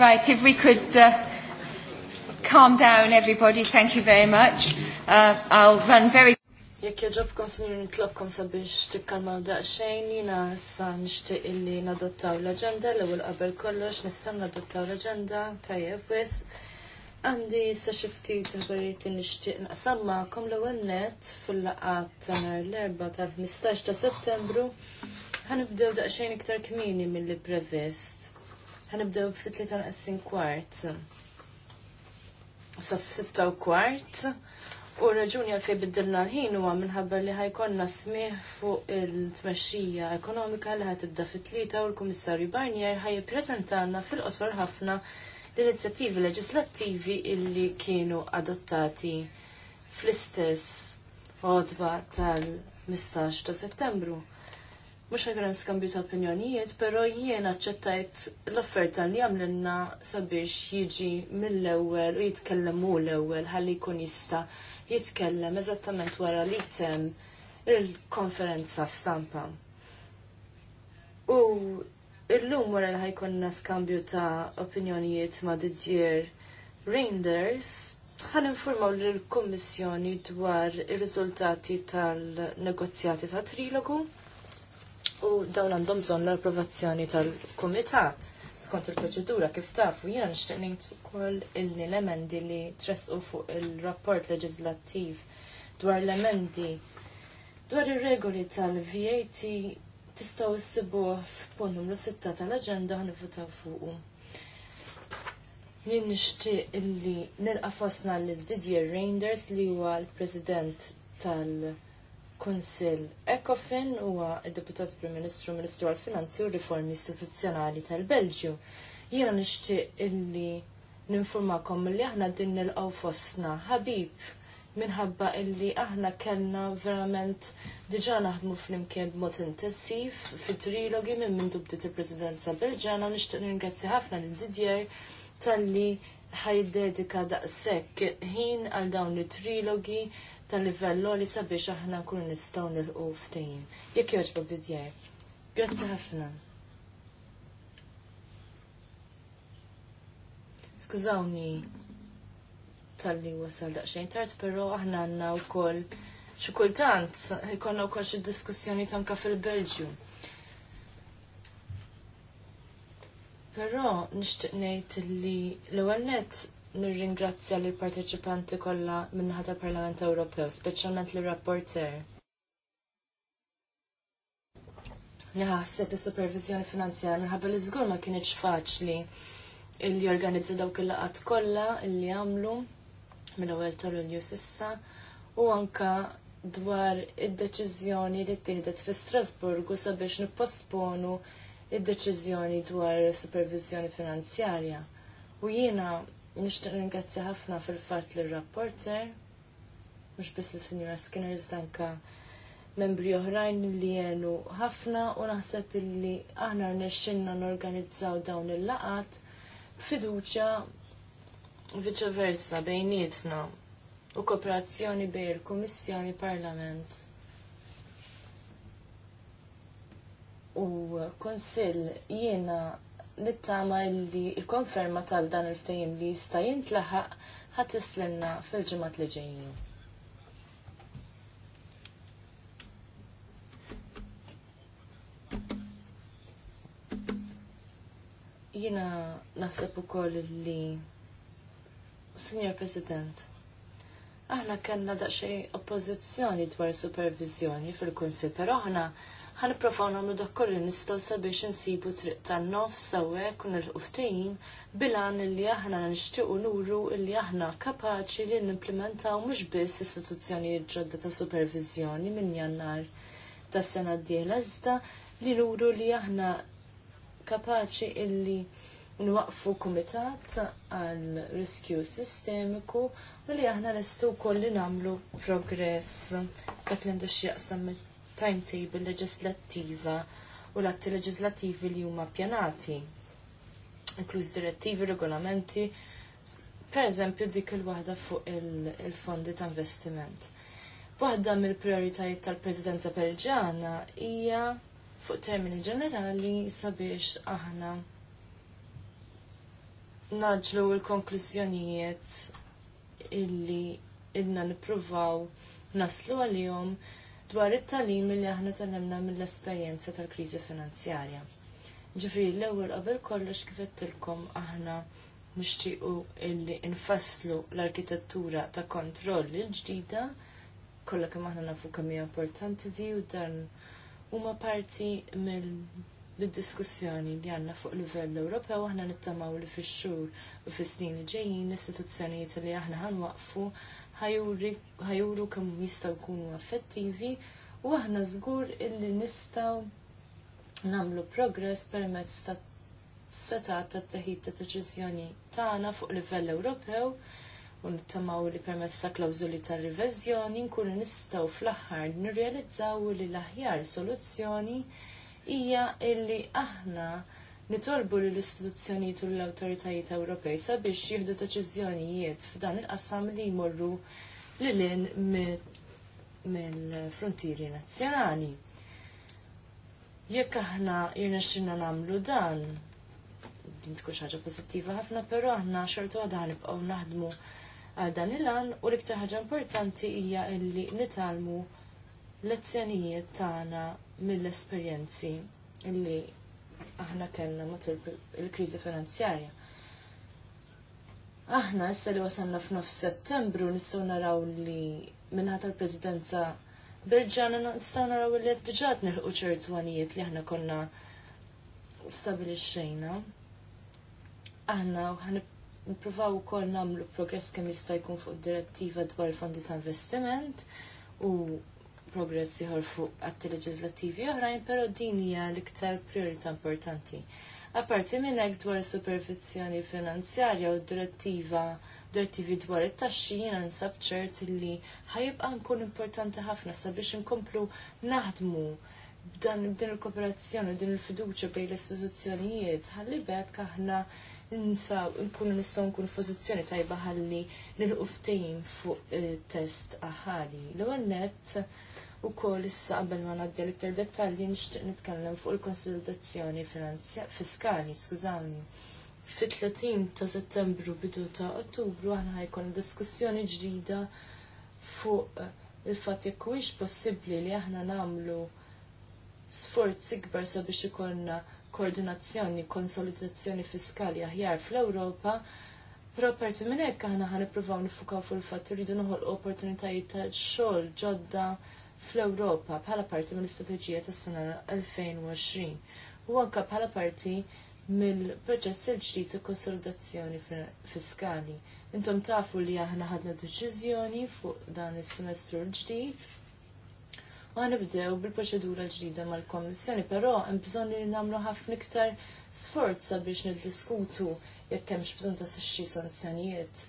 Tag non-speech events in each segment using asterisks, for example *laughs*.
Right, if we could uh, calm down everybody, thank you very much. Uh, I'll run very Jekk joġobkom sinjur nitlobkom sabiex tikkalmaw daqsxejn jiena san nixtieq illi nadottaw l agenda l-ewwel qabel kollox nistan nadottaw l-aġenda tajjeb wis. Għandi issa xi ftit ħbarijiet li nixtieq naqsam kom l-ewwel net fil laqat ta' nar l-erba' tal-15 ta' Settembru ħanibdew daqsxejn iktar kmieni milli previst Ħanibdew fitli ta' nqessin kwart. Sa sitta u kwart. U raġuni għalfej biddilna l-ħin huwa minħabba li ħajkonna smih fuq il-tmexxija ekonomika li ħatibda fit-tlieta u l-Kummissarju Barnier ħajjippreżentana fil-qosor ħafna l-inizjattivi leġislattivi illi kienu adottati fl-istess għodba tal-15 ta' settembru mux ħagħan skambju ta' opinjonijiet, pero jien aċċettajt l-offerta li għamlinna sabiex jiġi mill-ewel u jitkellem jitkellemmu l-ewel ħalli kun jista jitkellem eżattament wara li tem il-konferenza stampa. U illum wara li ħajkonna skambju ta' opinjonijiet ma' Didier Reinders, ħan informaw l-Kommissjoni dwar il-rizultati tal-negozjati ta' trilogu u dawn għandhom bżonn l-approvazzjoni tal-kumitat skont il-proċedura kif taf, u jiena nixtieq ngħid ukoll l-emendi li tresqu fuq il-rapport leġislattiv dwar l-emendi dwar ir-regoli tal-VAT tistgħu issibuh f'punt numru 6 tal-aġenda ħanivvutaw fuqu. Jien nixtieq illi nilqa' fosna lil Didier Reinders li huwa l-President tal- Kunsill Ekofin huwa id-Deputat Prim Ministru Ministru għall-Finanzi u Riformi Istituzzjonali tal-Belġju. Jiena nixtieq illi ninformakom li aħna din nilqgħu fostna ħabib minħabba illi aħna kellna verament diġà naħdmu flimkien b'mod intensiv fit-trilogi minn minn dubdiet il-Presidenza Belġana nixtieq ningrazzja ħafna lil Didier talli ħajdedika daqshekk ħin għal dawn it-trilogi tal-livello li sabiex aħna nkunu nistgħu nilqu ftehim. Jekk jogħġbok didjer. Grazzi ħafna. Skużawni tal-li wasal daqsxejn tard, però aħna għandna wkoll xi kultant ikollna wkoll xi diskussjoni tanka fil-Belġju. Però nixtieq ngħid li l-ewwel nett nirringrazzja lill parteċipanti kollha min-naħa tal Parlament Ewropew, speċjalment lir rapporter Naħseb is-supervizjoni finanzjarja minħabba li żgur ma kienx faċli li jorganizza dawk il-laqat kollha li għamlu mill-ewwel tal-Ulju sissa u anke dwar id-deċiżjoni li ttieħdet fi Strasburgu sabiex nippostponu id-deċiżjoni dwar supervizjoni finanzjarja. U jiena Nixtieq ringrazzja ħafna fil-fatt lir-rapporter, mhux biss l-Sinjora Skinner iżdanka membri oħrajn li jenu ħafna u naħseb li aħna rnexxinna norganizzaw dawn il-laqat b'fiduċja versa bejnietna u kooperazzjoni bejn il-Kummissjoni Parlament u Konsill jiena nittama li il-konferma tal dan il-ftajim li jista' jintlaħaq ħat islenna fil-ġimgħat li ġejjin. Jina naħseb ukoll li Signor President, aħna kellna daqsxejn oppożizzjoni dwar supervizjoni fil kunsi però aħna ħan provaw namlu dak kollu nistgħu sabiex insibu triq tan-nofs sewwek u nilħu ftehim bilan li aħna nixtiequ nuru li aħna kapaċi li nimplementaw mhux biss istituzzjonijiet ġodda ta' supervizjoni minn jannar tas sena d-dieħla iżda li nuru li aħna kapaċi illi nwaqfu kumitat għal riskju sistemiku u li aħna nistu kolli namlu progress dak li għandu x'jaqsam timetable leġislattiva u l-atti leġislattivi li huma pjanati, inkluż direttivi, regolamenti, per eżempju dik il-waħda fuq il-fondi ta' investiment. Waħda mill-prioritajiet tal-Presidenza Belġana hija fuq termini ġenerali sabiex aħna naġlu l-konklużjonijiet illi ilna nippruvaw naslu għalihom dwar it-talim li aħna tanemna mill-esperjenza tal-kriżi finanzjarja. Ġifri, l-ewwel qabel kollox kif qedtilkom aħna nixtiequ illi nfasslu l-arkitettura ta' kontroll il-ġdida kollha kemm aħna nafu kemm hija importanti di u dan huma parti mill bid-diskussjoni li għanna fuq livell Ewropew aħna nittamaw li fix-xhur u fis-snin li ġejjin l-istituzzjonijiet li aħna ħanwaqfu ħajuru kemm jistgħu jkunu effettivi u aħna żgur illi nistgħu nagħmlu progress permezz ta' seta ta' teħid ta' deċiżjoni tagħna fuq livell Ewropew u nittamaw li permezz ta' klawżuli ta' riveżjoni nkunu nistgħu fl-aħħar nirrealizzaw li l-aħjar soluzzjoni hija illi aħna nitolbu lill istituzzjonijiet u l-awtoritajiet Ewropej sabiex jieħdu deċiżjonijiet f'dan il-qassam li jmorru lilin mill-frontieri nazzjonali. Jekk aħna xinna nagħmlu dan, din tkun ħaġa pozittiva ħafna, però aħna xorta għadha ħanibqgħu naħdmu għal dan il-għan u l-iktar ħaġa importanti hija illi nitalmu lezzjonijiet tagħna mill-esperjenzi illi aħna kellna matul il-kriżi finanzjarja. Aħna issa li wasalna f'nof settembru nistgħu naraw li minħata l-Presidenza Berġana nistgħu naraw li qed diġà nilħu ċertu għanijiet li aħna konna stabilixxejna. Aħna ħan nippruvaw ukoll nagħmlu progress kemm jista' jkun fuq direttiva dwar il-fondi ta' investiment u progress ieħor fuq atti leġislattivi oħrajn, però din hija l-iktar priorità importanti. Apparti minn hekk dwar supervizjoni finanzjarja u direttiva direttivi dwar it-taxxi jiena nsab ċert li ħajibqa' nkun importanti ħafna sabiex inkomplu naħdmu b'dan din il-kooperazzjoni u din il-fiduċja bejn l-istituzzjonijiet ħalli bekk aħna nsaw, nkunu nistgħu nkunu f'pożizzjoni tajba ħalli nilqu ftehim fuq eh, test aħali L-ewwel nett U kol issa qabel ma naddi l-iktar dettalji nixtieq nitkellem fuq il-konsolidazzjoni fiskali, skużawni. Fit-30 ta' Settembru bidu ta' Ottubru aħna ħajkun diskussjoni ġdida fuq eh, il-fatt jekk huwiex possibbli li aħna nagħmlu sforzi kbar sabiex ikollna koordinazzjoni, konsolidazzjoni fiskali aħjar fl-Ewropa, però parti minn hekk aħna ħanippruvaw nifukaw fuq il-fatt irridu noħolqu opportunitajiet ta' xogħol ġodda fl-Ewropa bħala parti mill-istrateġija tas-sena 2020 u anke bħala parti mill-proċess il-ġdid ta' konsolidazzjoni fiskali. Intom tafu li aħna ħadna deċiżjoni fuq dan is-semestru l-ġdid u ħanibdew bil-proċedura l-ġdida mal kummissjoni però hemm bżonn li nagħmlu ħafna iktar sforza biex niddiskutu jekk hemmx bżonn ta' sanzjonijiet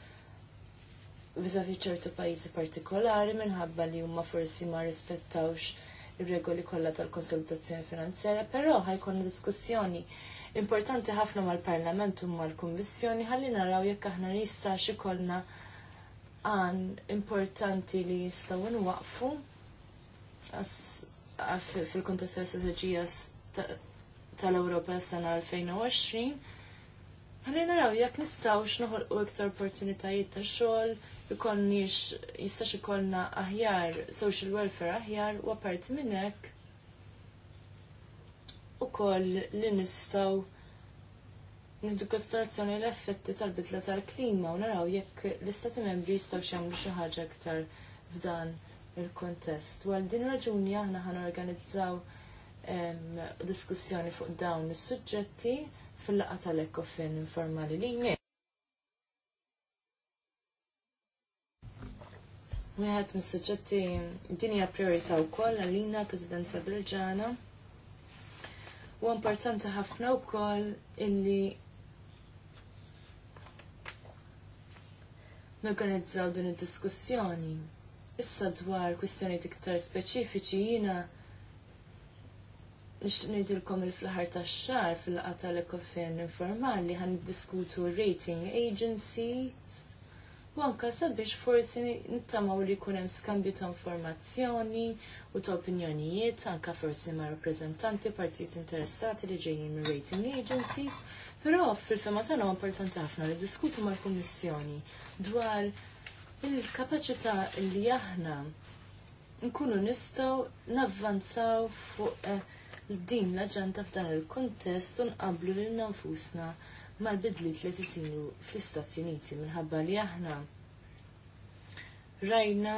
vizavi ċertu pajjiżi partikolari minħabba li huma forsi ma rispettawx ir-regoli kollha tal-konsultazzjoni finanzjarja, però ħajkun diskussjoni importanti ħafna mal-Parlament u mal-Kummissjoni ħalli naraw jekk aħna nistax ikollna għan importanti li jistgħu nwaqfu fil kuntest tal-istrateġija tal-Ewropa s-sena 2020 Għalli naraw, jekk nistgħux noħolqu iktar opportunitajiet ta' xogħol ikonniex jistax ikollna aħjar social welfare aħjar u apparti minn hekk ukoll li nistgħu Nidu konsiderazzjoni l-effetti tal-bidla tal-klima u naraw jekk l-istati membri jistgħu jagħmlu xi ħaġa aktar f'dan il-kontest. Għal din raġuni aħna ħan organizzaw diskussjoni fuq dawn is-suġġetti fil-laqa tal-ekofin informali li Wieħed mis-suġġetti din hija priorità wkoll għalina l-Presidenza Belġana. U importanti ħafna koll illi norganizzaw din id-diskussjoni. Issa dwar kwistjonijiet iktar speċifiċi jiena nix nidilkom il fl ta' xar fil-qata l-ekofin informali ħan diskutu rating agencies u anka sabiex forsi nittamaw li jkun hemm skambju ta' informazzjoni u ta' opinjonijiet anka forsi ma' rappreżentanti partijiet interessati li ġejjin minn rating agencies, però fil-fema tagħna importanti ħafna li diskutu mal-Kummissjoni dwar il-kapaċità li aħna nkunu nistgħu navvanzaw fuq eh, din l-aġenda f'dan il-kuntest u nqablu lil nafusna mal-bidlit li tisiru fl-Istati Uniti minħabba li aħna rajna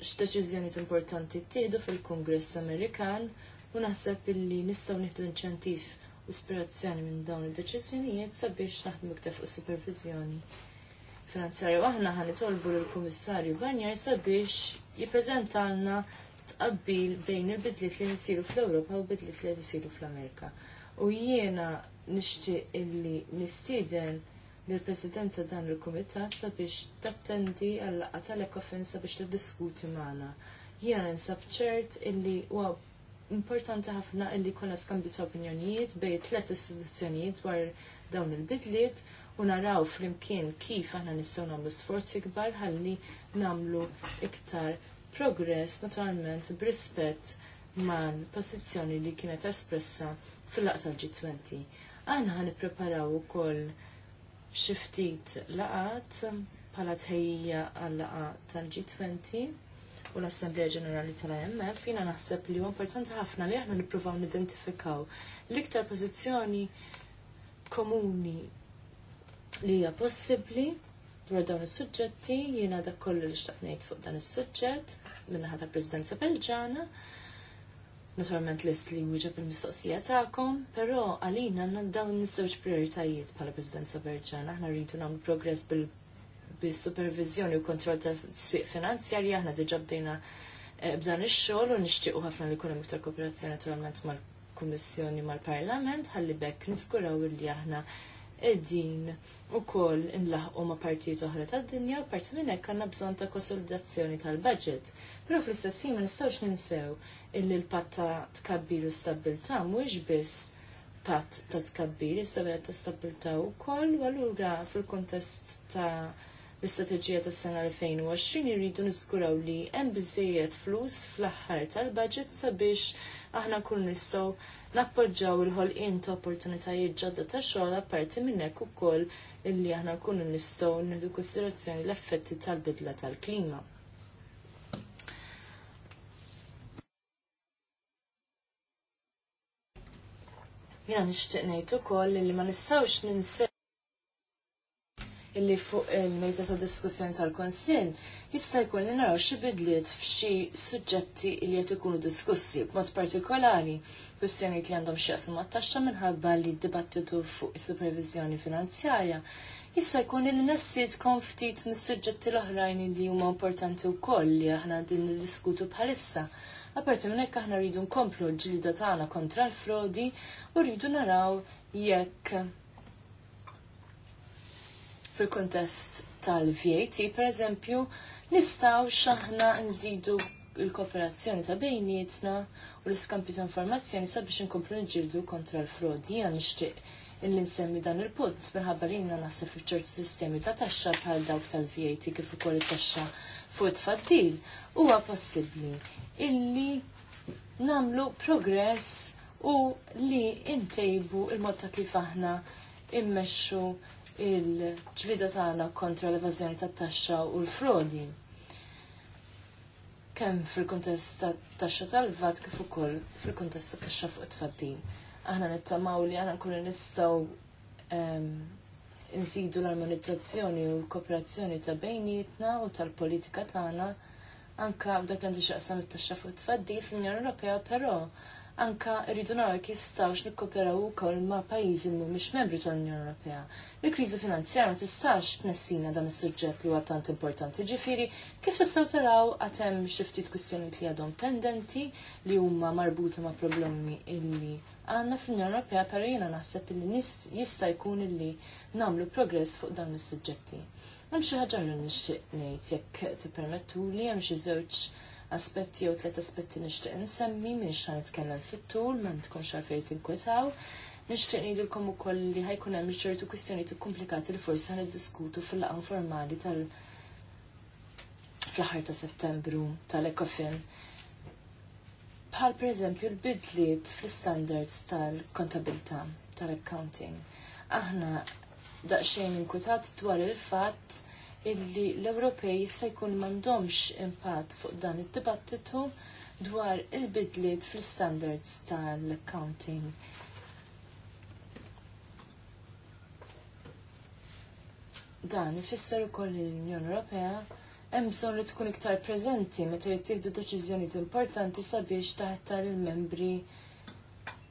x'deċiżjonijiet importanti ttieħdu fil-Kungress Amerikan u naħseb illi nistgħu nieħdu inċentiv u ispirazzjoni minn dawn id-deċiżjonijiet sabiex naħdmu iktar fuq supervizjoni U Aħna ħan nitolbu lill-Kummissarju Barnier sabiex jippreżentalna tqabbil bejn il-bidliet li nsiru fl-Ewropa u bidliet li nsiru fl-Amerika. U jiena nixtieq illi nistieden lill-President ta' dan il-Kumitat sabiex tattendi għal laqgħa tal-Ekofin sabiex tiddiskuti magħna. Jiena nsab ċert illi huwa importanti ħafna illi jkollna skambju ta' opinjonijiet bejn tliet istituzzjonijiet dwar dawn il-bidliet u naraw flimkien kif aħna nistgħu nagħmlu sforzi kbar ħalli nagħmlu iktar progress naturalment b'rispett mal-pożizzjoni li kienet espressa fil-laqta G20. Aħna ħan nippreparaw ukoll xi ftit laqat bħala tħejja għal laqa tal-G20 u l-Assemblea Ġenerali tal-IMF, jiena naħseb li huwa importanti ħafna li aħna nippruvaw nidentifikaw l-iktar pożizzjoni komuni li hija possibbli dwar dawn is-suġġetti, jiena dak kollu li xtaqt ngħid fuq dan is-suġġett minnaħa tal-Presidenza Belġana naturalment lest li wieġeb il-mistoqsija tagħkom, però għalina għandna dawn is-żewġ prioritajiet bħala Presidenza Berġan, aħna rridu nagħmlu progress bil-supervizjoni u kontroll tal-swieq finanzjarja, aħna diġà bdejna eh, b'dan ix-xogħol u nixtiequ ħafna li jkun hemm iktar kooperazzjoni naturalment mal-Kummissjoni mal-Parlament ħalli bekk niskuraw li aħna qegħdin ukoll inlaħqu ma' partijiet oħra tad-dinja u parti minn hekk għandna bżonn ta' konsolidazzjoni tal-budget. Però fl-istess ħin ma nistgħux ninsew illi l ta' tkabbir u stabilta mhux biss pat ta' tkabbir, istabilat ta' stabilta u koll, u fil-kontest ta' l-istrateġija tas sena 2020 jiridu niżguraw li hemm biżejjed flus fl-aħħar tal-budget sabiex aħna nkunu nistgħu nappoġġaw il-ħolqien ta' opportunitajiet ġodda ta' xogħol apparti minn hekk ukoll illi aħna nkunu nistgħu nieħdu konsiderazzjoni l-effetti tal-bidla tal-klima. Jina nixtieq ngħid ukoll li ma nistgħux ninsi illi fuq il-mejda ta' diskussjoni tal-Konsil jista' jkun li naraw xi bidliet f'xi suġġetti li qed ikunu diskussi b'mod partikolari kwistjonijiet li għandhom xi għat taxxa minħabba li d-dibattitu fuq is-supervizjoni finanzjarja jista' jkun li nessitkom ftit mis-suġġetti l-oħrajn li huma importanti wkoll li aħna din niddiskutu bħalissa. Aparti minn hekk aħna rridu nkomplu l ġilda tagħna kontra l-frodi u rridu naraw jekk fil-kontest tal-VAT, per eżempju, nistaw xaħna nżidu il-kooperazzjoni ta' bejnietna u l-iskampju ta' informazzjoni sabiex inkomplu nġildu kontra l-frodi. Jena nixtieq illi nsemmi dan il-punt minħabba li jina nasib fiċċertu sistemi ta' taxxa bħal dawk tal-VAT kif ukoll it-taxxa fuq tfaddil huwa possibbli illi namlu progress u li intejbu il-mod ta' kif aħna immexxu il ġvida tagħna kontra l-evażjoni tat-taxxa u l-frodi. Kemm fil-kuntest tat-taxxa tal-vat kif ukoll fil-kuntest tat-taxxa fuq it-tfaddin. Aħna nittamaw li aħna nkunu nistgħu ehm, insidu l-armonizzazzjoni u l-kooperazzjoni ta' bejnietna u tal-politika tagħna anka f'dak l-għandu xaqsam it-taxxa fuq tfaddi fl-Unjoni Ewropea, però anka rridu naraw jekk jistgħux nikkoperaw ukoll ma' pajjiżi li mhumiex membri tal-Unjoni Ewropea. Il-kriżi finanzjarja ma tistax tnessina dan is-suġġett li huwa tant importanti. Ġifieri, kif tistgħu taraw għad hemm xi ftit kwistjonijiet li għadhom pendenti li huma marbuta ma' problemi illi għanna fl-Unjoni Ewropea pero jiena naħseb li jista' jkun illi nagħmlu progress fuq dawn is-suġġetti. Hemm xi ħaġa li nixtieq ngħid jekk tippermettuli hemm xi żewġ aspetti jew tliet aspetti nixtieq insemmi minn xa nitkellem fit-tul ma tkunx għalfejn tinkwetaw. Nixtieq ngħidilkom ukoll li ħajkun hemm ċertu kwistjonijiet komplikati li forsi diskutu fil laqan formali tal fl-aħħar ta' Settembru tal-Ekofin. Bħal pereżempju l-bidliet fl-standards tal-kontabilità tal-accounting. Aħna daqsxejn inkutat dwar il-fatt illi l-Ewropej se jkun m'għandhomx impatt fuq dan id-dibattitu dwar il-bidliet fil-standards tal-accounting. Dan ifisser ukoll li l-Unjoni Ewropea hemm bżonn li tkun iktar preżenti meta jittieħdu deċiżjonijiet importanti sabiex taħtar il-membri il membri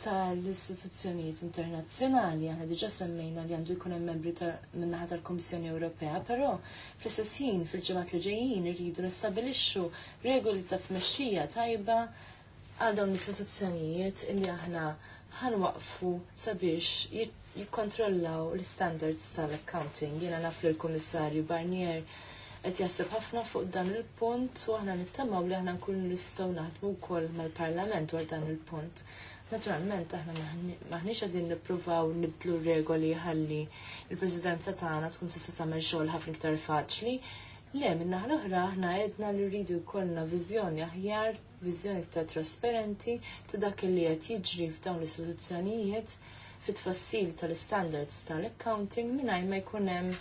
tal-istituzzjonijiet internazzjonali, għana diġa semmejna li għandu jkun hemm membri minnaħa tal-Kummissjoni Ewropea, però fl-istess ħin fil-ġimgħat li ġejjin irridu nistabilixxu regoli ta' tmexxija tajba għal dawn l-istituzzjonijiet li aħna ħanwaqfu sabiex jikkontrollaw l-standards tal-accounting. Jiena naf l-Kummissarju Barnier qed jaħseb ħafna fuq dan il-punt u aħna nittamaw li aħna nkunu nistgħu naħdmu wkoll mal-Parlament dwar dan il-punt. Naturalment, aħna maħniex għadin nippruvaw nibdlu regoli ħalli il-Presidenza tagħna tkun tista' tagħmel xogħol ħafna iktar faċli. Le, minna l-oħra aħna għedna li rridu jkollna viżjoni aħjar, viżjoni iktar trasparenti ta' dak li qed jiġri f'dawn l-istituzzjonijiet fit tfassil tal-standards tal-accounting mingħajr ma jkun hemm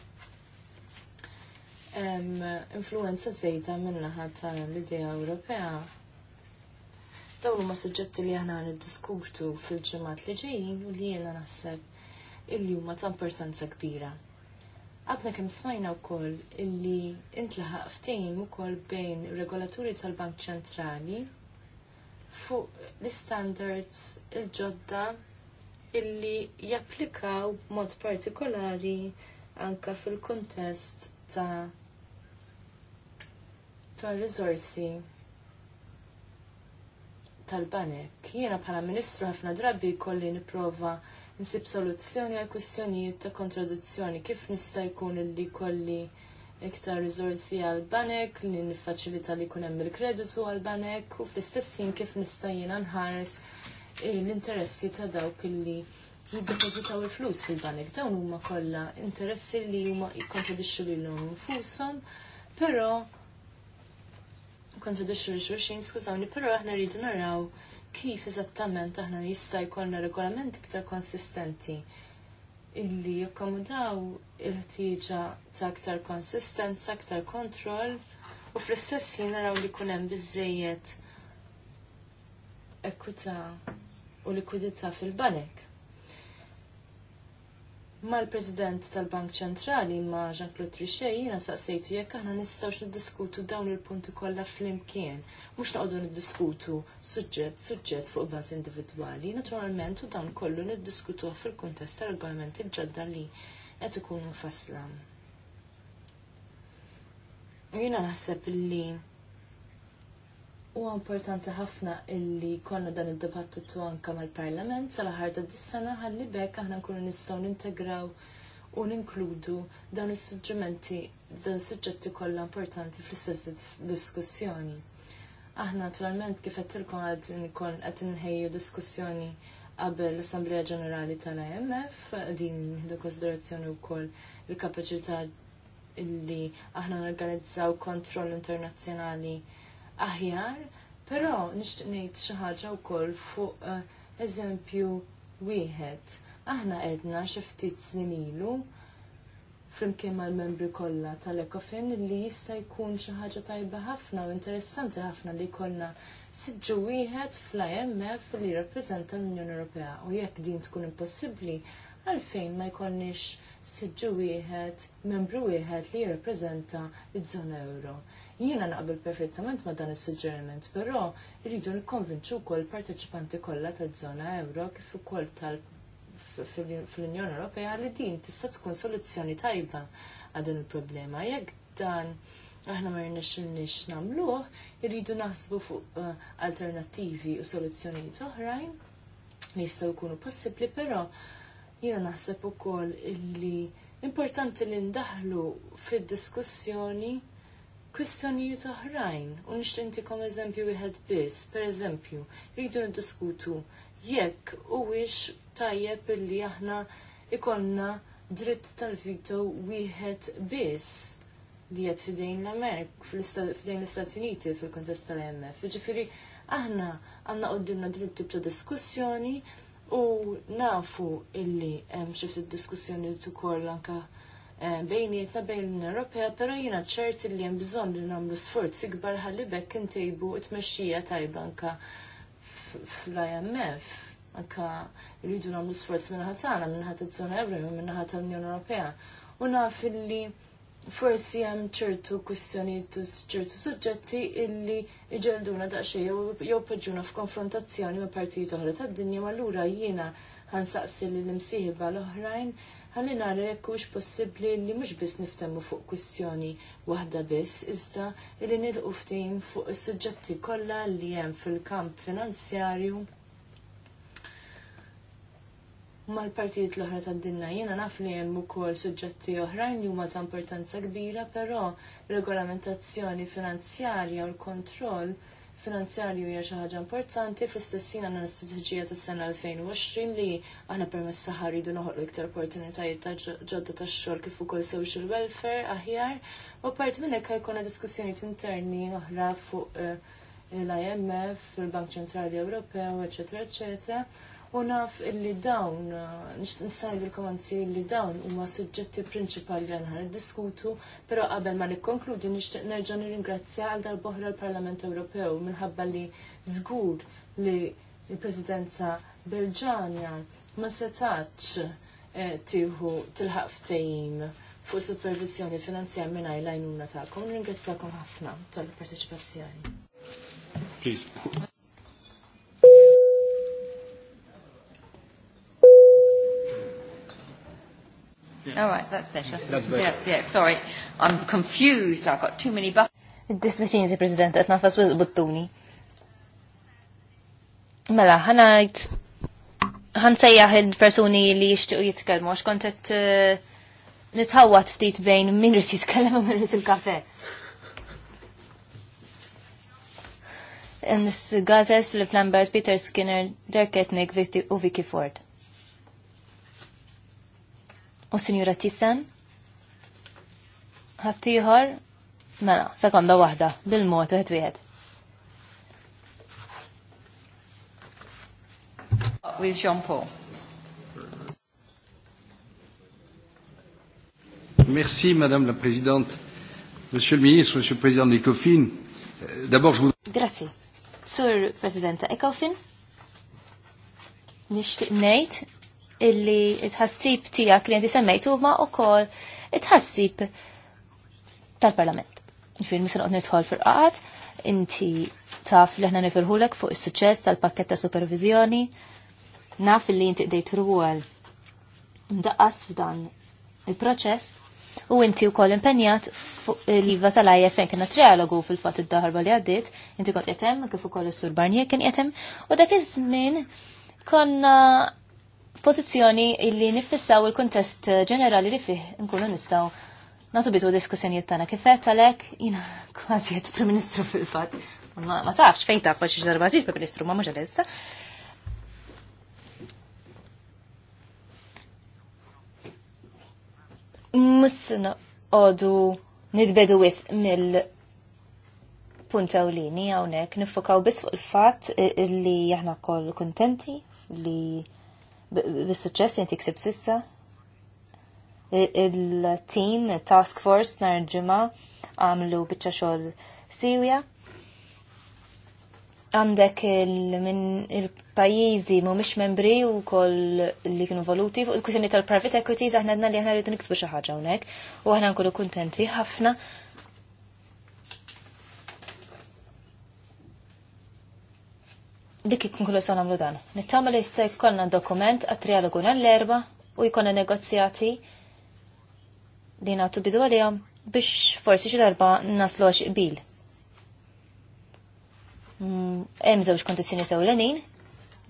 influenza zejta min-naħa tal-idea Ewropea Dawn huma suġġetti li aħna niddiskutu fil-ġimgħat li ġejjin u li jiena naħseb illi huma ta' importanza kbira. Għadna kemm smajna wkoll illi intlaħaq u ukoll bejn regolaturi tal-Bank Ċentrali fuq l-standards il-ġodda illi japplikaw b'mod partikolari anka fil-kontest ta' ta' risorsi tal-banek. Jiena bħala ministru ħafna drabi kolli niprofa nsib soluzzjoni għal kwistjonijiet ta' kontradizzjoni. Kif nista' jkun li kolli iktar riżorsi għal banek li niffaċilita li jkun hemm il-kreditu għal banek u fl-istess jien kif nista' jiena nħares l-interessi ta' dawk illi jiddepożitaw il-flus fil-banek. Dawn huma kollha interessi li huma jikkontradixxu lilhom infushom, però jikkontradixxu xulxin, skużawni, però aħna rridu naraw kif eżattament aħna jista' jkollna regolamenti iktar konsistenti illi jokkomodaw il-ħtieġa ta' aktar konsistenza, aktar kontroll u fl-istess ħin naraw li jkun hemm ekwita u likwidità fil-banek mal-President tal-Bank Ċentrali ma' Jean-Claude Trichet jiena saqsejtu jekk aħna nistgħux niddiskutu dawn il-punti kollha flimkien, mhux noqogħdu niddiskutu suġġett suġġett fuq bażi individwali, naturalment u dan kollu niddiskutuh fil-kuntest tal-argumenti ġodda li qed ikunu fasla. Jiena naħseb li huwa importanti ħafna illi konna dan id-dibattitu anke mal-Parlament sal-aħħar ta' dis-sena ħalli bekk aħna nkunu nistgħu nintegraw u ninkludu dawn is-suġġimenti dan is-suġġetti kollha importanti fl-istess diskussjoni. Aħna naturalment kif qed tilkom qed inħejju diskussjoni qabel l-Assembleja Ġenerali tal-IMF din ħdu konsiderazzjoni wkoll il-kapaċità illi aħna norganizzaw kontroll internazzjonali aħjar, però nixtieq ngħid xi ħaġa wkoll fuq eh, eżempju wieħed. Aħna qedna xi ftit snin ilu flimkien mal-membri kollha tal-Ekofin li jista' jkun xi ħaġa tajba ħafna u interessanti ħafna li jkollna siġġu wieħed fl-IMF li jirrappreżenta l-Unjoni Ewropea u jekk din tkun impossibbli għalfejn ma jkollniex siġġu wieħed, membru wieħed li jirrappreżenta iż-żona euro. Jiena naqbel perfettament ma dan is-suġġeriment, però rridu nikkonvinċu wkoll parteċipanti kollha taż-żona euro kif ukoll tal fl-Unjoni Ewropea li din tista' tkun soluzzjoni tajba għal din il-problema. Jekk dan aħna ma nix nagħmluh, irridu naħsbu fuq eh, alternattivi u soluzzjonijiet oħrajn li jistgħu jkunu possibbli, però jiena naħseb ukoll illi importanti li ndaħlu fid-diskussjoni kwistjonijiet oħrajn u kom eżempju wieħed biss, pereżempju, rridu niddiskutu jekk huwiex tajjeb illi aħna ikonna dritt tal-vito wieħed biss li qed fidejn l-Amerik, fidejn l-Istati Uniti fil-kontest tal-MF. Ġifieri aħna għandna qoddimna dritt tip ta' diskussjoni u nafu illi hemm xi ftit diskussjoni ukoll anke Eh, bejnietna bejn l-Unjoni Ewropea, però jiena ċert li hemm bżonn li nagħmlu sforzi kbar ħalli bekk intejbu t-mexxija tajba anka fl-IMF. Anka rridu nagħmlu sforz minn tagħna minn ħadd iż-żona Ewro, minn ħadd l-Unjoni Ewropea. U naf illi forsi hemm ċertu kwistjonijiet ċertu suġġetti illi iġelduna daqsxejn jew poġġuna f'konfrontazzjoni ma' partijiet oħra tad-dinja u allura jiena ħansaqsi lill-imsieħba l-oħrajn ħalli nara jekk hux possibbli li mhux biss niftemmu fuq kwistjoni waħda biss, iżda li nilqu ftehim fuq is-suġġetti kollha li hemm fil-kamp finanzjarju mal-partijiet l-oħra tad-dinna jiena naf li hemm ukoll suġġetti oħrajn li huma ta' importanza kbira, però regolamentazzjoni finanzjarja u l-kontroll finanzjarju hija xi ħaġa importanti fl-istessin għandna l-istrateġija tas-sena 2020 li aħna permezz saħar ridu noħolqu iktar opportunitajiet ta' ġodda tax-xogħol kif ukoll social welfare aħjar u apparti minn hekk ħajkuna diskussjonijiet interni oħra fuq eh, l-IMF, il-Bank Ċentrali Ewropew, eċetera, eċetera. U naf illi dawn, nsajdilkom għanzi illi dawn huma suġġetti prinċipali li għan diskutu, pero qabel ma nikkonkludi nixtieq nerġa' nirringrazzja għal darbohra l-Parlament Ewropew minħabba li żgur li l-Presidenza Belġanja ma setax eh, tieħu tilħaq ftehim fuq supervizjoni finanzjar mingħajr lajnuna għajnuna tagħkom. Ringrazzakom ħafna tal-parteċipazzjoni. Please. All right, that's better. That's better. Yeah, yeah, sorry. I'm confused. I've got too many buttons. buttuni. Mela, ħan sejjaħ il-personi li jishtiq jitkelmu, għax kontet eh, nitħawat ftit bejn min rrit jitkelmu min rrit il-kafe. Nis Gazes, Philip Lambert, Peter Skinner, Dirk Etnik u Vicky Ford u Sinjura Tisan. Għattijħor? mela, sekonda wahda, bil mot wieħed wieħed. With Jean Paul. Merci Madame la Présidente. Monsieur le Ministre, Monsieur le Président de l'ECOFIN, euh, d'abord je vous... Grazie. Sur Presidente ECOFIN, nishtiq nejt illi it tijak li inti semmejtu ma u kol it tal-parlament. Ġifir, misan għodni tħol fil-qaqat, inti taf li ħna nifirħulek fuq il-suċess tal-pakket ta' supervizjoni, naf li inti qdejt ruol mdaqqas f'dan il-proċess u inti u kol impenjat fuq l-iva tal kena trialogu fil-fat id-daħarba li għaddit, inti kont jetem, kif u koll il-sur Barnier kien jetem, u dak iż-żmien konna pożizzjoni illi niffissaw il-kuntest ġenerali li fih nkunu nistgħu Nasu bidu diskussjonijiet tagħna kif għalek, għalhekk jiena *laughs* kważi jett Prim-Ministru fil-fatt. Ma tafx fejn taf xi darba sir Prim-Ministru ma mhux essa Musna għodu nidbedu wis mill punt u lini għawnek nifokaw bis fuq il-fat li jahna kol kontenti li bis-suċċess jien ksib sissa. Il-team task force nhar ġimgħa għamlu biċċa xogħol siwja. Għandek il-pajjiżi mhumiex membri u kol li kienu voluti u il-kwistjoni tal-private equities aħna għedna li aħna rridu niksbu xi ħaġa hawnhekk u aħna nkunu kuntenti ħafna dik ikun sa nagħmlu dan. Nittama li jista' jkollna dokument għat-trialogu l-erba u jkollna negozjati li nagħtu bidu għalihom biex forsi xil-erba naslu għax qbil. Mm, hemm żewġ kondizzjoni ewlenin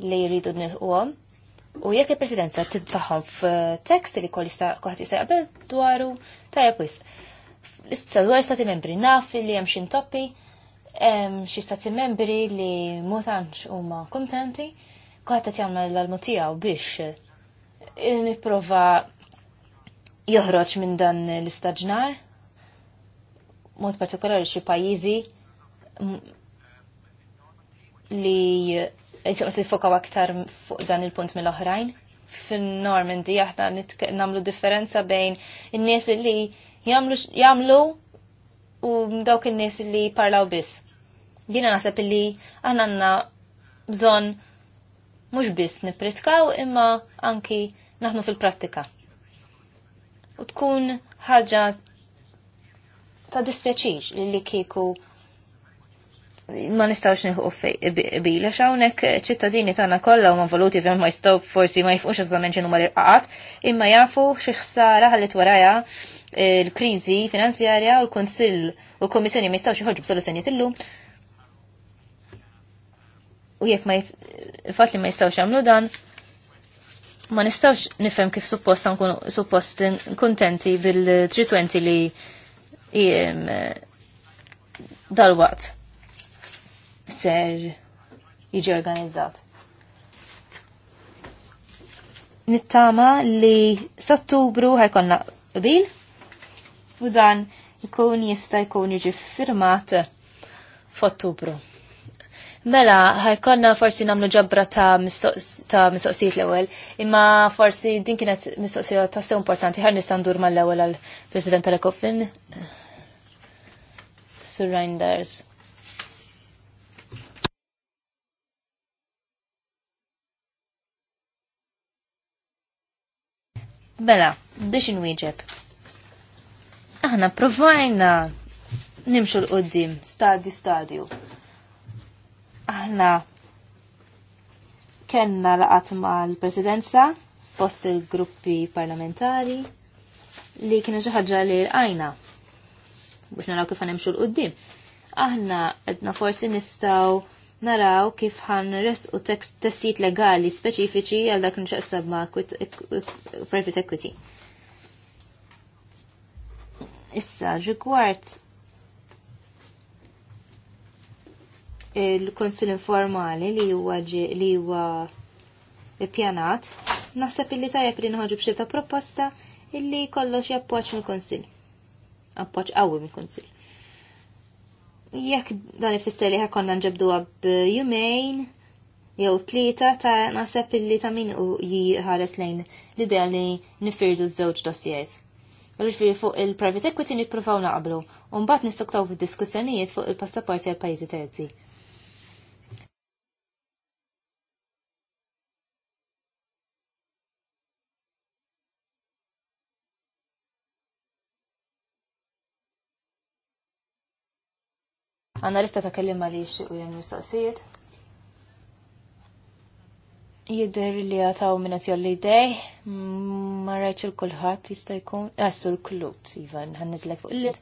li jridu nilħuhom u jekk il-Presidenza tidfaħħom f'tekst li kol kulħadd jista' jaqbel dwaru tajjeb wisq. Issa dwar stati membri naf li hemm xi intoppi xi stati membri li mutantx huma kontenti, kħat qed jagħmel l-mutijaw biex eh, nipprova joħroġ minn dan l-istaġnar. Mod partikolari xi pajjiżi mm, li jisuq tifokaw aktar fuq dan il-punt mill-oħrajn. fin normandi aħna namlu differenza bejn in-nies li jamlu u dawk in-nies li parlaw biss. Jina naħseb illi aħna għandna bżonn mhux biss nippritkaw imma anki naħnu fil-prattika. U tkun ħaġa ta' dispjaċir li kiku ma nistawx nħuq bila xawnek ċittadini tagħna kollha huma voluti fejn ma jistgħu forsi ma jifqux eżamen menċinu ma l-irqaqat, imma jafu xi ħsara ħallet waraja l-kriżi finanzjarja u l-Kunsill u l kummissjoni ma jistgħux iħorġu b'soluzzjonijiet illum u jekk ma fatt li ma jistawx jagħmlu dan ma nistawx nifhem kif suppost nkun suppost kontenti bil-320 li eh, dal-waqt ser jiġi organizzat. Nittama li s-ottubru ħajkonna qbil u dan jkun jista' jkun jiġi firmat f'Ottubru. Mela, ħajkonna forsi namlu ġabra ta' mistoqsijiet l ewwel imma forsi din kienet mistoqsija ta' sew importanti, ħar nistan dur mal l-ewel għal-President tal-Ekofin. Surrenders. Mela, biex inwieġeb. Aħna provajna nimxu l-qoddim, stadju stadju. Aħna kenna laqat mal-presidenza fost il-gruppi parlamentari li kienu xi ħaġa li l-għajna biex naraw kif ħanemxu l-qoddim. Aħna qedna forsi nistgħu naraw kif ħan resqu testijiet legali speċifiċi għal dak nċaqsab ma' private equity. Issa, rigward il-konsil informali li huwa li huwa pjanat, naħseb illi tajjeb li nħoġu b'xi ta' proposta illi kollox jappoġġ mill-konsil. Appoġġ qawwi mill-konsil. Jekk dan ifisser li ħakonna nġebduha b'jumejn jew tlieta ta' naħseb illi ta' min u jħares lejn l-idea li nifirdu ż-żewġ dossiers. Ġifiri fuq il-private equity nippruvaw naqblu, un bat nistoktaw fil-diskussjonijiet fuq il-passaporti għal pajjiżi terzi. Għanna lista ta' kellima li u jem mistoqsijiet. Jidder li għataw minnet jolli dej, marraċ il-kulħat jista' jkun, għassu ah, l-klut, Ivan, għannizlek fuq l-lit,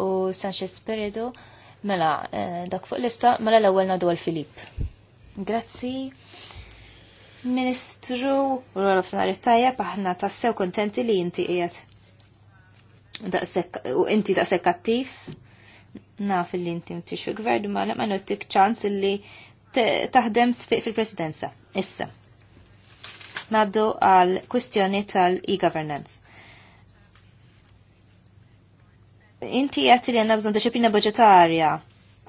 u Sanchez Spiridu, mela, eh, dak fuq lista, mela l-ewel nadu għal-Filip. Grazzi. Ministru, Rola f'sanar it-tajja, paħna tassew kontenti li inti qiegħed. U inti daqshekk kattif, naf li inti mtix fi gvern ma ma nottik ċans li taħdem sfiq fil-presidenza. Issa. Naddu għal kwistjoni tal-e-governance. Inti għat li għanna bżon disciplina budgetarja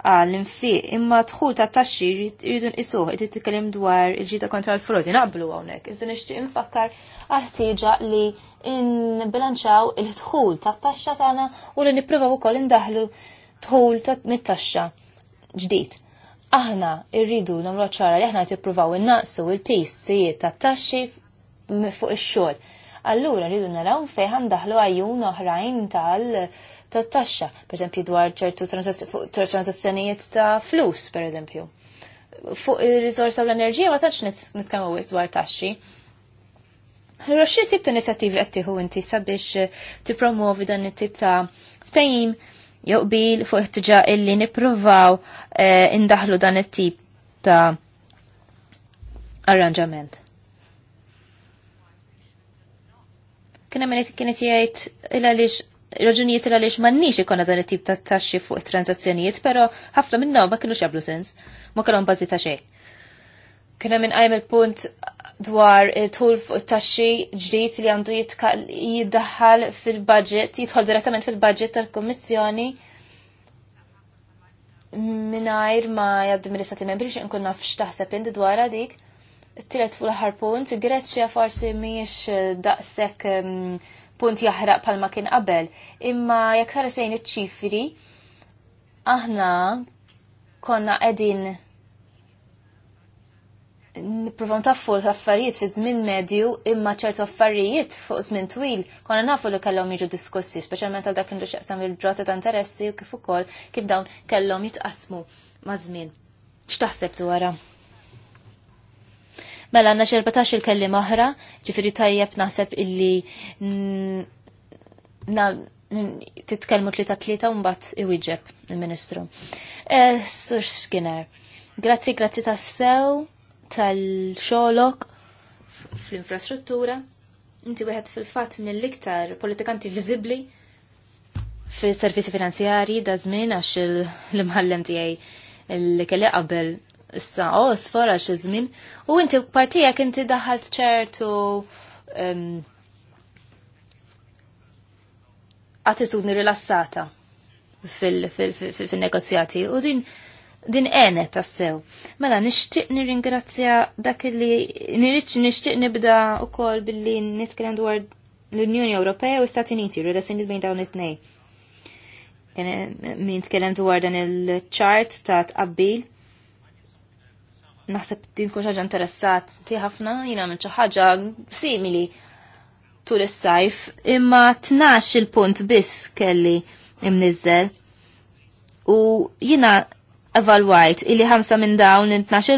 għal infiq imma tħul ta' taxxi jridu nqisuh qed titkellem dwar il-ġita kontra l-frodi naqblu hawnhekk. Iżda nixtieq infakkar aħtieġa li nbilanċaw il-dħul ta' taxxa tagħna u li nippruvaw ukoll indaħlu tħol ta' mit-taxxa ġdid. Aħna irridu nagħmlu ċara li aħna tippruvaw innaqsu il-pissijiet tat-taxxi fuq ix-xogħol. Allura rridu naraw fejn ħandaħlu għajjun oħrajn tal-taxxa, pereżempju dwar ċertu transazzjonijiet ta' flus, pereżempju. Fuq ir-riżorsa u l-enerġija ma tantx nitkellmu dwar taxxi. Allura xi tip ta' inizjattivi qed tieħu inti sabiex eh, tippromovi dan it-tip ta' ftehim jew qbil fuq ħtiġa illi nippruvaw eh, indaħlu dan it-tip ta' arranġament. Kien hemm kienet jgħid il għaliex raġunijiet il għaliex m'għandniex ikonna dan it-tip ta' taxxi fuq it-transazzjonijiet, però ħafna minnhom ma kinux jablu sens, ma kellhom bażi ta' xejn. Kien hemm inqajm il-punt dwar tul fuq taxxi ġdid li għandu jiddaħħal fil-budget, jidħol direttament fil-budget tal-Kummissjoni minajr ma jaddim l-istati membri xin kun naf xtaħseb indi dwar għadik. Tilet fuq l-ħar punt, Greċja forsi miex eh, daqsek ehm, punt jaħraq palma kien qabel. Imma jekk ħaresejn iċ-ċifri, aħna konna qegħdin nippruvaw taffu l-affarijiet fi żmien medju imma ċertu affarijiet fuq żmien twil konna nafu li kellhom jiġu diskussi, speċjalment għal dak li xaqsam il-ġrota ta' interessi u kif ukoll kif dawn kellhom jitqasmu ma' żmien. X'taħseb għara? Mela għanna xerbatax il-kelli oħra, ġifieri tajjeb naħseb illi titkellmu tlita tlieta un mbagħad iwiġeb il-Ministru. Eh, Sur Skinner, grazzi grazzi tassew tal-xolok fl-infrastruttura. Inti wieħed fil-fatt mill-iktar politikanti viżibbli fis-servizzi finanzjarji da żmien għax l-imħallem tiegħi li kelli qabel issa o sfora xi żmien u inti partijak inti daħalt ċertu attitudni rilassata fil-negozjati u din din enet tassew. Mela, nishtiq nirringrazzja dak li nirriċ nishtiq nibda u kol billi nitkellem dwar l-Unjoni Ewropea u Stati Uniti, relazzjoni bejn dawn it-tnej. Eh, min tkellem dwar dan il-ċart ta' tqabbil. Naħseb din kun ħaġa interessati ħafna, jina minn xi ħaġa simili tul is-sajf, imma tnax il-punt biss kelli imnizzel. U jina evalwajt illi ħamsa minn dawn intnax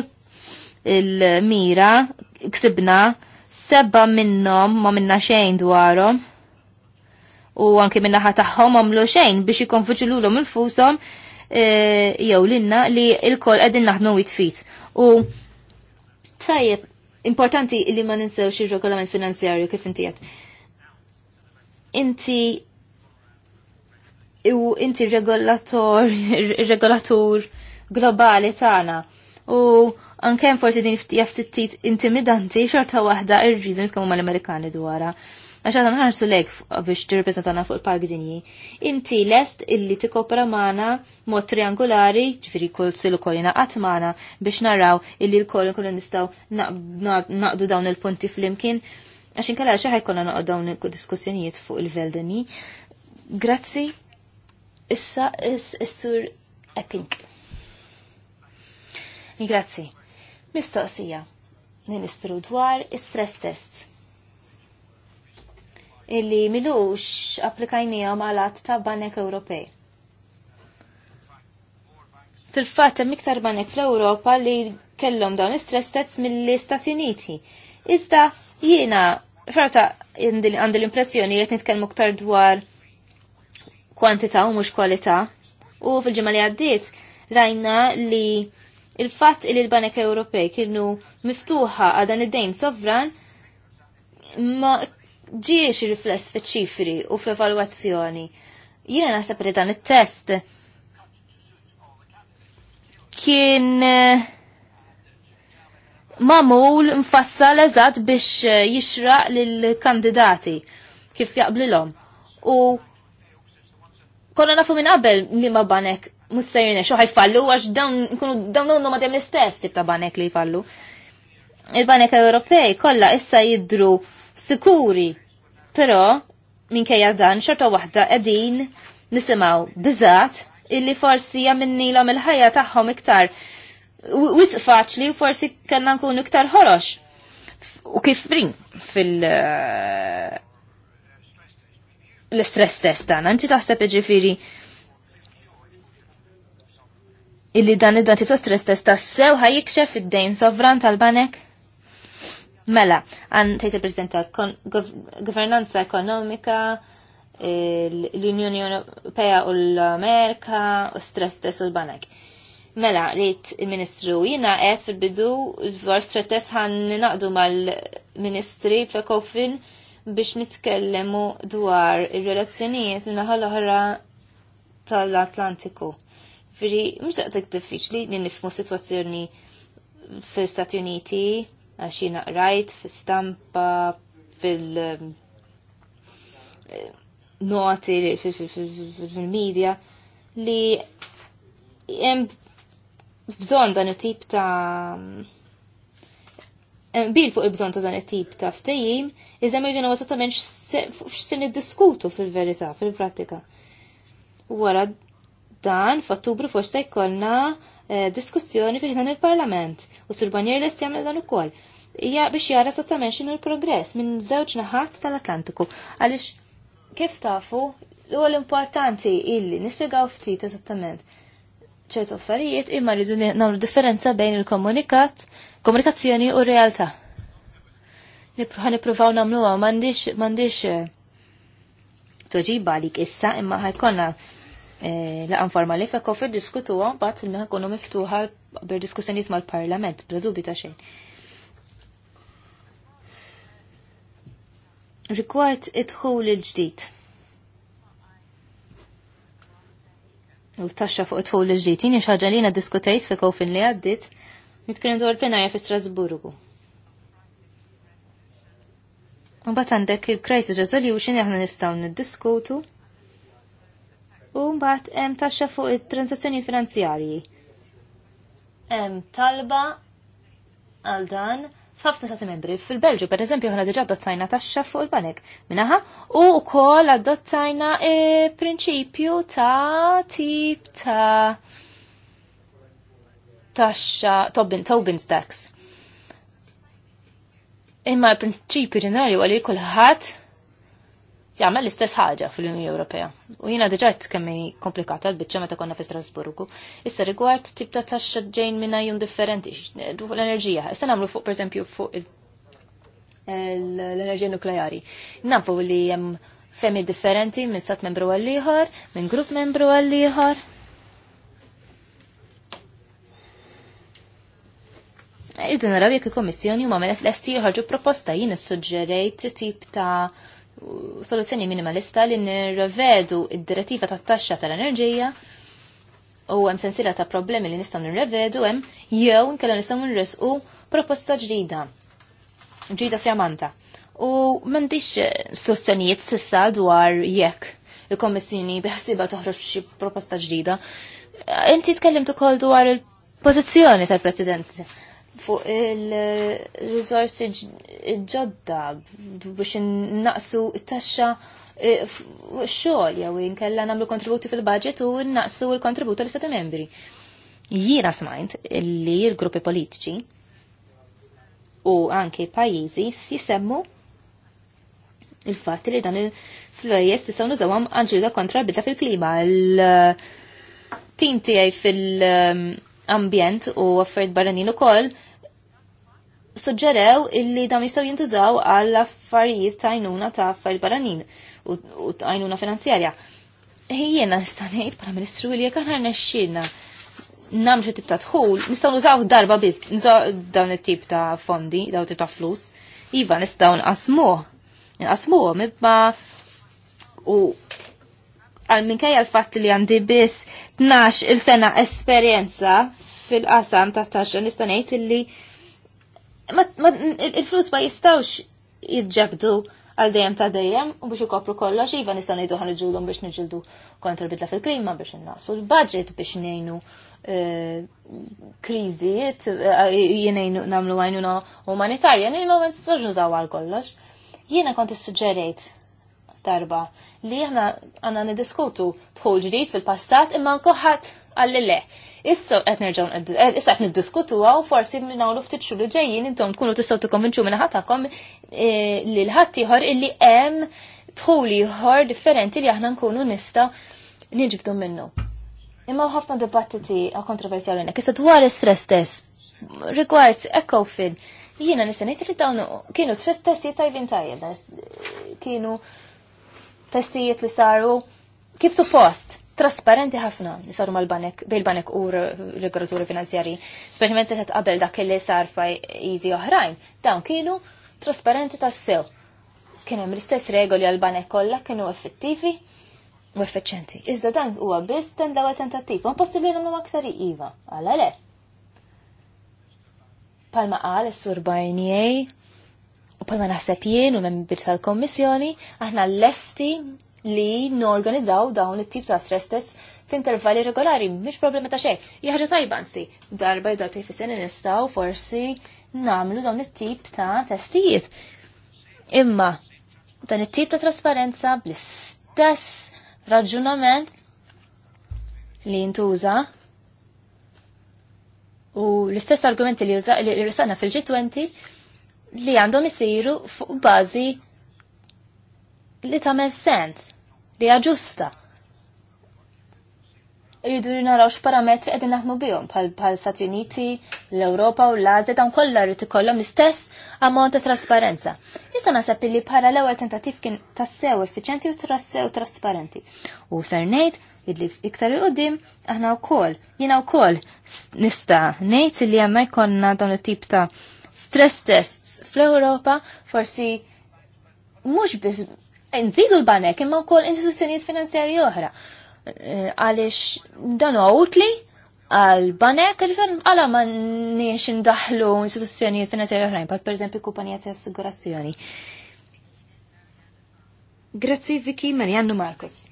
il-mira ksibna seba minnom ma minna xejn dwarhom u anke minna ħataħħom tagħhom għamlu xejn biex ikonfuċilulhom il-fushom e, jew l-inna li il koll qegħdin naħdmu jitfit. U tajjeb, importanti li ma ninsewx ir-regolament finanzjarju kif inti qed. Inti u inti regolator, *laughs* regolatur globali tagħna. U anke forsi din ftit intimidanti xorta waħda ir-reason nitkellmu mal-Amerikani dwarha. Għax għadna nħarsu lek biex tirrepreżentana fuq il-park dinji. Inti lest illi tikopra magħna mod triangolari, ġifieri kull silu ukoll jingħaqat magħna biex naraw illi l-kol nistgħu naqdu dawn il-punti flimkien. Għax inkella xi ħajkolna noqgħod dawn diskussjonijiet fuq il-veldeni. Grazzi. Issa is-sur Epping. Grazzi. Mistoqsija. Ministru dwar is-stress test. Illi milux għom għalat ta' Banek Ewropej. Fil-fatt hemm iktar banek fl-Ewropa li kellhom dawn stress tests mill-Istati Uniti. Iżda jiena frata, għandi l-impressjoni li qed nitkellmu ktar dwar kwantità u mhux kwalità. U fil-ġimgħa li għaddiet rajna li il-fatt il l-Banek Ewropej kienu miftuħa għadan id-dejn sovran ma ġiex rifless fi ċifri u fi evalwazzjoni. Jiena naħseb li dan it-test kien eh, mamul mfassal eżatt biex eh, jixraq lill-kandidati kif jaqblilhom. U konna nafu minn qabel li ma banek mussajrina xo ħajfallu għax dawn dawn ma dem l-istess tip ta' banek li jfallu. Il-banek Ewropej kollha issa jidru sikuri, però minkejja dan xorta waħda qegħdin nisimgħu biżat illi forsi l-om il-ħajja tagħhom iktar wisq faċli u forsi kellna nkunu iktar ħorox. U kif brin fil- eh, l-stress test tagħna, inti taħseb ġifiri illi dan id-dati ta' stress test tassew jikxef id-dejn sovran tal-banek? Mela, għan tajt il-President tal-Governanza Ekonomika, l-Unjoni Ewropea u l-Amerika u stress test tal-banek. Mela, rrit il-Ministru, jina għed fil-bidu dwar stress test għan naqdu mal-Ministri fil-Kofin biex nitkellemu dwar il-relazzjonijiet minna ħal-ħara tal-Atlantiku Firi, mux daqtek diffiċli li nifmu situazzjoni fil-Stati Uniti, għax jina rajt, fil-stampa, fil- eh, noti fil-media li jem bżon dan it-tip ta' bil fuq il-bżon ta' dan it-tip ta' ftejim, iżem iġen wasat ta' menx x'sin diskutu fil-verità, fil-pratika. Wara dan f'Ottubru forse jkollna eh, diskussjoni fiħna il-Parlament u Sur Banjer lest jagħmel dan ukoll. Hija biex jara esattament x'inhu l-progress minn żewġ naħat tal-Atlantiku. Għaliex kif tafu huwa l-importanti illi nispjegaw ftit esattament ċertu affarijiet imma rridu nagħmlu differenza bejn il-komunikat, komunikazzjoni u r-realtà. Ħan nippruvaw nagħmluha m'għandix m'għandix eh, tweġiba għalik issa imma ħajkonna Eh, laqan li fekk u diskutu għom bat il-meħ kunu miftuħa ber diskussjoniet mal-parlament, bla ta' xejn. Rikward idħul il-ġdid. U taxxa fuq ħul il-ġdid, jini xaġa li diskutajt fi kofin li għaddit, nitkellem dwar plenarja fi Strasburgu. Un bat għandek il-crisis resolution aħna nistgħu niddiskutu u mbagħad hemm taxxa fuq it transazzjoni finanzjarji. Em talba għal dan f'ħafna stati membri. Fil-Belġu, per eżempju, ħana diġa dottajna taxxa fuq il-banek minnaħa u wkoll għaddottajna il e, prinċipju ta' tip ta' taxxa Tobin, Tobin Stacks. Imma l-prinċipju ġenerali għalli kulħadd jagħmel l-istess ħaġa fl-Unjoni Ewropea. U jiena diġà kemm komplikata l-biċċa meta konna fi Strasburgu. Issa rigward tip ta' taxxa ġejn minn jum differenti fuq l-enerġija. Issa nagħmlu fuq pereżempju fuq l-enerġija nukleari. Nafu li hemm femi differenti minn stat membru għall-ieħor, minn grupp membru għall-ieħor. il naraw jekk il-Kommissjoni huma l mela lesti ħarġu proposta jien issuġġerejt tip ta' soluzzjoni minimalista li nirrevedu id-direttiva tat-taxxa tal-enerġija u hemm sensiela ta' problemi li nistgħu nirrevedu hemm jew inkella nistgħu nirrisqu proposta ġdida. Ġdida fjamanta. U m'għandix eh, soluzzjonijiet sissa dwar jekk il-Kommissjoni biħsiba toħroġ xi proposta ġdida. Inti tkellimt ukoll dwar il-pożizzjoni tal-President fuq il-rizorsi ġodda biex naqsu t-taxxa e, xogħol jew inkella nagħmlu kontributi fil-budget u naqsu l-kontributi l istati membri. Jiena smajnt li l-gruppi politiċi u anke pajjiżi jisemmu il-fatt li dan il-flojjes tistgħu nużawhom għanġilda kontra bidla fil-klima. L-tim tiegħi fil- um, ambjent u affarijiet barranin ukoll suġġerew illi dawn jistgħu jintużaw għall affarijiet ta' għajnuna ta' affarijiet barranin u ta' għajnuna finanzjarja. Ejjena nista' ngħid bħala Ministru li jekk aħna nexxielna namġu xi tip ta' tħul, nistgħu nużaw darba biss, nużaw dawn it-tip ta' fondi, daw tip ta' flus. Iva nistgħu nqasmuh. Nqasmuh imma u għal minkejja għal fatt li għandi biss 12 il-sena esperjenza fil-qasam ta' taxxa nista' ngħid illi il-flus ma jistawx jidġabdu għal dejjem ta' dejjem u biex ikopru kollox iva nista' ngħidu ħan iġulhom biex niġildu kontra bidla fil-klima biex innaqsu l-budget biex ngħinu e, kriżijiet e, jenejnu nagħmlu għajnuna umanitarja, nil ma nistax nużaw għal kollox. Jiena kont issuġġerejt darba li aħna għanna niddiskutu tħol ġdid fil-passat imma nkoħat għalli le Issa qed nerġgħu eh, issa qed niddiskutuha u forsi minn hawn ftit xhur li ġejjin intom tkunu tistgħu tikkonvinċu minn ħatakom li l-ħadd ieħor illi hemm dħul ieħor differenti li aħna nkunu nista' niġbdu minnu. Imma ħafna dibattiti kontroversjali hekk. Issa dwar is-stress test rigward ekkow fin, jiena nista' ngħid li dawn kienu stress testijiet tajbin tajjeb, kienu testijiet li saru kif suppost trasparenti ħafna li saru mal-banek, bil-banek u regolaturi finanzjari, specialment ta' qabel dak li sar fajzi oħrajn, dawn kienu trasparenti tas-sew. Kienu hemm l-istess regoli għal-banek kollha kienu effettivi u effeċenti. Iżda dan huwa biss dan dawa tentattiv, ma possibbli nagħmlu aktar iva, għala le. Palma qal is-sur Barnier u palma naħseb jien u membri tal-kommissjoni, aħna lesti li norganizzaw dawn it-tip ta' stress test f'intervalli regolari, mhix problema ta' xejn. Jaħġa tajba nsi, darba jdaw kif is-sena nistgħu forsi namlu dawn it-tip ta' testijiet. Imma dan it-tip ta' trasparenza bl-istess raġunament li jintuża u l-istess argumenti li rrisana fil-G20 li għandhom isiru fuq bażi li tagħmel sens li għagġusta. ġusta. li naraw x'parametri qegħdin naħmu bihom bħal Stati Uniti, l-Ewropa u l-Azja dawn kollha rrid ikollhom l-istess ammont ta' trasparenza. Jista naħseb li bħala l-ewwel tentattiv kien tassew effiċenti u trassew trasparenti. U ser ngħid li iktar il qudiem aħna wkoll jiena wkoll nista' ngħid li hemm jkollna dawn it-tip ta' stress tests fl-Ewropa forsi mhux biss nżidu l-banek imma wkoll istituzzjonijiet finanzjarji oħra. Eh, għaliex dan utli għal-banek, għalfan għala ma nix ndaħlu istituzzjonijiet finanzjarji oħrajn, pal per eżempju kumpanija ta' assigurazzjoni. Grazzi Viki Mariannu Markus.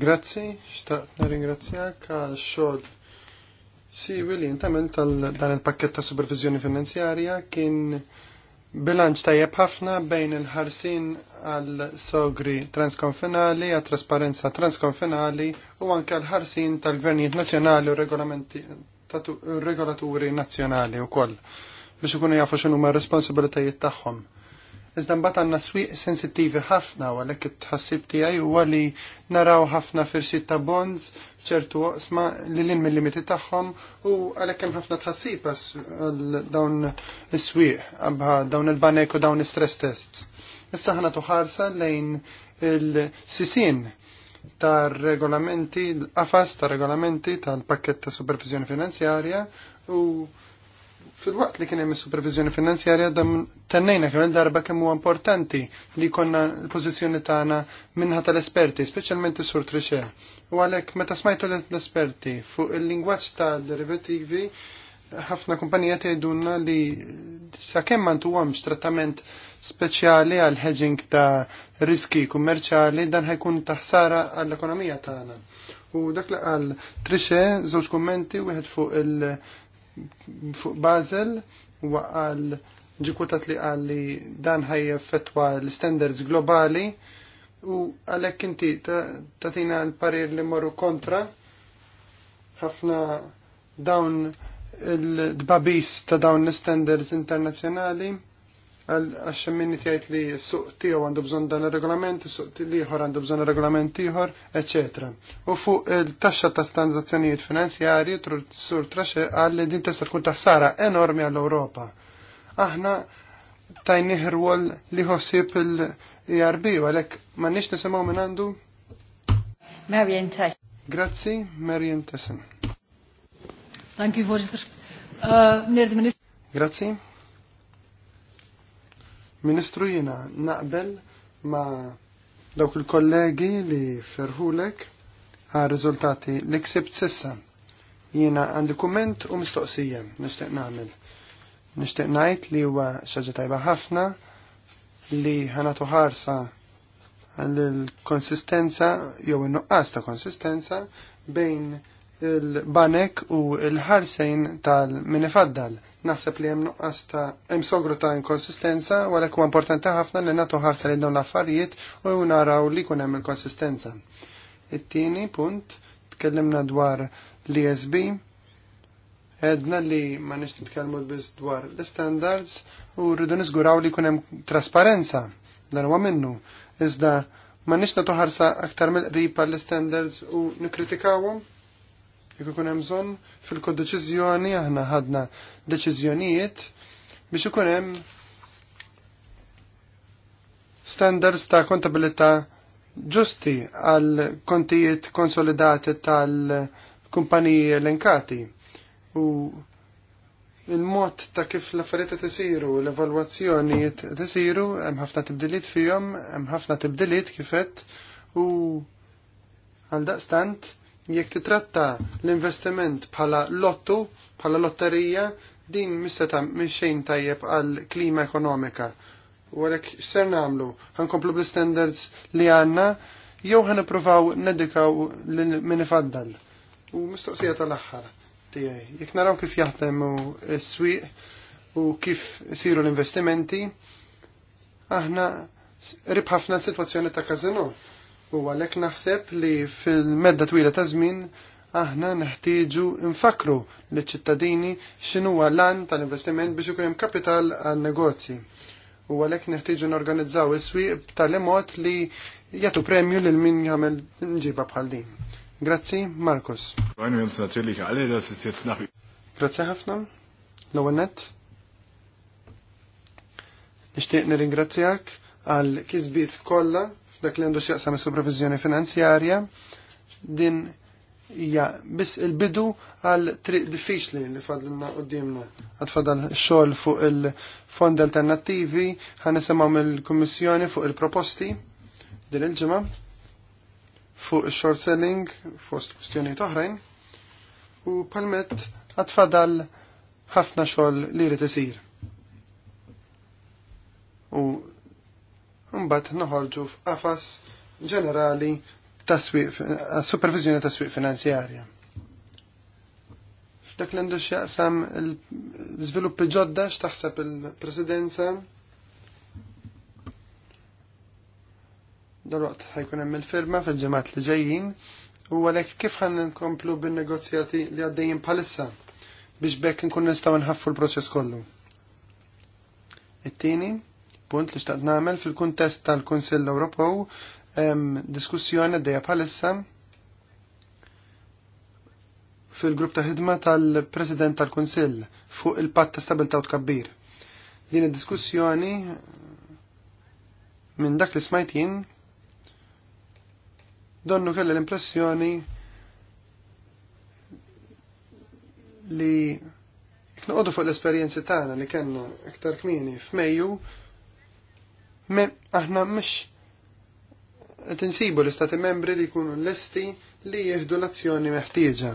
Grazzi, xtaqt nirringrazzjak għal xogħol Si li jintamel tal-dan il-pakket ta' supervizjoni finanzjarja kien Bilanċ tajjeb ħafna bejn il-ħarsin għal sogri transkonfinali, għal trasparenza transkonfinali u anke l ħarsin tal-gvernijiet nazjonali u regolaturi nazjonali u koll biex ikunu jafu xinu ma' responsabilitajiet tagħhom. Iżda mbagħad għandna swieq sensittivi ħafna u għalhekk it-tħassib tiegħi huwa li naraw ħafna firxiet ta' bonds f'ċertu oqsma li lin mill-limiti tagħhom u għalhekk hemm ħafna tħassib għal dawn is-swieq dawn il-banek u dawn is-stress tests. Issa ħana tuħarsa lejn il-sisin tar regolamenti, l-qafas tar regolamenti tal-pakket ta' supervizjoni finanzjarja u Fil-waqt li kien hemm supervizjoni finanzjarja dan tennejna kemm darba kemm huwa importanti li jkollna l-pożizzjoni tagħna minnħa tal-esperti, speċjalment is-sur Trixea. U għalhekk meta smajtu l-esperti fuq il-lingwaġġ tal-derivativi, ħafna kumpanija tgħidulna li sakemm ma ntuhomx trattament speċjali għal hedging ta' riski kummerċjali dan ħajkun taħsara għall-ekonomija tagħna. U dak li qal Trixe żewġ kummenti wieħed fuq il- fuq Basel għal ġikutat li qal li dan ħaj fetwa l-standards globali u għalhekk inti tatina l-parir li morru kontra ħafna dawn il-dbabis ta' dawn l-standards internazzjonali għax minni tgħid li s-suq tiegħu għandu bżonn dan ir-regolament, suq ieħor għandu bżonn ir-regolament ieħor, ecc. U fuq il-taxxa ta' stanzazzjonijiet finanzjarji sur traxe qal li din tista' tkun taħsara enormi għall europa Aħna tajnih rwol li ħossib il irb għalek għalhekk nix nisimgħu minn għandu. Marian Tessen. Grazzi, Marian Tessen. Thank you, Uh, Grazie. Ministru jina naqbel ma dawk il-kollegi li ferħulek għal riżultati li ksibt sissa. Jina għandi kumment u mistoqsija nishtiq nagħmel. Nishtiq ngħid li huwa xaġa tajba ħafna li ħanatu ħarsa l-konsistenza jew il nuqqas ta' konsistenza bejn il-banek u l ħarsejn tal-minifaddal Naħseb li hemm nuqqas ta' hemm sogru ta' inkonsistenza u għalhekk huwa importanti ħafna li nagħtu ħarsa lil dawn l-affarijiet u naraw li jkun hemm il-konsistenza. It-tieni punt tkellimna dwar l-ESB edna li ma nix nitkellmu biss dwar l-standards u rridu niżguraw li hemm trasparenza dan huwa minnu. Iżda ma nix nagħtu ħarsa aktar mill-qrib l-standards u nikkritikawhom Jekk ikun hemm bżonn fil-kodeċiżjoni aħna ħadna deċiżjonijiet biex ikun hemm standards ta' kontabilità ġusti għal kontijiet konsolidati tal-kumpaniji elenkati u il-mod ta' kif l-affarijiet isiru, l-evalwazzjonijiet isiru, hemm ħafna tibdiliet fihom, hemm ħafna tibdiliet kifet u għal daqstant Jekk titratta l-investiment bħala lottu, bħala lotterija, din misseta xejn tajjeb għal klima ekonomika. U għalek ser namlu, għankomplu bl-standards li għanna, jew ħan provaw nedikaw minn ifaddal. U mistoqsija tal-axħar tijaj. Jek naraw kif jaħdem u s-swiq u kif siru l-investimenti, aħna ribħafna ħafna situazzjoni ta' kazinu. U għalhekk naħseb li fil-medda twila ta' żmien aħna neħtieġu nfakru li ċittadini x'inhu għallan tal-investiment biex ikun hemm kapital għal negozji. U għalhekk neħtieġu norganizzaw is-swieq tal emot li jagħtu premju lil min jagħmel nġiba bħal din. Grazzi, Markus. Grazzi ħafna. L-ewwel nett. Nixtieq nirringrazzjak għal kisbiet kollha dak li għandu x'jaqsam is-supervizjoni finanzjarja din hija biss il-bidu għal triq diffiċli li fadlna qudiemna. Għadfadal xogħol fuq il-fond alternattivi ħan nisimgħu mill-Kummissjoni fuq il-proposti din il-ġimgħa fuq il-short selling fost kwistjonijiet oħrajn u palmet għadfadal ħafna xogħol li jrid isir. U Mbatt noħorġu f'qafas ġenerali taswiq eh, supervizjoni swieq finanzjarja. F'dak l-għandu x'jaqsam l-żviluppi ġodda x'taħseb il-presidenza dal-waqt ħajkun hemm il-firma fil-ġemat li ġejjin u għalhekk kif ħan nkomplu bin-negozjati li għaddejjin bħalissa biex bekk nkun nistgħu nħaffu l-proċess kollu. It-tieni punt li xtaqt namel fil-kuntest tal-Kunsill Ewropew diskussjoni għaddejja bħalissa fil-grupp ta' ħidma tal-President tal-Kunsill fuq il-patt ta' stabilta u tkabbir. Din id-diskussjoni minn dak li smajt jien donnu kelli l-impressjoni li noqogħdu fuq l-esperjenzi tagħna li kellna iktar kmieni f'Mejju aħna mx tinsibu l-istati membri li jkunu lesti li jieħdu l-azzjoni meħtieġa.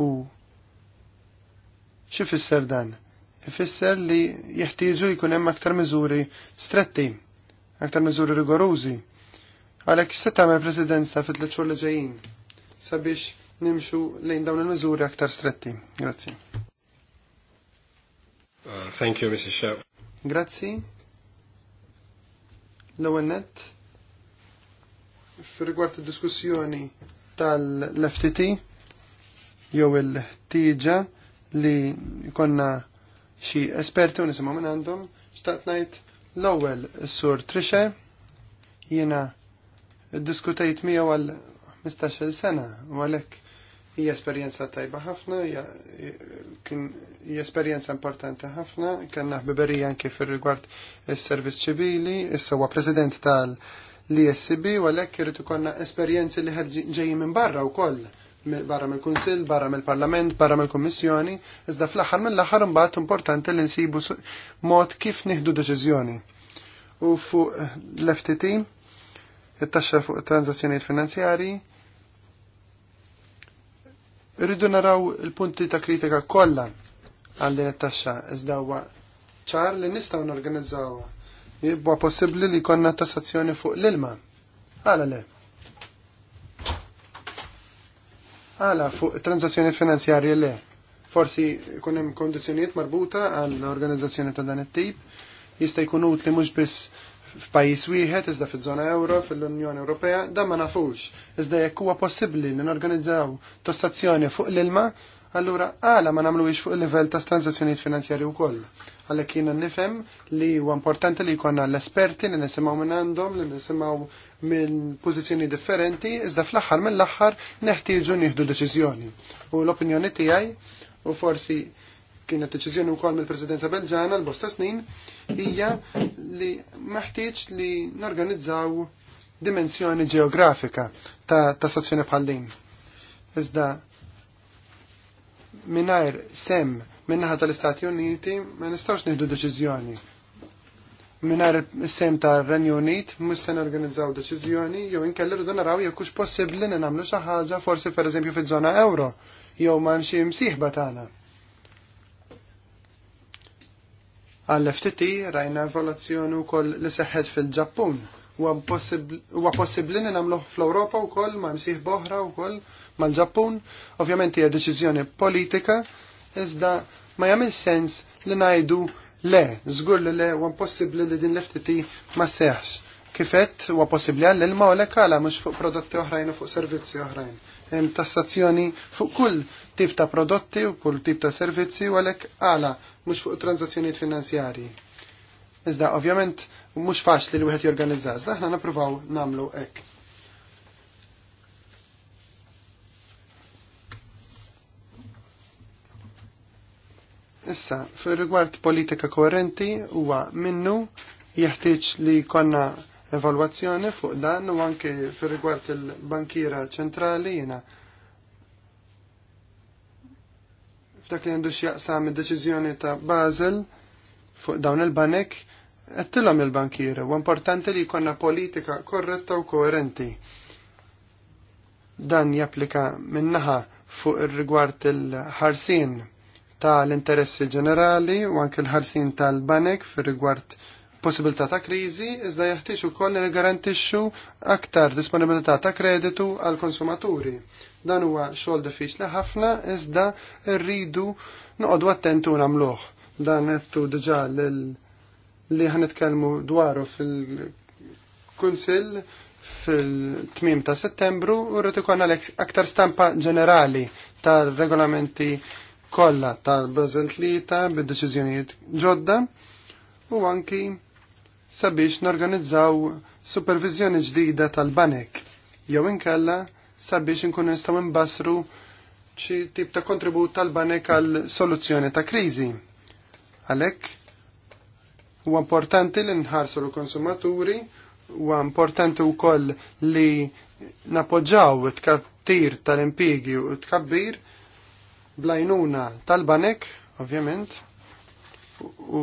U xi fisser dan? Ifisser li jeħtieġu jkun hemm aktar miżuri stretti, aktar miżuri rigorużi. Għalhekk se tagħmel presidenza fit tliet xhur li ġejjin sabiex nimxu lejn dawn il-miżuri aktar stretti. Grazzi. Uh, thank you, Mrs. Shep. Grazzi. L-ewwel nett fir-rigward id-diskussjoni tal-FTT jew il-ħtieġa li jkollna xi esperti u nisimgħu minn għandhom xtaqt ngħid l-ewwel s sur Trisha jiena ddiskutejt miegħu għal 15-il sena u għalhekk Hija esperjenza tajba ħafna, eh, hija esperjenza importanti ħafna, kellna ħbiberija anke fir-rigward is-servizz ċivili, issa huwa President tal-ISB u għalhekk irid ikollna esperjenzi li ġejjin minn barra wkoll barra mill-Kunsill, barra mill-Parlament, barra mill-Kummissjoni, iżda fl-aħħar mill-aħħar imbagħad importanti li nsibu mod kif nieħdu deċiżjoni. U fuq l-FTT, it-taxxa fuq transazzjonijiet finanzjarji, Irridu naraw il-punti ta' kritika kollha għal din it-taxxa iżda huwa ċar li nistgħu norganizzawha. Jibwa possibbli li konna tassazzjoni fuq l-ilma. Għala le. Għala fuq transazzjoni finanzjarja le. Forsi jkun hemm kondizzjonijiet marbuta għall organizzazzjoni ta' dan it-tip jista' jkun utli mhux biss f'pajjiż wieħed iżda fiż-żona euro fil-Unjoni Ewropea dan ma nafux. Iżda jekk huwa possibbli li norganizzaw tostazzjoni fuq l-ilma, allura għala ma nagħmluhiex fuq il-livell ta' transazzjonijiet finanzjarji wkoll. Għalhekk jien nifhem li huwa importanti li jkollna l-esperti li nisimgħu minn għandhom, li nisimgħu minn pożizzjoni differenti, iżda fl-aħħar mill-aħħar neħtieġu nieħdu deċiżjoni. U l-opinjoni tiegħi u forsi kienet deċiżjoni wkoll mill-Presidenza Belġana l-bosta snin hija li meħtieġ li norganizzaw dimensjoni ġeografika ta' tassazzjoni bħallin. Iżda mingħajr sem minnaħa tal-Istati Uniti ma nistgħux nieħdu deċiżjoni. Mingħajr sem tar-Renju Unit mhux se norganizzaw deċiżjoni jew inkelli rridu naraw jekk hux possibbli li nagħmlu xi ħaġa forsi pereżempju fiż-żona euro jew ma' xi msieħba tagħna Għall-FTT rajna evoluzzjoni wkoll li seħħet fil-Ġappun. Huwa possibbli li nagħmluh fl-Ewropa wkoll ma' msih boħra wkoll mal-Ġappun. Ovvjament hija deċiżjoni politika, iżda ma jagħmel sens li ngħidu le, żgur li le huwa impossibbli li din l-FTT ma seħx. Kifet huwa possibbli għall-ilma u lekala mhux fuq prodotti oħrajn u fuq servizzi oħrajn tassazzjoni fuq kull tip ta' prodotti u kull tip ta' servizzi u għalhekk għala mhux fuq transazzjonijiet finanzjarji. Iżda ovvjament mhux faċli li wieħed jorganizza, iżda ħna nippruvaw nagħmlu hekk. Issa, fir rigward politika koerenti huwa minnu jeħtieġ li konna evalwazzjoni fuq dan u anke fir rigward il-bankira ċentrali jiena dak li għandu x'jaqsam id-deċiżjoni ta' Basel fuq dawn il-banek għattilom il-bankieri u importanti li jkollna politika korretta u koerenti. Dan japplika minnaħa fuq ir-rigward il-ħarsin ta' l-interessi ġenerali u anke l-ħarsin tal-banek fir rigward possibilità ta' kriżi, iżda jeħtieġ ukoll li garantixxu aktar disponibilità ta' kreditu għal konsumaturi Dan huwa xogħol diffiċli ħafna iżda rridu noqogħdu u nagħmluh. Dan qedtu diġà li ħanitkellmu dwaru fil-Kunsill fil-tmim ta' settembru u rrid ikun aktar stampa ġenerali tal-regolamenti kollha tal brażent Lita bid-deċiżjonijiet ġodda u anki sabiex norganizzaw supervizjoni ġdida tal-banek jew inkella sabiex inkunu nistgħu nbassru xi tip ta' kontribut tal-banek għal soluzzjoni ta' kriżi. Għalhekk huwa importanti li nħarsu l-konsumaturi, huwa importanti wkoll li napoġġaw it-kattir tal-impigi u tkabbir blajnuna tal-banek, ovvjament, u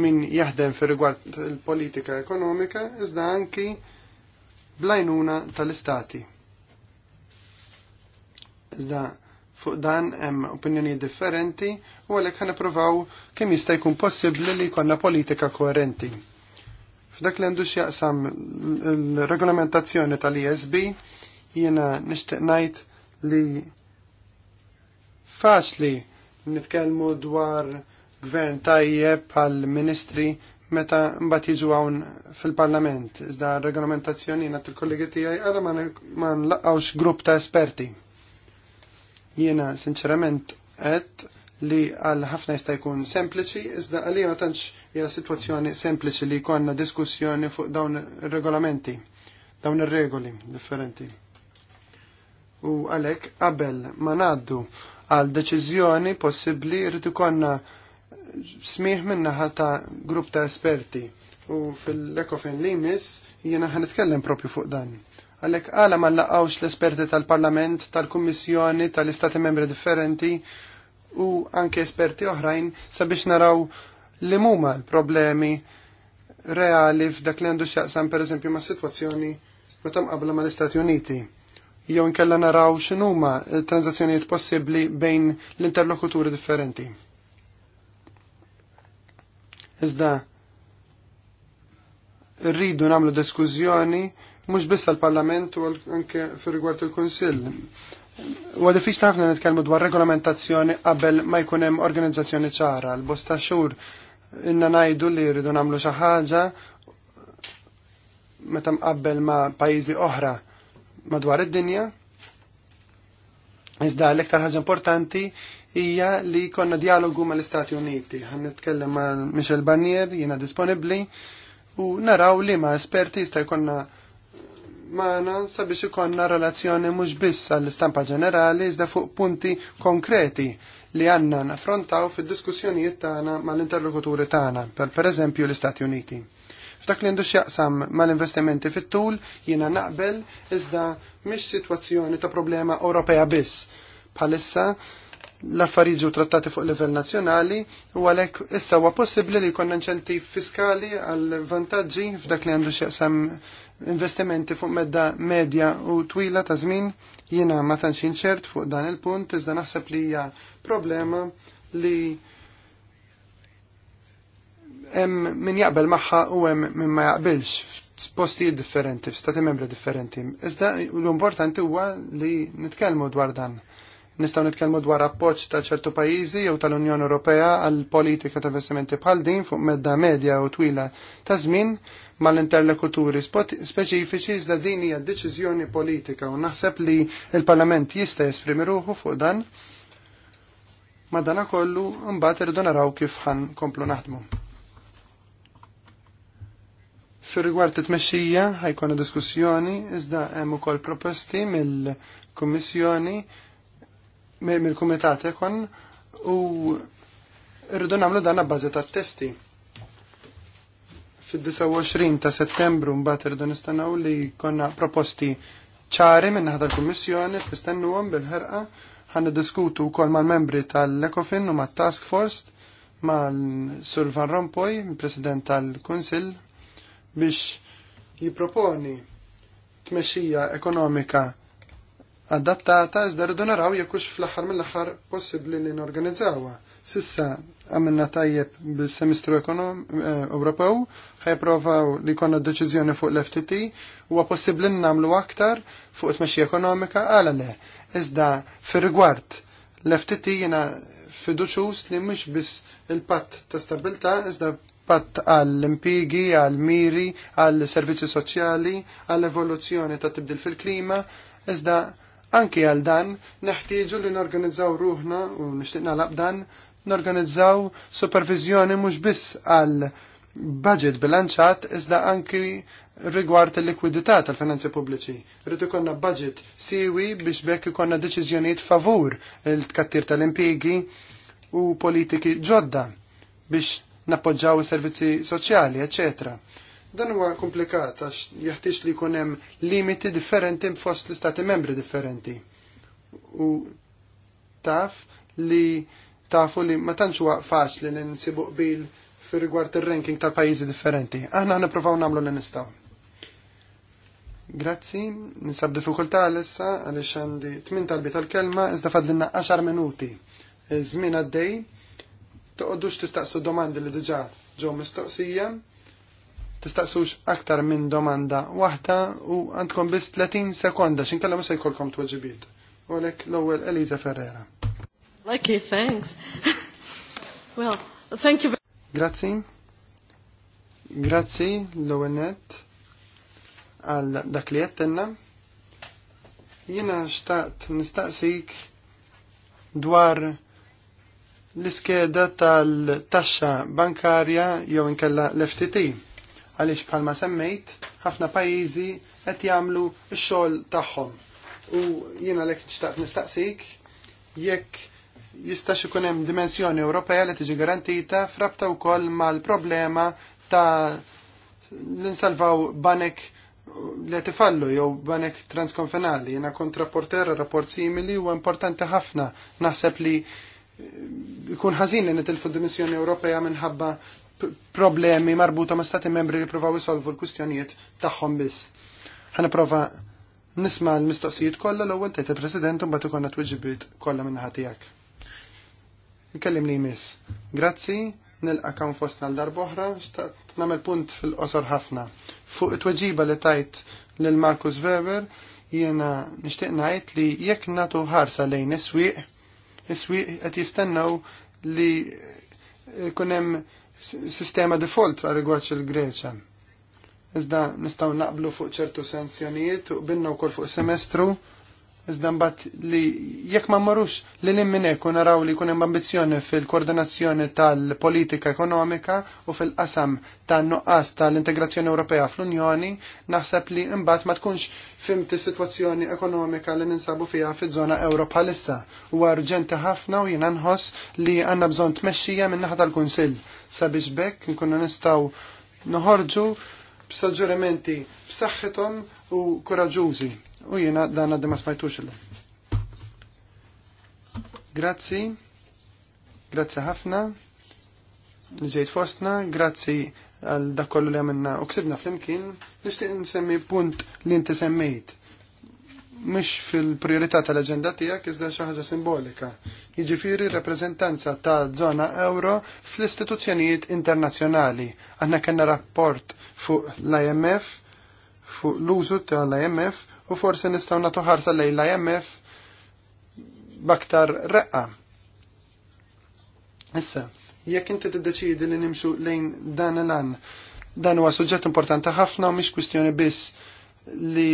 min jaħdem fir rigward il-politika ekonomika, iżda anki blajnuna tal-istati. Iżda fuq dan hemm opinjoni differenti u għalhekk nippruvaw kemm jista' jkun possibbli li jkollna politika koerenti. F'dak li għandu x'jaqsam l-regolamentazzjoni tal-ISB jiena nixtieq ngħid li faċli nitkellmu dwar gvern tajjeb bħal ministri meta mbagħad jiġu hawn fil-Parlament. Iżda r-regolamentazzjoni jiena il-kollegi tiegħi ara ma nlaqgħux grupp ta' esperti Jiena sinċerament qed li għal ħafna jista' jkun sempliċi, iżda għalija ma tantx hija sitwazzjoni sempliċi li jkollna diskussjoni fuq dawn ir-regolamenti, dawn ir-regoli differenti. U għalhekk qabel ma ngħaddu għal deċiżjoni possibbli rrid ikollna smih minna naħa ta' grupp ta' esperti. U fil-Ecofin Limis jiena ħanitkellem propju fuq dan. Għalek għala ma laqawx l-esperti tal-Parlament, tal-Kummissjoni, tal-Istati membri differenti u anke esperti oħrajn sabiex naraw li muma l-problemi reali f'dak li għandu xaqsam per eżempju ma' situazzjoni meta qabla ma' l-Istati Uniti jew inkella naraw x'inhuma transazzjoniet possibbli bejn l-interlokuturi differenti. Iżda rridu nagħmlu diskużjoni mhux biss għall-Parlament u anke fir-rigward il-Kunsill. Huwa fiċ ħafna nitkellmu dwar regolamentazzjoni qabel ma jkun hemm organizzazzjoni ċara. L-bosta xhur inna ngħidu li rridu nagħmlu xi ħaġa meta mqabbel ma' pajjiżi oħra madwar id-dinja. Iżda l-iktar ħaġa importanti hija li konna dialogu mal-Istati Uniti. Għan nitkellem ma' Michel Barnier, jiena disponibbli, u naraw li ma' esperti jista' jkollna mana sabiex ikonna relazzjoni mhux biss għall-istampa ġenerali iżda fuq punti konkreti li għanna naffrontaw fid-diskussjonijiet tagħna mal-interlokuturi tagħna, per pereżempju l-Istati Uniti. F'dak li ndux jaqsam mal-investimenti fit-tul jiena naqbel iżda mhix sitwazzjoni ta' problema Ewropea biss. Bħalissa l-affarijiet ġew trattati fuq livell nazzjonali u għalhekk issa huwa possibbli li jkollna inċentiv fiskali għal vantaġġi f'dak li għandu x'jaqsam investimenti fuq medda medja u twila ta' żmien jiena ma tantx inċert fuq dan il-punt iżda naħseb li hija problema li hemm min jaqbel magħha u hemm min ma jaqbilx spostijiet differenti, f'stati membri differenti. Iżda l-importanti huwa li nitkellmu dwar dan Nistgħu nitkellmu dwar appoġġ ta' ċertu pajjiżi jew tal-Unjoni Ewropea għal politika ta' investimenti bħal din fuq medda medja u twila ta' żmien mal-interlekuturi speċifiċi iżda din hija deċiżjoni politika u naħseb li il-Parlament jista' jesprimi ruħu fuq dan. Madana kollu mbagħad irridu naraw kif ħan komplu naħdmu. Fir rigward it-tmexxija ħajkun diskussjoni iżda hemm ukoll proposti mill-Kummissjoni mill-Kumitat ekon u rridu nagħmlu dan abbażi tat-testi fid-29 ta' settembru mbagħad irdu nistennew li konna proposti ċari minn naħa tal-Kummissjoni tistennuhom bil-ħerqa ħan diskutu wkoll mal-membri tal-Ecofin u mat-Task Force mal-Sur Van Rompuy, President tal-Kunsill, biex jiproponi tmexxija ekonomika adattata iżda rridu naraw jekkux fl-aħħar mill-aħħar possibbli li norganizzawha. Sissa għamilna tajjeb bil semistru ekonom eh, Ewropew, ħajprovaw li konna deċiżjoni fuq l-FTT, huwa possibbli nagħmlu aktar fuq t mexxija ekonomika għala le. Iżda fir-rigward l-FTT jiena fiduċus li mux biss il-patt ta' stabilta, iżda patt għall-impigi, għall-miri, għall-servizzi soċjali, għall-evoluzzjoni ta' tibdil fil-klima, iżda anki għal dan neħtieġu li norganizzaw ruħna u nixtieq nagħlaq dan norganizzaw supervizjoni mhux biss għal budget bilanċat iżda anki rigward il-likwidità tal-finanzi pubbliċi. Rridu konna budget siwi biex bekk ikonna deċiżjonijiet favur il kattir tal-impjegi u politiki ġodda biex nappoġġaw is-servizzi soċjali, ecc. Dan huwa komplikat għax jeħtieġ li jkun hemm limiti differenti fost l-istati membri differenti. U taf li tafu li ma tantx huwa faċli li nsibu qbil fir rigward ir-ranking tal-pajjiżi differenti. Aħna nippruvaw nagħmlu li nistgħu. Grazzi, nisab diffikultà għalissa għaliex għandi tmin talbi tal-kelma iżda fadlinna 10 minuti. Żmien għaddej, Toqoddux tistaqsu domandi li diġà ġew mistoqsija, tistaqsux aktar minn domanda waħda u għandkom biss 30 sekonda x'inkellem se jkollkom tweġibiet. U l-ewwel Eliza Ferrera. Okay, thanks. *laughs* well, thank you. Grazzi. Grazzi l-għenet għal dak li jattenna. Jena xtaqt nistaqsik dwar l-iskeda tal-taxxa bankarja jew inkella l-FTT. Għaliex bħalma semmejt, ħafna pajjiżi qed jagħmlu x-xogħol tagħhom. U jiena lek nixtaq nistaqsik jekk jistax ikun hemm dimensjoni Ewropea li tiġi garantita frabta wkoll mal-problema ta' l-insalvaw banek li tifallu jew banek transkonfenali. Jena kontraporter rapport simili u importanti ħafna naħseb li jkun ħażin li nitilfu dimensjoni Ewropea minħabba problemi marbuta ma' stati membri li provaw isolvu l-kustjonijiet tagħhom biss. prova nisma' l-mistoqsijiet kollha l-ewwel tgħid il-President u mbagħad ikollna twiġibiet kollha minn ħatijak nikellim li jmiss. Grazzi, nilqa kam fost nal darboħra, xtaqt namel punt fil-qosor ħafna. Fuq it-tweġiba li tajt lil Markus Weber, jiena nishtiq ngħid li jekk natu ħarsa lejn is-swieq, is-swieq qed jistennew li kunem sistema default għal rigward il-Greċa. Iżda nistgħu naqblu fuq ċertu sanzjonijiet u binnaw wkoll fuq semestru Iżda mbagħad li jekk ma mmorrux li l minn hekk naraw li jkun hemm ambizzjoni fil-koordinazzjoni tal-politika ekonomika u fil-qasam tan-nuqqas tal-integrazzjoni Ewropea fl-Unjoni, naħseb li mbagħad ma tkunx fimti sitwazzjoni ekonomika li ninsabu fiha fiż-żona Ewro bħalissa. Huwa urġenti ħafna u jiena nħoss li għandna bżonn tmexxija min naħa tal-Kunsill sabiex bekk nkunu nistgħu noħorġu b'saġġurimenti b'saħħithom u kuraġużi u jiena dan għaddi ma smajtux Grazzi, grazzi ħafna nġejt fostna, grazzi għal dak kollu li għamilna u ksibna flimkien, nixtieq nsemmi punt li inti semmejt. Mhix fil-priorità tal-aġenda tiegħek iżda xaħġa ħaġa simbolika. Jiġifieri rappreżentanza ta' żona euro fl-istituzzjonijiet internazzjonali. Aħna kellna rapport fuq l-IMF, fuq l-użu tal-IMF u forsi nistgħu natu ħarsa lejla IMF baktar reqqa. Issa, jekk inti tiddeċidi li nimxu lejn dan l-an, dan huwa suġġett importanti ħafna u mhix kwistjoni biss li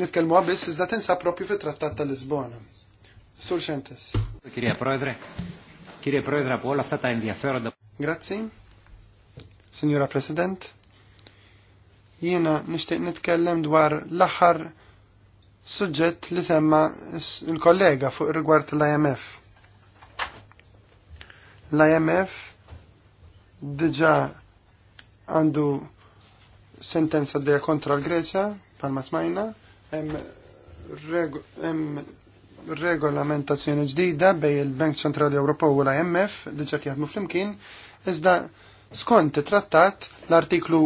nitkellmu biss iżda tinsab propju fit-Trattat ta' Lisbona. Sur Xentes. Kirja Proedre, kirja Prodre, għafta ta' indjaferda. Grazzi. Signora President jiena nixtieq nitkellem dwar l-aħħar suġġett li semma il-kollega fuq rigward l-IMF. L-IMF diġa għandu sentenza d kontra l-Greċa, palma smajna, hemm regolamentazzjoni ġdida bej il-Bank Ċentrali Ewropew u l-IMF diġa jaħdmu flimkien, iżda skont it-trattat l-artiklu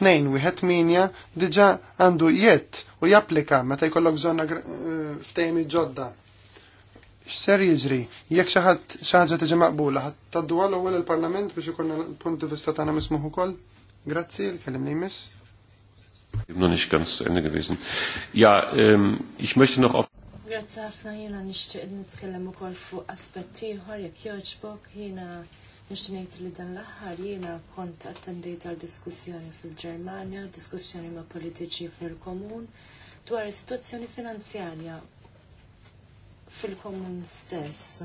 minja diġa għandu jett u japplika meta jkollok bżonna eh, ftejmi ġodda. X'ser jiġri? Jekk xi ħadd xi ħaġa tiġi maqbula, ħadd taddua l-ewwel il-Parlament biex ikun punt vista tagħna mismuħ ukoll? Grazzi, l-kellimni jmiss. Noch nicht ganz zu Ende gewesen. Ja, ähm, ich möchte noch auf. Grazie ħafna jiena nixtieq nitkellem ukoll fu aspetti ieħor jek joċbok, jena Nixtinajt li dan l-aħħar jiena kont attendejt għal diskussjoni fil-Ġermanja, diskussjoni ma' politiċi fil-komun dwar is-sitwazzjoni finanzjarja fil-komun stess.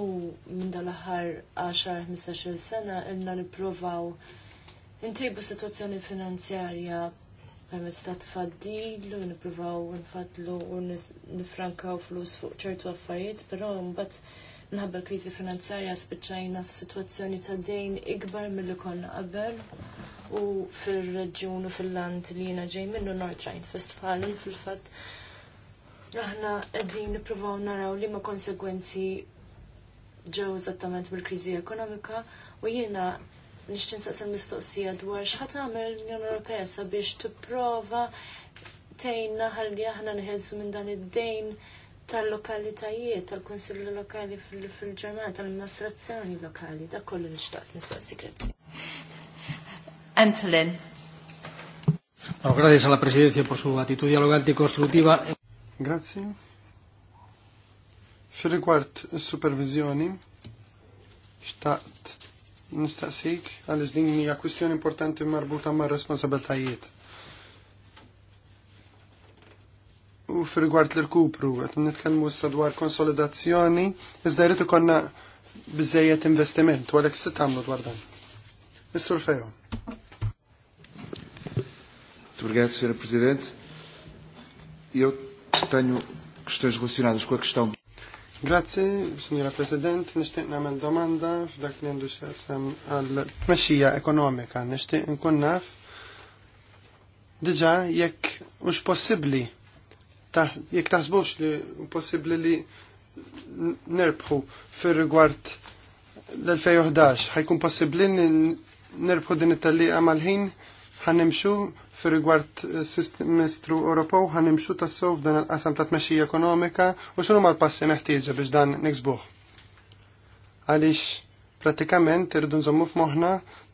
U minn dan l-aħħar 10-15 sena ilna nippruvaw intejbu sitwazzjoni finanzjarja permezz ta' tfaddil u nippruvaw nfadlu u nifrankaw flus fuq ċertu affarijiet, però mbagħad minħabba l-kriżi finanzarja spiċċajna f'sitwazzjoni ta' dejn ikbar milli konna qabel u fil-reġjun u fil-land li jiena ġej minnu North Rhine-Westfalen fil-fatt Aħna qegħdin nippruvaw naraw li ma konsegwenzi ġew eżattament mill-kriżi ekonomika u jiena nixtin saqs il mistoqsija dwar xħat għamil l unjon Ewropea sabiex t-prova tejna ħalli aħna nħelsu minn dan id-dejn tal-lokalitajiet, tal-konsilli lokali fil-ġermana, tal-amministrazzjoni lokali, da kollu nixtaqt nistaqsi grazzi. Antolin. Grazie alla Presidenza per su attitudine dialogante e costruttiva. Grazie. Fil-rigward supervisioni, xtaqt nistaqsik għal din hija kwistjoni importanti marbuta ma' responsabiltajiet. U f'rigward l irkupru qed nitkellmu issa dwar konsolidazzjoni, iżda jrid ikollna biżejjed investiment, u għalhekk se tagħmlu dwar dan. Mistur Fejo. Obrigado, Sr. Presidente. Eu tenho questões relacionadas com a questão Grazzi, signora President, nishtiq namel domanda f'dak li għandu xasem għal-tmexxija ekonomika. Nishtiq nkunnaf diġa jekk mhux possibbli jekk taħsbux li possibbli li nerbħu fir-rigward l-2011 ħajkun possibbli nirbħu din it-tallieqa mal-ħin ħanimxu fir-rigward eh, Sistemistru Ewropew imxu tassew f'dan il-qasam ta' tmexxija ekonomika u x'inhu mal-passi meħtieġa biex dan niksbuh. Għaliex pratikament irridu nżommu f'moħħna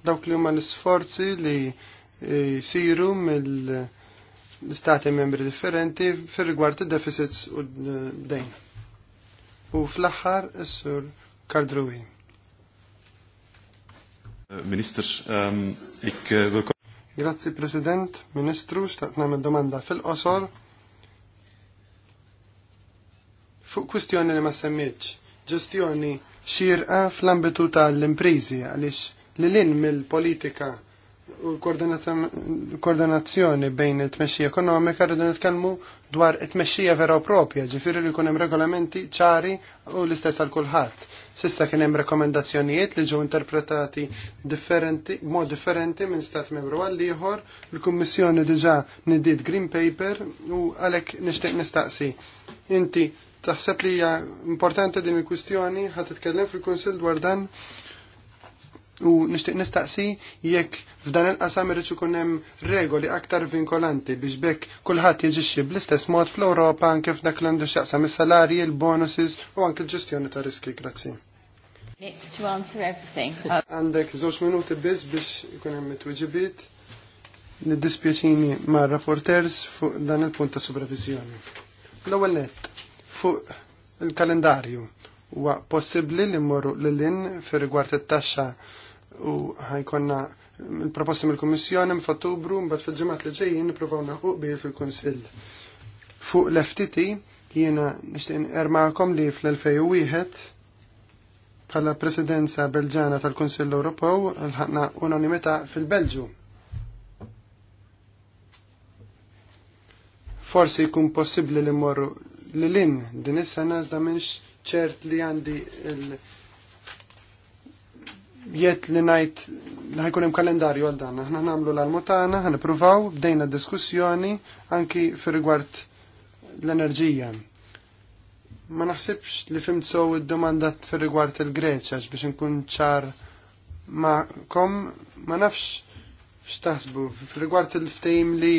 dawk li huma l-isforzi li eh, jsiru mill-istati membri differenti fir-rigward id-deficits u d-dejn. U fl-aħħar is-sur Kardruwi. Eh, minister, um, ik uh, Grazzi President, Ministru, xtaqt nagħmel domanda fil-qosor. Fuq kwistjoni li ma semmitx, ġestjoni xirqa fl-ambitu tal-imprizi għaliex li l-in mill-politika u l-koordinazzjoni bejn it-tmexxija ekonomika rridu nitkellmu dwar it-tmexxija vera u propja, ġifieri li jkun hemm regolamenti ċari u l-istess għal kulħadd Sissa kien hemm rekomendazzjonijiet li ġew interpretati differenti, mod differenti minn stat membru għal ieħor. Il-Kummissjoni diġà nidiet Green Paper u għalhekk nixtieq nistaqsi. Inti taħseb li hija importanti din il-kwistjoni ħadd titkellem fil-Kunsill dwar dan u nixtieq nistaqsi jekk f'dan il-qasam irid ikun hemm regoli aktar vinkolanti biex bekk kulħadd jiġixxi bl-istess mod fl-Ewropa anke f'dak l-għandu x'jaqsam is-salarji, il-bonuses u anke l-ġestjoni ta' riski. Grazzi minutes to answer everything. *laughs* Uh, Għandek żewġ minuti biss biex ikun hemm it-tweġibiet niddispjaċini ma' rapporters fuq dan il-punt ta' supervizjoni. L-ewwel nett fuq il-kalendarju huwa possibbli li mmorru lil-in fir-rigward it-taxxa u ħajkonna il-proposti mill-Kummissjoni f'Ottubru mbagħad fil-ġimgħat li ġejjin nippruvaw naħuq bil fil-Kunsill. Fuq l-FTT jiena nixtieq ermakom li fl-2001 Bħala presidenza belġana tal-Kunsill Ewropew l unanimità fil-Belġu. Forsi jkun possibbli li morru li lin din is-sena iżda minx ċert li għandi il jiet li najt li ħajkun hemm kalendarju għal dan. Aħna nagħmlu l-almutana, ħanipruvaw, bdejna diskussjoni anki fir rigward l-enerġija ma naħsibx li fimt sow id-domanda fil-rigward il greċa biex nkun ċar ma kom ma nafx x'taħsbu fil-rigward il-ftejim li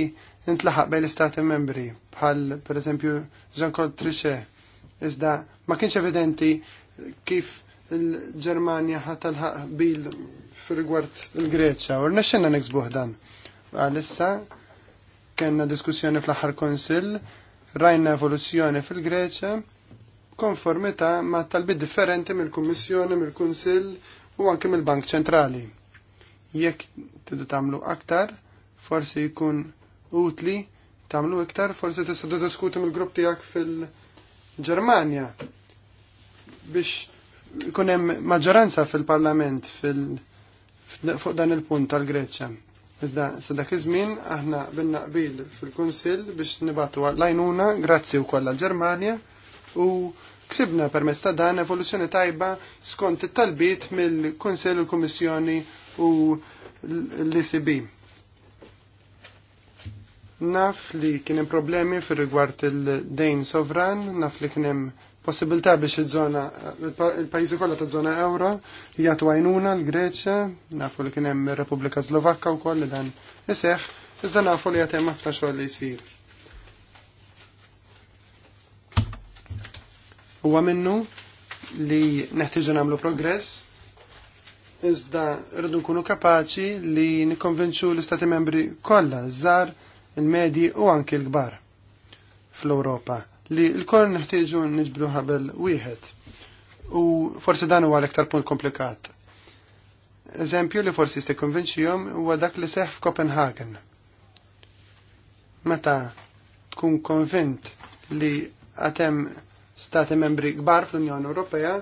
intlaħaq bejn l-istati membri bħal per eżempju Jean-Claude Trichet iżda ma kienx evidenti kif il-Ġermanja ħatalħaq bil fil-rigward il-Greċja u rnexxinna nixbuh dan. Għalissa kena diskussjoni fl-aħħar konsil rajna evoluzzjoni fil-Greċja konformità ma' talbid differenti mill-Kummissjoni, mill-Kunsill u anke mill-Bank Ċentrali. Jekk tidu tagħmlu aktar, forsi jkun utli tagħmlu iktar, forsi tista' diskuti mill-grupp tiegħek fil-Ġermanja biex ikun hemm maġġoranza fil-Parlament fil fuq dan il-punt tal-Greċċa. Iżda, sa dak iż-żmien aħna binna qbil fil-Kunsill biex nibatu għal-lajnuna, grazzi wkoll għall-Ġermanja u Ksibna permezz ta' dan evoluzzjoni tajba skont it-talbit mill-Kunsell u kummissjoni u l icb Naf li kien hemm problemi fir rigward il-dejn sovran, naf li kien hemm possibilità biex il-żona, il-pajjiżi kollha ta' żona euro jagħtu għajnuna l-Greċja, nafu li kien hemm ir-Repubblika Slovakka wkoll li dan iseħħ, iżda nafu li jgħatem hemm ħafna xogħol li jsir. Huwa minnu li neħtieġu nagħmlu progress, iżda rridu nkunu kapaċi li nikkonvinċu l-Istati membri kollha żgħar il-medji u anki l-kbar fl-Ewropa li l-kol neħtieġu niġbru ħabel wieħed. U forsi dan huwa l-iktar punt komplikat. Eżempju li forsi jista' jkonvinċihom huwa dak li seħħ f'Copenhagen. Meta tkun konvint li għatem stati membri kbar fl-Unjoni Ewropea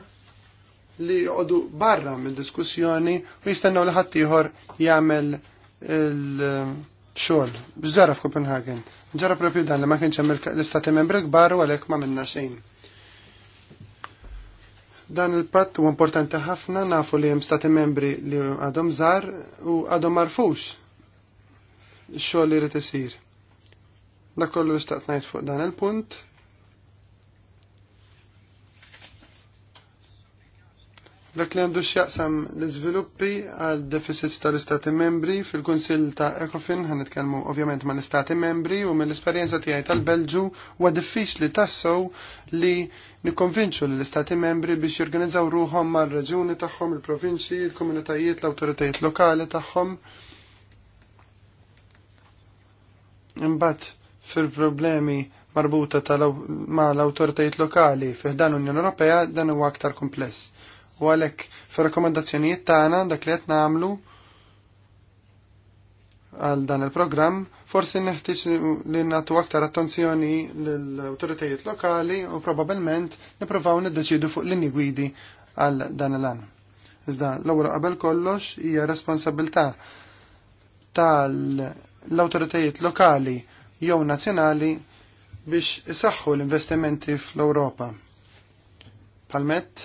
li jgħodu barra mill diskussjoni u jistennu li ħaddieħor jagħmel il-xogħol. Ġara f'Copenhagen. Ġara propju dan li ma kienx hemm l-istati membri kbar u għalhekk ma minna xejn. Dan il-patt huwa importanti ħafna nafu li hemm stati membri li għadhom żgħar u għadhom marfux x xogħol li jrid isir. Dak kollu istaqt ngħid fuq dan il-punt Dak li għandu x'jaqsam l-iżviluppi għal deficits tal-Istati membri fil-Kunsill ta' Ecofin ħan nitkellmu ovvjament mal-Istati membri u mill-esperjenza tiegħi tal-Belġu huwa diffiċli tassow li nikkonvinċu l-Istati membri biex jorganizzaw ruhom l reġuni taħħom, il-provinċi, il-komunitajiet, l-awtoritajiet lokali tagħhom. Imbagħad fil-problemi marbuta ma l-awtoritajiet lokali fiħdan Unjoni Ewropea dan huwa aktar kompless U għalhekk fir-rakkomandazzjonijiet tagħna dak li qed nagħmlu għal dan il-programm, forsi neħtieġ li nagħtu aktar attenzjoni lill-awtoritajiet lokali u probabbilment nippruvaw niddeċidu fuq linji gwidi għal dan il-għan. Iżda l-ewwel qabel kollox hija responsabilità tal-awtoritajiet lokali jew nazzjonali biex isaħħu l-investimenti fl-Ewropa Palmet,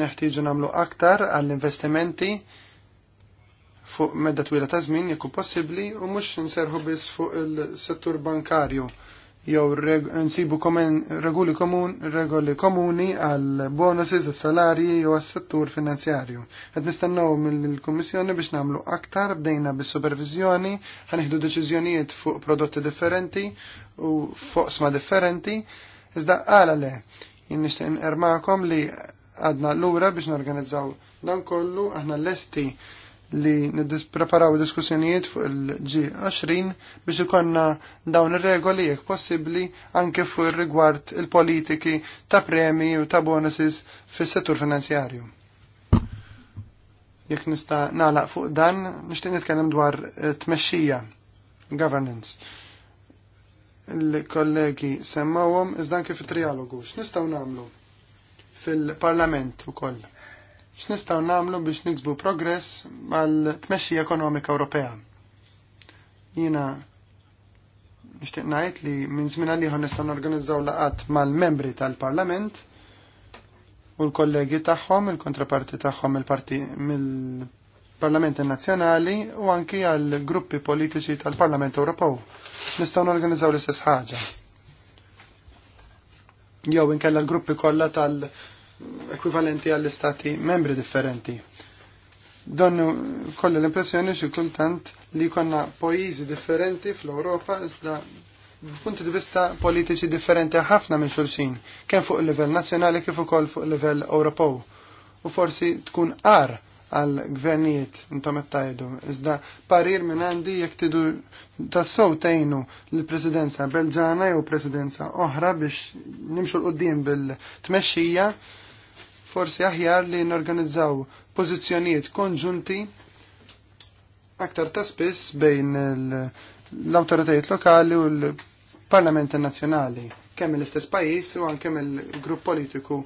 neħtieġu nagħmlu aktar għall-investimenti fuq medda twila ta' żmien jekk possibbli u mhux nserħu biss fuq il-settur bankarju jew nsibu regoli komun, regoli komuni għal bonuses, salarji jew għas-settur finanzjarju. Qed nistennew mill-Kummissjoni biex nagħmlu aktar bdejna bis-supervizjoni, ħanieħdu deċiżjonijiet fuq prodotti differenti u foqsma differenti, iżda qala le Jien nixtieq li għadna lura biex norganizzaw dan kollu, aħna lesti li nippreparaw diskussjonijiet fuq il-G20 biex ikonna dawn ir-regoli jekk possibbli anke fuq ir rigward il-politiki ta' premi u ta' bonuses fis-settur finanzjarju. Jekk nista' nagħlaq fuq dan, nixtieq nitkellem dwar eh, tmexxija governance l-kollegi semmawhom iżda kif fit-trialogu. X'nistgħu nagħmlu fil-Parlament ukoll? X'nistgħu nagħmlu biex niksbu progress mal-tmexxija ekonomika Ewropea? Jiena nixtieq ngħid li minn żmien għalihom nistgħu norganizzaw laqat mal-membri tal-Parlament u l-kollegi tagħhom, il-kontraparti tagħhom il-parti mill parlamenti nazzjonali u anki għal gruppi politiċi tal-Parlament Ewropew. Nistgħu norganizzaw l-istess ħaġa. Jew inkella l-gruppi kollha tal-ekwivalenti għall-istati membri differenti. Donnu kollu l-impressjoni xi kultant li konna pajjiżi differenti fl-Ewropa iżda punti di vista politiċi differenti ħafna minn xulxin, kemm fuq il-livell Nazjonali kif ukoll fuq il-livell Ewropew. U forsi tkun ar għal gvernijiet intom tajdu. Iżda parir minn għandi jekk tidu tassow tajnu l-Presidenza Belġana jew Presidenza oħra biex nimxu l qoddim bil-tmexxija, forsi aħjar li n-organizzaw pożizzjonijiet konġunti aktar ta' spiss bejn l-awtoritajiet lokali u l-Parlamenti Nazzjonali, kemm l-istess pajjiż u anke mill-grupp politiku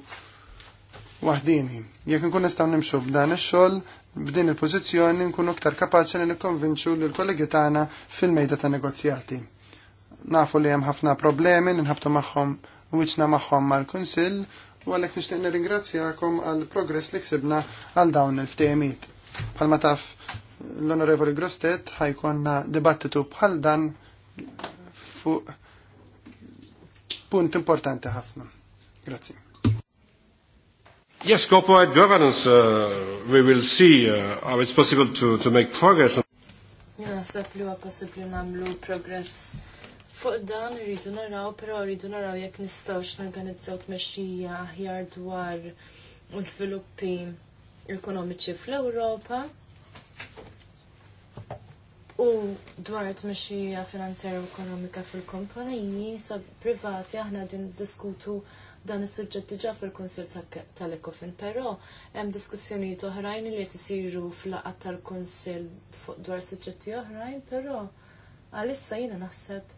waħdini. Jekk nkun nistaw nimxu b'dan ix-xogħol, b'din il-pożizzjoni nkunu aktar kapaċi li nikkonvinċu lil kollegi tagħna fil-mejda ta' negozjati. Nafu li hemm ħafna problemi nħabtu magħhom wiċċna magħhom mal-Kunsill u għalhekk nixtieq nirringrazzjakom għal progress li ksibna għal dawn il-ftehimiet. Bħalma taf l-Onorevoli Grostet ħajkonna dibattitu bħal dan fuq punt importanti ħafna. Grazie. Yes, corporate governance, uh, we will see uh, how it's possible to, to make progress. Naħseb li huwa possibbli nagħmlu progress fuq dan irridu naraw, però rridu naraw jekk nistgħux norganizzaw tmexxija aħjar dwar żviluppi ekonomiċi fl-Ewropa u dwar tmexxija finanzjarja u ekonomika fil-kompaniji sab privati aħna din diskutu dan is-suġġett diġà fil-Kunsill tal-Ekofin, però hemm diskussjonijiet oħrajn li qed isiru fl laqgħa tal-Kunsill dwar suġġetti oħrajn, però għalissa jiena naħseb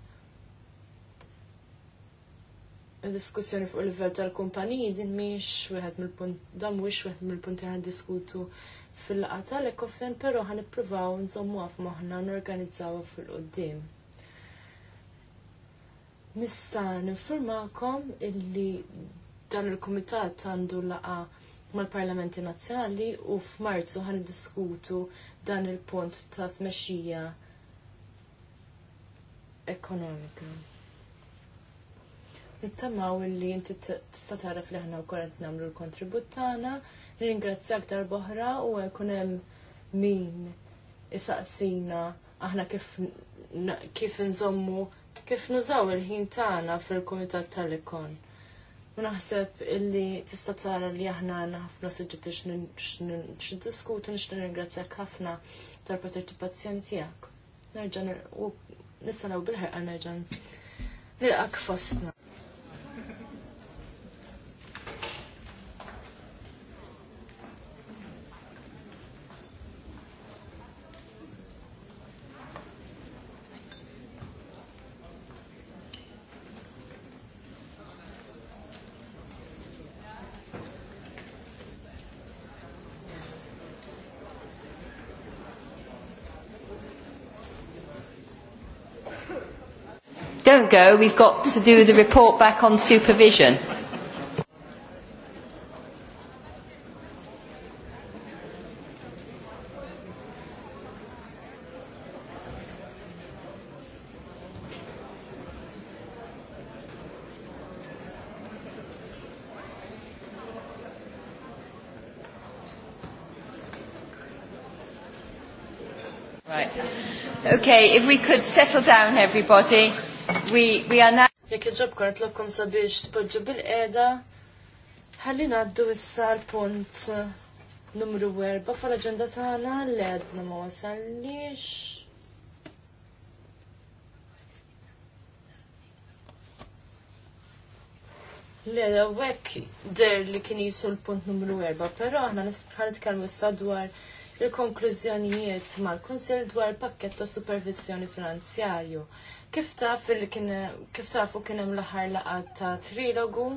diskussjoni fuq il-livell tal-kumpaniji din mhix wieħed mill-punt dan mhuwiex wieħed mill-punti ħan diskutu fil-laqgħa tal-ekofin, però ħanippruvaw nippruvaw nżommuha f'moħħna u norganizzawha fil-qudiem. Nista ninformakom illi dan il-Kumitat għandu laqa mal-Parlamenti Nazzjonali u f'Marzu ħan diskutu dan il-punt ta' tmexxija ekonomika. Nittamaw illi inti tista' taraf li u wkoll qed nagħmlu l-kontribut tagħna, aktar boħra u jkun hemm min isaqsina aħna kif kif nżommu kif nużaw il-ħin tagħna fil-Kumitat tal-Ikon. U naħseb illi tista' tara li aħna għandna ħafna suġġetti x'niddiskutu x'ni nirringrazzjak ħafna tal-parteċipazzjoni tiegħek. Nerġa' u nisalgħu bil-ħerqa nerġa' nilqak fostna. don't go, we've got to do the report back on supervision. Okay, if we could settle down everybody. We, we are now... Jek sabiex tpoġġu bil-qeda, ħalli naddu issa l-punt eh, numru 4 fal aġenda tagħna li għedna ma wasalniex. Le, wek der li kien jisu l-punt numru 4, pero aħna nistħan nitkellmu issa dwar il-konklużjonijiet mal-Kunsil dwar pakketto supervizjoni finanzjarju. Kif taf li kien kif tafu kien hemm l-aħħar laqgħat ta' trilogu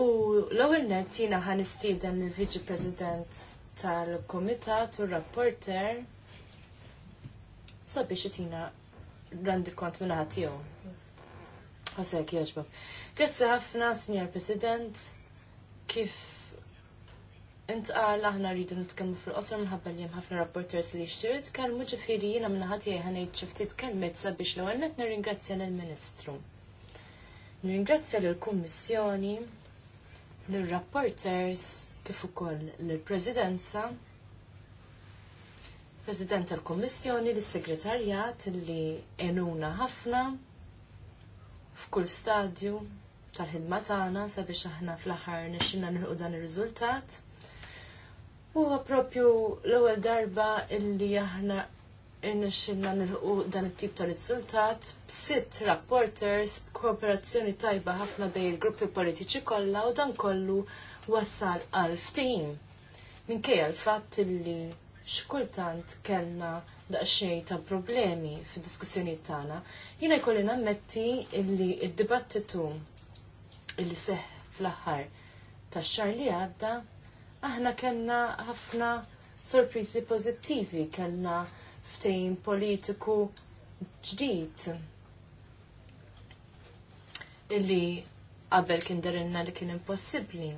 u l-ewwel nett jiena ħan nistieden il-Viċi President tal-Kumitat u r-rapporter sabiex itina rendi kont minn tiegħu. Għasek jogħġbok. Grazzi ħafna, Signor President, kif Intqal aħna rridu nitkellmu fil-qosor minħabba li hemm ħafna rapporters li jixtieru jitkellmu ġifieri jiena minħat jgħid ngħid xi ftit kelmet sabiex l-ewwel qed nirringrazzja lill-Ministru. Nirringrazzja lill-Kummissjoni, lir rapporters kif ukoll lill-Presidenza, President tal-Kummissjoni, lill-Segretarjat li enuna ħafna f'kull stadju tal-ħidma tagħna sabiex aħna fl-aħħar nixxinna nilqu dan ir-riżultat. Huwa propju l-ewwel darba illi aħna irnexxilna nilħu dan it-tip ta' riżultat b'sitt rapporters b'kooperazzjoni tajba ħafna bejn il-gruppi politiċi kollha u dan kollu wassal għal ftehim. Minkejja l-fatt li x'kultant kellna daqsxejn ta' problemi fid-diskussjonijiet tagħna, jiena jkolli nammetti illi d-dibattitu illi seħ fl-aħħar tax-xahar li għadda aħna kellna ħafna sorpriżi pożittivi, kellna ftejn politiku ġdid illi qabel kien darinna li kien impossibbli.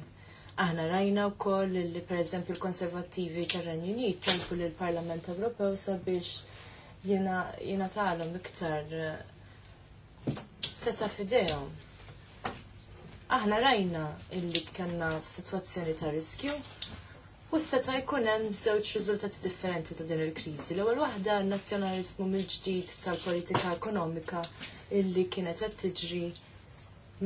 Aħna rajna wkoll li pereżempju l-Konservattivi tar-Renju Unit talbu l parlament Ewropew sabiex jiena tagħlhom iktar eh, seta' fidejhom. Aħna rajna illi kellna f'sitwazzjoni ta' riskju U seta jkun hemm żewġ riżultati differenti ta' din il-kriżi. L-ewwel waħda n-nazzjonaliżmu mill-ġdid tal-politika ekonomika illi kienet qed tiġri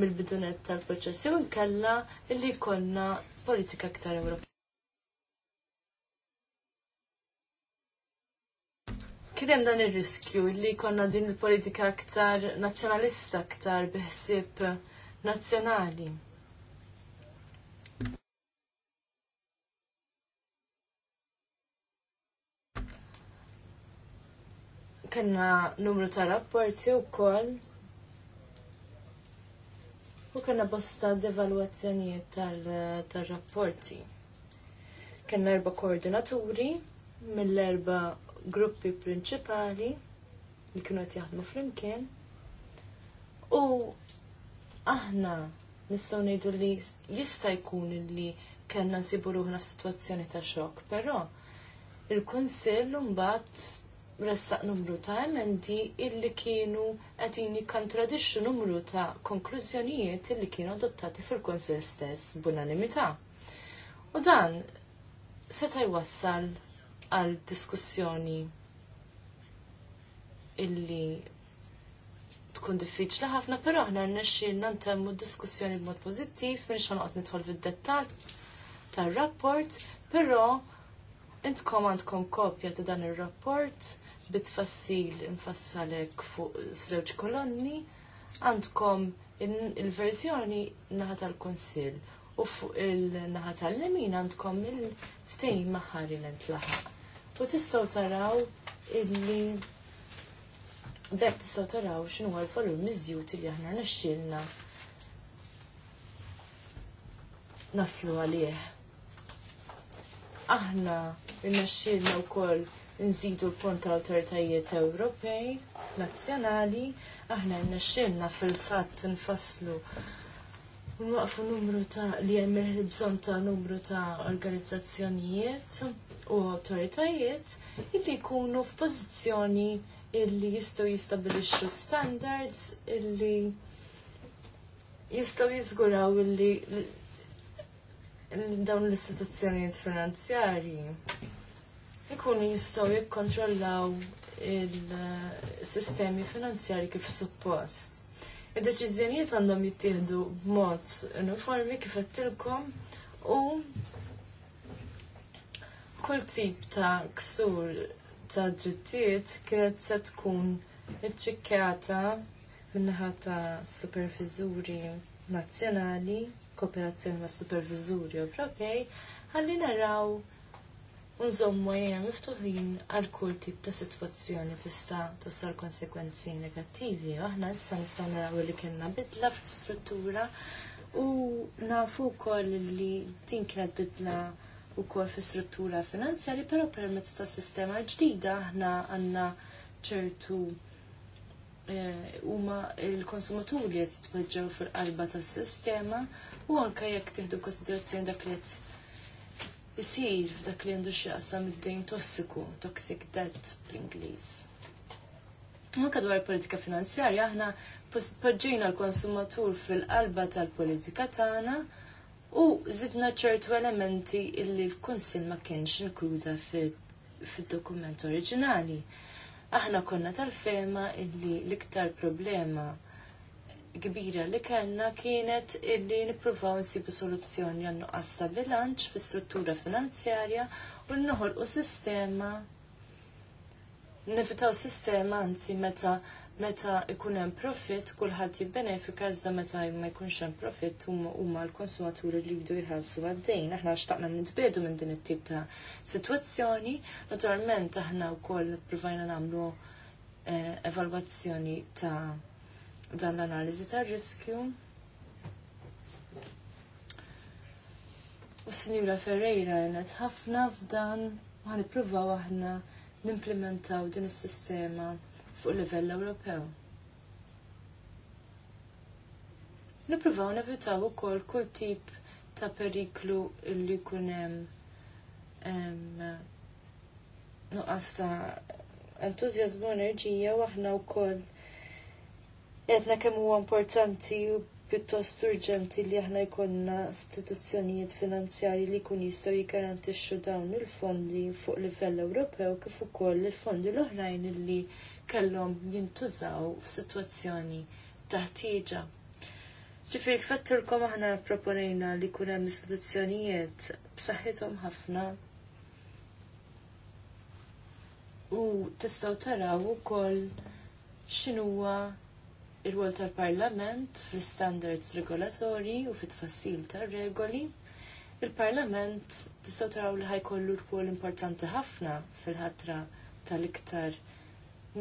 mill-bidunet tal-proċess jew inkella illi jkollna politika aktar Ewropea. Kien hemm dan ir-riskju illi jkollna din il-politika aktar nazzjonalista aktar biħsieb nazzjonali. kellna numru ta' rapporti wkoll u kellna bosta devalwazzjonijiet tal-rapporti. kena erba' koordinaturi mill-erba' gruppi prinċipali li kienu qed jaħdmu flimkien. U aħna nistgħu ngħidu li jista' jkun li kellna nsiburuħna f f'sitwazzjoni ta' xokk, però il-Kunsill mbagħad ressaq numru ta' emendi illi kienu għatini kontradixxu numru ta' konklużjonijiet illi kienu adottati fil-Kunsill stess b'unanimità. U dan seta' jwassal għal diskussjoni illi tkun diffiċli ħafna, però aħna rnexxielna ntemmu diskussjoni b'mod pożittiv, minn xanqot nidħol fid-dettall tar-rapport, però intkom għandkom kopja ta' dan ir-rapport bitfassil infassalek fuq f'żewġ kolonni għandkom il-verżjoni naħa tal kunsill u fuq il-naħa tal-lemin għandkom il-ftejn maħari l-intlaħaq. U tistgħu taraw illi bekk tistgħu taraw x'inhu l-valur miżjut li aħna nixxielna naslu għalih. Aħna rnexxielna wkoll nżidu l-punt autoritajiet Ewropej, nazzjonali, aħna nxilna fil-fatt nfasslu n-waqfu numru ta' li jemmir bżon ta' numru ta' organizzazzjonijiet u autoritajiet illi jkunu f'pożizzjoni illi jistgħu jistabilixxu standards illi jistgħu jiżguraw illi dawn l-istituzzjonijiet finanzjarji ikunu jistgħu jikkontrollaw il-sistemi finanzjari kif suppost. Id-deċiżjonijiet għandhom jittieħdu b'mod uniformi kif qedtilkom u kull tip ta' ksur ta' drittijiet kienet se tkun iċċekkjata minnaħa ta' supervizuri nazzjonali, kooperazzjoni ma' supervizuri Ewropej, ħalli naraw Unżommu jena miftuħin għal kull tip ta' situazzjoni tista' tossal konsekwenzi negattivi. Aħna issa nistgħu naraw li kienna bidla fl-istruttura u nafu wkoll li din kienet bidla wkoll fl-istruttura finanzjali, però permezz ta' sistema ġdida aħna għandna ċertu e, huma il-konsumaturi qed jitweġġew fil-qalba tas-sistema u anke jekk tieħdu konsiderazzjoni dak li qed isir f'dak li għandu x'jaqsam id-dejn tossiku, toxic debt bl-Ingliż. Anka dwar politika finanzjarja aħna poġġejna l-konsumatur fil-qalba tal-politika tagħna u zidna ċertu elementi illi l-Kunsil ma kienx inkluda fil-dokument oriġinali. Aħna konna tal-fema illi l-iktar problema kbira li kellna kienet illi nippruvaw nsibu soluzzjoni għal nuqqas ta' bilanċ fi struttura finanzjarja u noħolqu sistema nifitaw sistema anzi meta meta ikun hemm profitt kulħadd jibbenefika iżda meta ma jkunx hemm profitt huma l-konsumaturi li jibdu jħallsu għaddejn. Aħna xtaqna nitbiedu minn din it-tip ta' sitwazzjoni. Naturalment aħna wkoll nippruvajna nagħmlu eh, evalwazzjoni ta' dan l-analiżi tar-riskju. U Sinjura Ferreira jenet ħafna f'dan ma nippruvaw aħna nimplementaw din is-sistema fuq livell Ewropew. Nippruvaw nevitaw ukoll kull tip ta' periklu li jkun hemm nuqqas ta' entużjażmu enerġija u aħna wkoll Edna kemm huwa importanti u pjuttost urġenti li aħna jkollna istituzzjonijiet finanzjarji li jkun jistgħu jikgarantixxu dawn il-fondi fuq livell Ewropew kif ukoll il-fondi l-oħrajn li kellhom jintużaw f'sitwazzjoni taħtieġa. ħtieġa. Ġifieri kfettilkom aħna proponejna li jkun hemm istituzzjonijiet b'saħħithom ħafna u tistgħu taraw ukoll x'inhuwa ir-rwol tal-Parlament fl-standards regolatori u fit-tfassil tar-regoli. Il-Parlament tistgħu taraw li ħajkollu rwol importanti ħafna fil-ħatra tal-iktar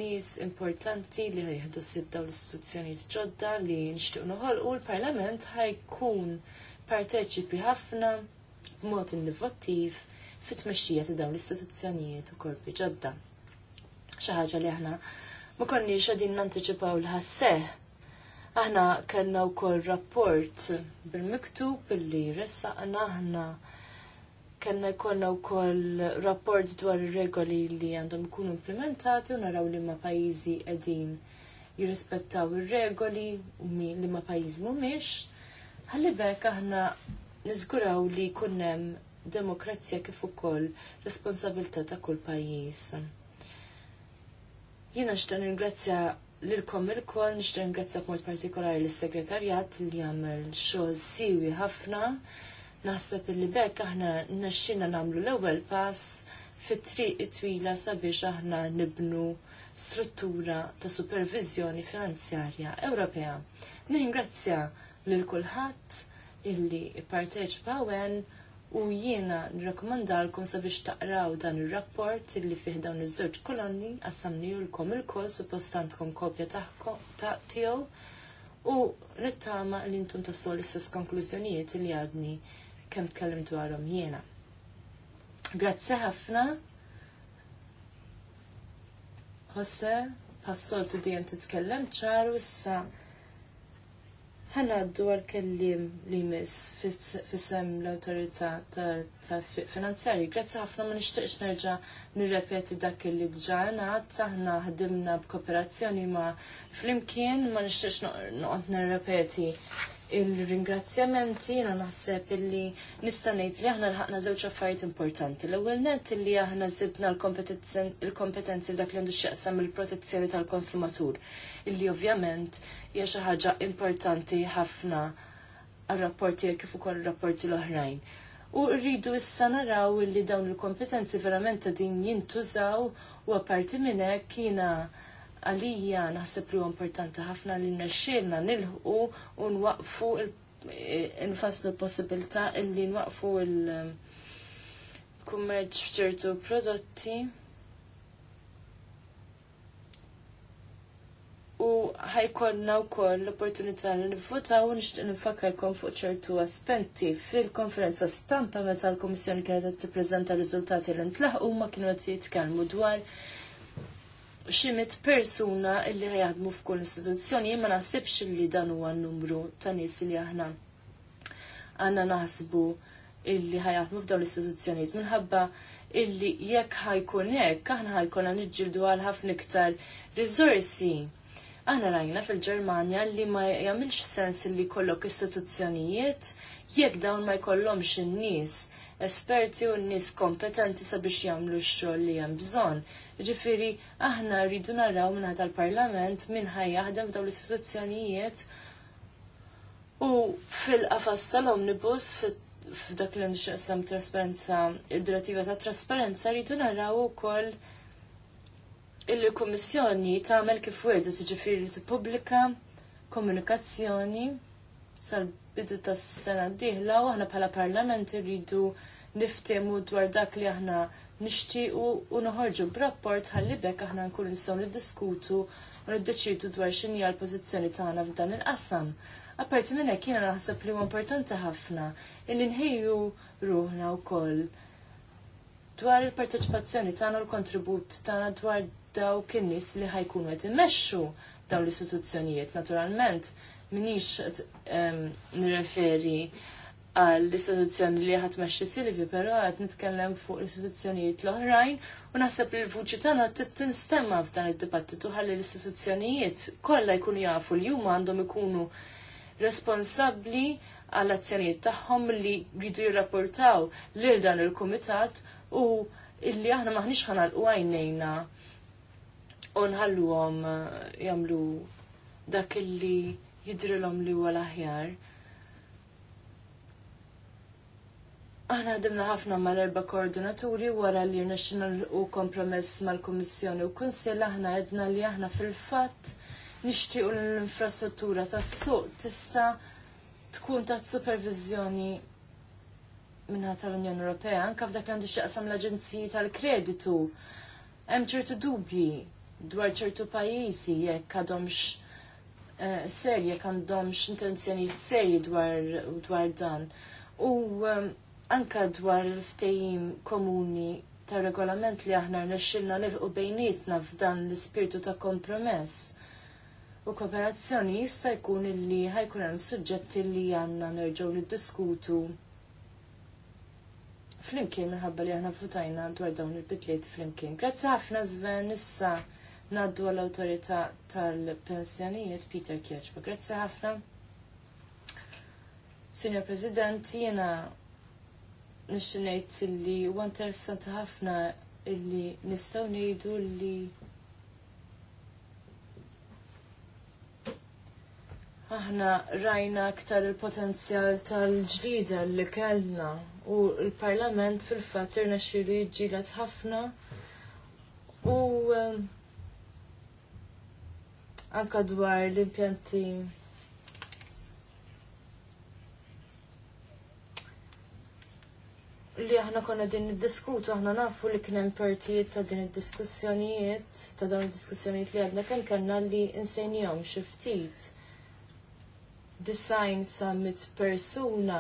nies importanti li ħajħdu ssib dawn l-istituzzjonijiet ġodda li nixtieq noħolqu l-Parlament ħajkun parteċipi ħafna b'mod innovattiv fit-tmexxija ta' dawn l-istituzzjonijiet u korpi ġodda. Xi ħaġa li aħna ma konniex xadin nantiċipaw l ħasseh Aħna kellna wkoll rapport bil-miktub billi ressaqna aħna kellna jkollna wkoll rapport dwar ir-regoli li għandhom ikunu implementati u naraw li ma pajjiżi qegħdin jirrispettaw ir-regoli u li ma pajjiż mhumiex. Ħalli bek aħna niżguraw li jkun hemm demokrazija kif ukoll responsabilità ta' kull pajjiż. Jiena kom il lilkom ilkoll, ingrazzja b b'mod partikolari lis-segretarjat li jagħmel xogħol siwi ħafna. Naħseb li bekk aħna nexxina nagħmlu l-ewwel pass fit-triq twila sabiex aħna nibnu struttura ta' supervizjoni finanzjarja Ewropea. Ningrazzja lil kulħadd illi parteċipawen u jiena nirrakkomandalkom sabiex taqraw dan ir-rapport li fih dawn iż-żewġ kolonni qassamnilkom il-kol suppostantkom kopja tiegħu u nittama li intum tassew l-istess konklużjonijiet li għadni kemm tkellimt dwarhom jiena. Grazzi ħafna. Jose, passoltu dejjem titkellem ċar u issa ħanaddu għal-kellim li jmiss fissem l autorita tal-sfiq finanzjari. Grazzi ħafna ma nishtiqx nerġa' nirrepeti dak li ġana, aħna ħdimna b'kooperazzjoni ma flimkien ma nishtiqx noqgħod nirrepeti il-ringrazzjamenti jiena naħseb illi nista' ngħid li aħna lħaqna żewġ affarijiet importanti. L-ewwel nett illi aħna żidna l-kompetenzi f'dak li għandu x'jaqsam il-protezzjoni tal-konsumatur, illi ovvjament hija xi ħaġa importanti ħafna għar-rapporti kif ukoll rapporti l-oħrajn. U rridu issa naraw illi dawn il-kompetenzi verament din jintużaw u apparti minn hekk jiena għalija naħseb li importanti ħafna li nirxilna nilħu u nwaqfu nfasslu l-possibilità illi nwaqfu il-kummerċ f'ċertu prodotti. U ħajkonna wkoll l-opportunità li nivvotaw u nixtieq nifakkarkom fuq ċertu aspetti. Fil-konferenza stampa meta l-Kummissjoni kienet t tippreżenta rizultati l li u ma kienu qed jitkellmu dwar ximit persuna illi ħajadmu f'kull istituzzjoni, jimma ma naħsibx illi dan huwa n-numru ta' nies li aħna għanna naħsbu illi ħajadmu f'dawn l istituzzjoni minħabba illi jekk ħajkun hekk aħna ħajkun niġġieldu għal ħafna iktar rizorsi. Aħna rajna fil-Ġermanja li ma jagħmilx sens illi jkollok istituzzjonijiet jekk dawn ma jkollhomx in-nies esperti u n-nies kompetenti sabiex jagħmlu x-xogħol li hemm bżonn. Ġifieri aħna rridu naraw minn tal-Parlament minn ħajjaħdem f'daw l-istituzzjonijiet u fil-qafas tal-omnibus f'dak li nixqsam trasparenza id-direttiva ta' trasparenza rridu naraw ukoll il-Kummissjoni tagħmel kif t-ġifiri t-publika, komunikazzjoni sal-bidu tas sena d-dieħla u aħna bħala parlament irridu niftemu dwar dak li aħna nixtiequ u noħorġu b'rapport ħalli bekk aħna nkun nistgħu niddiskutu u niddeċidu dwar x'inhi l-pożizzjoni tagħna f'dan il-qasam. Apparti minn hekk jiena naħseb li huwa importanti ħafna li nħejju ruħna wkoll dwar il-parteċipazzjoni tagħna u l-kontribut tagħna dwar dawk in-nies li ħajkunu qed imexxu dawn l-istituzzjonijiet naturalment minix ehm, nirreferi għal l-istituzzjoni li ħat meċċi Silvi, pero għad nitkellem fuq l-istituzzjonijiet l-oħrajn u naħseb li l-vuċi tagħna tinstemma f'dan id-dibattitu ħalli l-istituzzjonijiet kollha jkunu jafu li huma għandhom ikunu responsabbli għall azzjonijiet tagħhom li jridu jirrapportaw lil dan il-kumitat u illi aħna maħniex ħanalqu għajnejna u nħalluhom eh, jagħmlu dak illi jidrilhom li huwa l-aħjar Aħna għadimna ħafna mal-erba koordinaturi wara li rnexxina u kompromess mal-Kummissjoni u Kunsill aħna għedna li aħna fil-fatt nixtiequ l-infrastruttura tas-suq tista' tkun ta' supervizjoni minna tal-Unjoni Ewropea, anka f'dak għandu xaqsam l-Aġenziji tal-Kreditu. Hemm ċertu dubji dwar ċertu pajjiżi jekk għadhomx eh, serji jekk għandhomx intenzjonijiet serji dwar dan. U ehm, anka dwar il-ftejim komuni ta' regolament li aħna rnexxilna nilqu bejnietna f'dan l-ispirtu ta' kompromess. U kooperazzjoni jista' jkun illi ħajkun hemm suġġetti li għandna nerġgħu niddiskutu flimkien minħabba li aħna votajna dwar dawn il-bidliet flimkien. Grazzi ħafna żven issa ngħaddu għall awtorità tal-pensjonijiet Peter Kieċba. Grazzi ħafna. Signor President, jiena nixtinajt illi huwa interessanti ħafna illi nistgħu ngħidu li aħna rajna aktar il-potenzjal tal-ġlida li kellna u l-parlament fil-fatt irna xiri ġilet ħafna u ehm, anka dwar l-impjanti li aħna konna din niddiskutu, aħna nafu li kien hemm partijiet ta' din id-diskussjonijiet, ta' dawn id-diskussjonijiet li għadna kemm kellna li insejnihom xi ftit. Design sa' mit persuna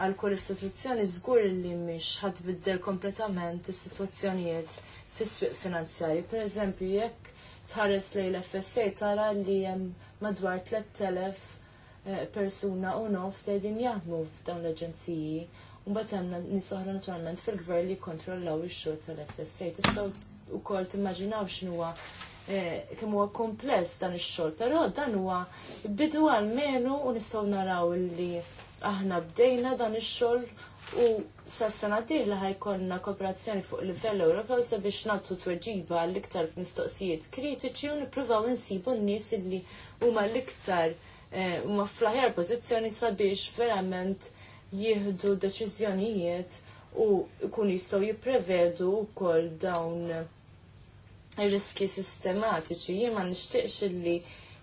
għal kull istituzzjoni żgur li mhix ħadbiddel kompletament is-sitwazzjonijiet fis-swieq finanzjarji. Pereżempju, jekk tħares lejn l-FSA tara li hemm madwar 3000 eh, persuna u nofs li din jaħdmu f'dawn l-aġenziji Mbagħad għandna nisoħra naturalment fil-gvern li jikkontrollaw ix-xogħol tal-FSA. Tistgħu wkoll timmaġinaw x'inhu eh, kemm huwa kompless dan ix-xogħol, però dan huwa bidu għalmenu u nistgħu naraw li aħna bdejna dan ix-xogħol u sa sena dieħla ħajkollna kooperazzjoni fuq livell Ewropew sabiex nagħtu tweġiba l-iktar mistoqsijiet kritiċi u nippruvaw insibu n-nies li huma l-iktar eh, huma fl-aħjar pożizzjoni sabiex verament jieħdu deċiżjonijiet u jistaw jistgħu jipprevedu wkoll dawn riski sistematiċi. Jema ma nixtieqx illi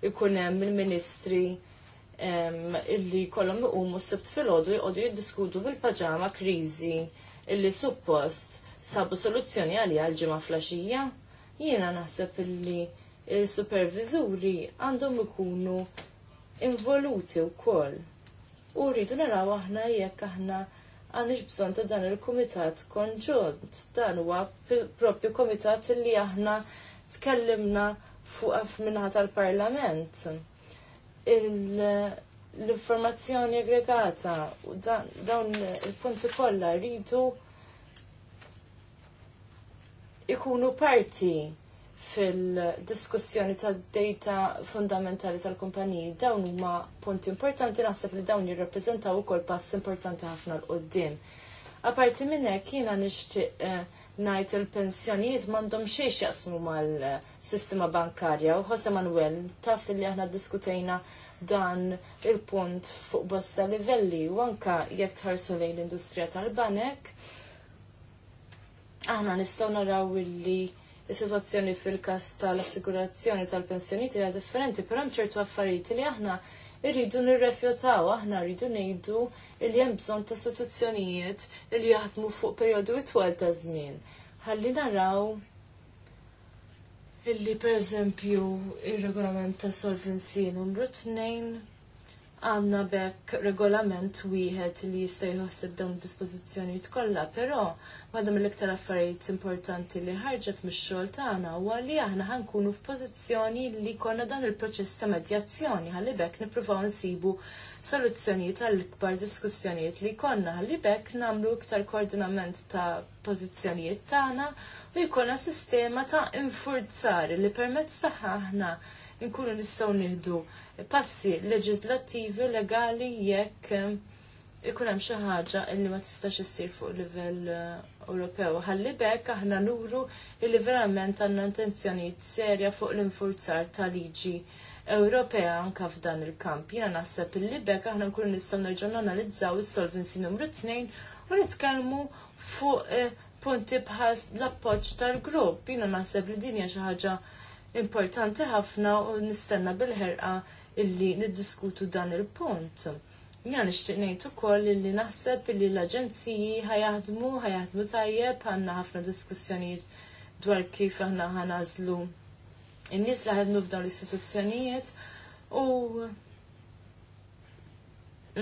jkun hemm il-ministri illi kollhom iqumu s-sibt filgħodu jqogħdu jiddiskutu bil-paġama kriżi illi suppost sabu soluzzjoni għalija għal-ġimgħa flaxija. Jiena naħseb illi il-supervizuri għandhom ikunu involuti wkoll u rridu naraw aħna jekk aħna għandix bżonn ta' dan il-kumitat konġunt. Dan huwa propju kumitat li aħna tkellimna fuq minnaħa tal-Parlament. L-informazzjoni aggregata u dawn il-punti kollha rridu ikunu parti fil-diskussjoni ta' data fundamentali tal-kumpaniji dawn huma punti importanti naħseb li dawn jirrappreżentaw ukoll pass importanti ħafna l-qoddim. Aparti minn hekk jiena nixtieq eh, ngħid il-pensjonijiet m'għandhom xejn jaqsmu mal-sistema bankarja u Jose Manuel taf li aħna ddiskutejna dan il-punt fuq bosta livelli u anka jekk tħarsu lejn l-industrija tal-banek aħna nistgħu naraw illi is-sitwazzjoni fil-każ tal-assigurazzjoni tal-pensjonijiet hija differenti, però hemm ċertu affarijiet li aħna irridu nirrefjutaw, aħna rridu ngħidu li hemm bżonn ta' sitwazzjonijiet li jaħdmu fuq perjodu itwal ta' żmien. Ħalli naraw illi pereżempju ir-regolament ta' solvency numru tnejn għandna bekk regolament wieħed li jista' jħossib dawn id dispożizzjonijiet kollha, però Waħda mill-iktar affarijiet importanti li ħarġet mix-xogħol tagħna huwa li aħna ħankunu f'pożizzjoni li jkollna dan il-proċess ta' medjazzjoni ħallibek nippruvaw nsibu soluzzjonijiet għall-ikbar diskussjonijiet li jkollna ħalli bekk nagħmlu iktar koordinament ta' pożizzjonijiet tagħna u jkollna sistema ta' infurzar li permezz tagħha aħna nkunu nistgħu nieħdu passi leġislattivi legali jekk ikun hemm xi ħaġa li ma tistax issir fuq livell Ewropew. Ħalli bekk aħna nuru li verament għandna intenzjonijiet serja fuq l-infurzar ta' liġi Ewropea anka f'dan il-kamp. Jiena naħseb illi bekk aħna nkunu nistgħu nerġgħu nanalizzaw is-solvency numru tnejn u nitkellmu fuq eh, punti bħal l-appoġġ tal-grupp. Jiena naħseb li din hija xi ħaġa importanti ħafna u nistenna bil-ħerqa illi niddiskutu dan il-punt. Ja nixtieq ngħid ukoll li naħseb li l-aġenziji ħajaħdmu ħajaħdmu tajjeb għandna ħafna diskussjonijiet dwar kif aħna ħanażlu in-nies li ħadmu f'dawn l-istituzzjonijiet u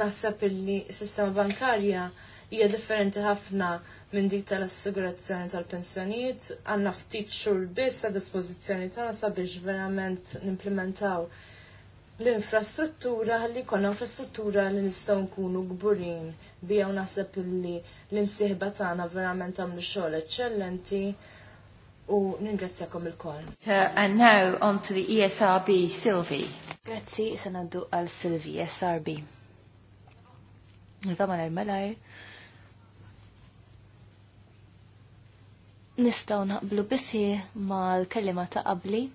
naħseb li s-sistema bankarja hija differenti ħafna minn dik tal-assigurazzjoni tal-pensjonijiet, għanna ftit xhur biss għad dispożizzjoni tagħna sabiex verament nimplementaw l-infrastruttura li jkollna infrastruttura li nistgħu nkunu gburin bija u naħseb li l-imsieħba tagħna verament għamlu xogħol eċċellenti u ningrazzjakom il-koll. And now on to the ESRB, Silvi. Grazzi, se naddu għal Silvi ESRB. Nifama l-armalaj. Nistaw naqblu bissi mal kelima ta' qabli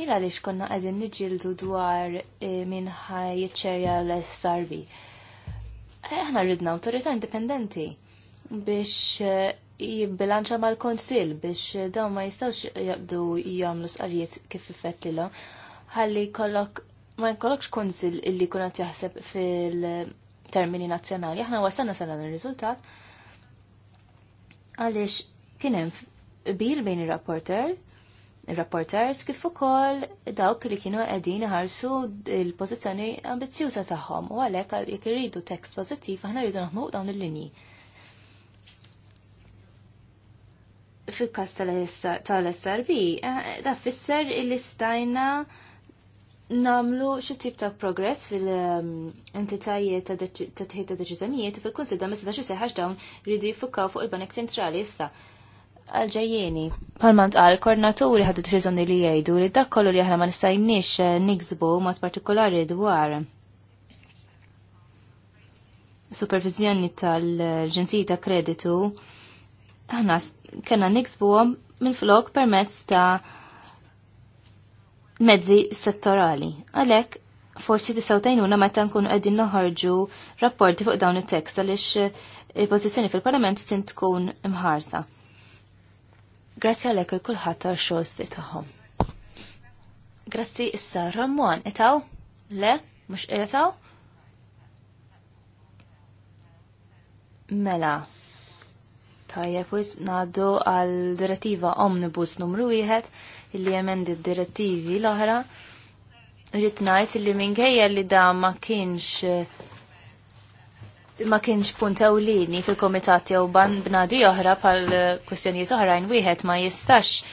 Ila li xkonna għadin nġildu dwar eh, minn ħaj ċerja l-SRB. Aħna rridna autorita indipendenti biex eh, jibbilanċa mal konsil biex eh, dawn ma jistawx jabdu jgħamlu s-arjiet kif fett li ħalli kollok ma jkollokx konsil illi kuna jaħseb fil-termini nazzjonali. Aħna wasanna sal dan ir-riżultat għaliex kien hemm bil bejn ir-rapporter il-rapporters kif ukoll dawk li kienu qegħdin iħarsu l-pożizzjoni ambizzjuża tagħhom u għalhekk jekk iridu tekst pożittiv aħna rridu naħmu dawn il-linji. Fil-każ tal-SRB, eh, da fisser li stajna namlu xi tip ta' progress fil-entitajiet ta' tħid ta' deċiżjonijiet fil-kunsidda ma setax dawn rridu jiffukaw fuq il-Banek Ċentrali issa għalġajjeni. Palmant għal koordinaturi ħaddu deċiżjoni li jgħidu li dak kollu li aħna ma nistajniex eh, nigzbu mat partikolari dwar supervizjoni tal-ġenziji ta' kreditu aħna kena nigzbuhom minn flok permezz ta' mezzi settorali. Għalek, forsi tistaw tajnuna meta nkunu qegħdin noħorġu rapporti fuq dawn it-tekst għaliex eh, il-pożizzjoni fil-Parlament tint tkun imħarsa. Grazzi għalek il-kulħat għal xogħol svitaħom. Grazzi issa Ramon, etaw? Le? Mux etaw? Mela. Tajja, wiz naddu għal direttiva Omnibus numru 1 illi jemend d-direttivi l-oħra. Rrit ngħid minn minkejja li da ma kienx ma kienx punt ewlieni fil-komitat jew ban bnadi oħra bħal kwistjonijiet oħrajn wieħed ma jistax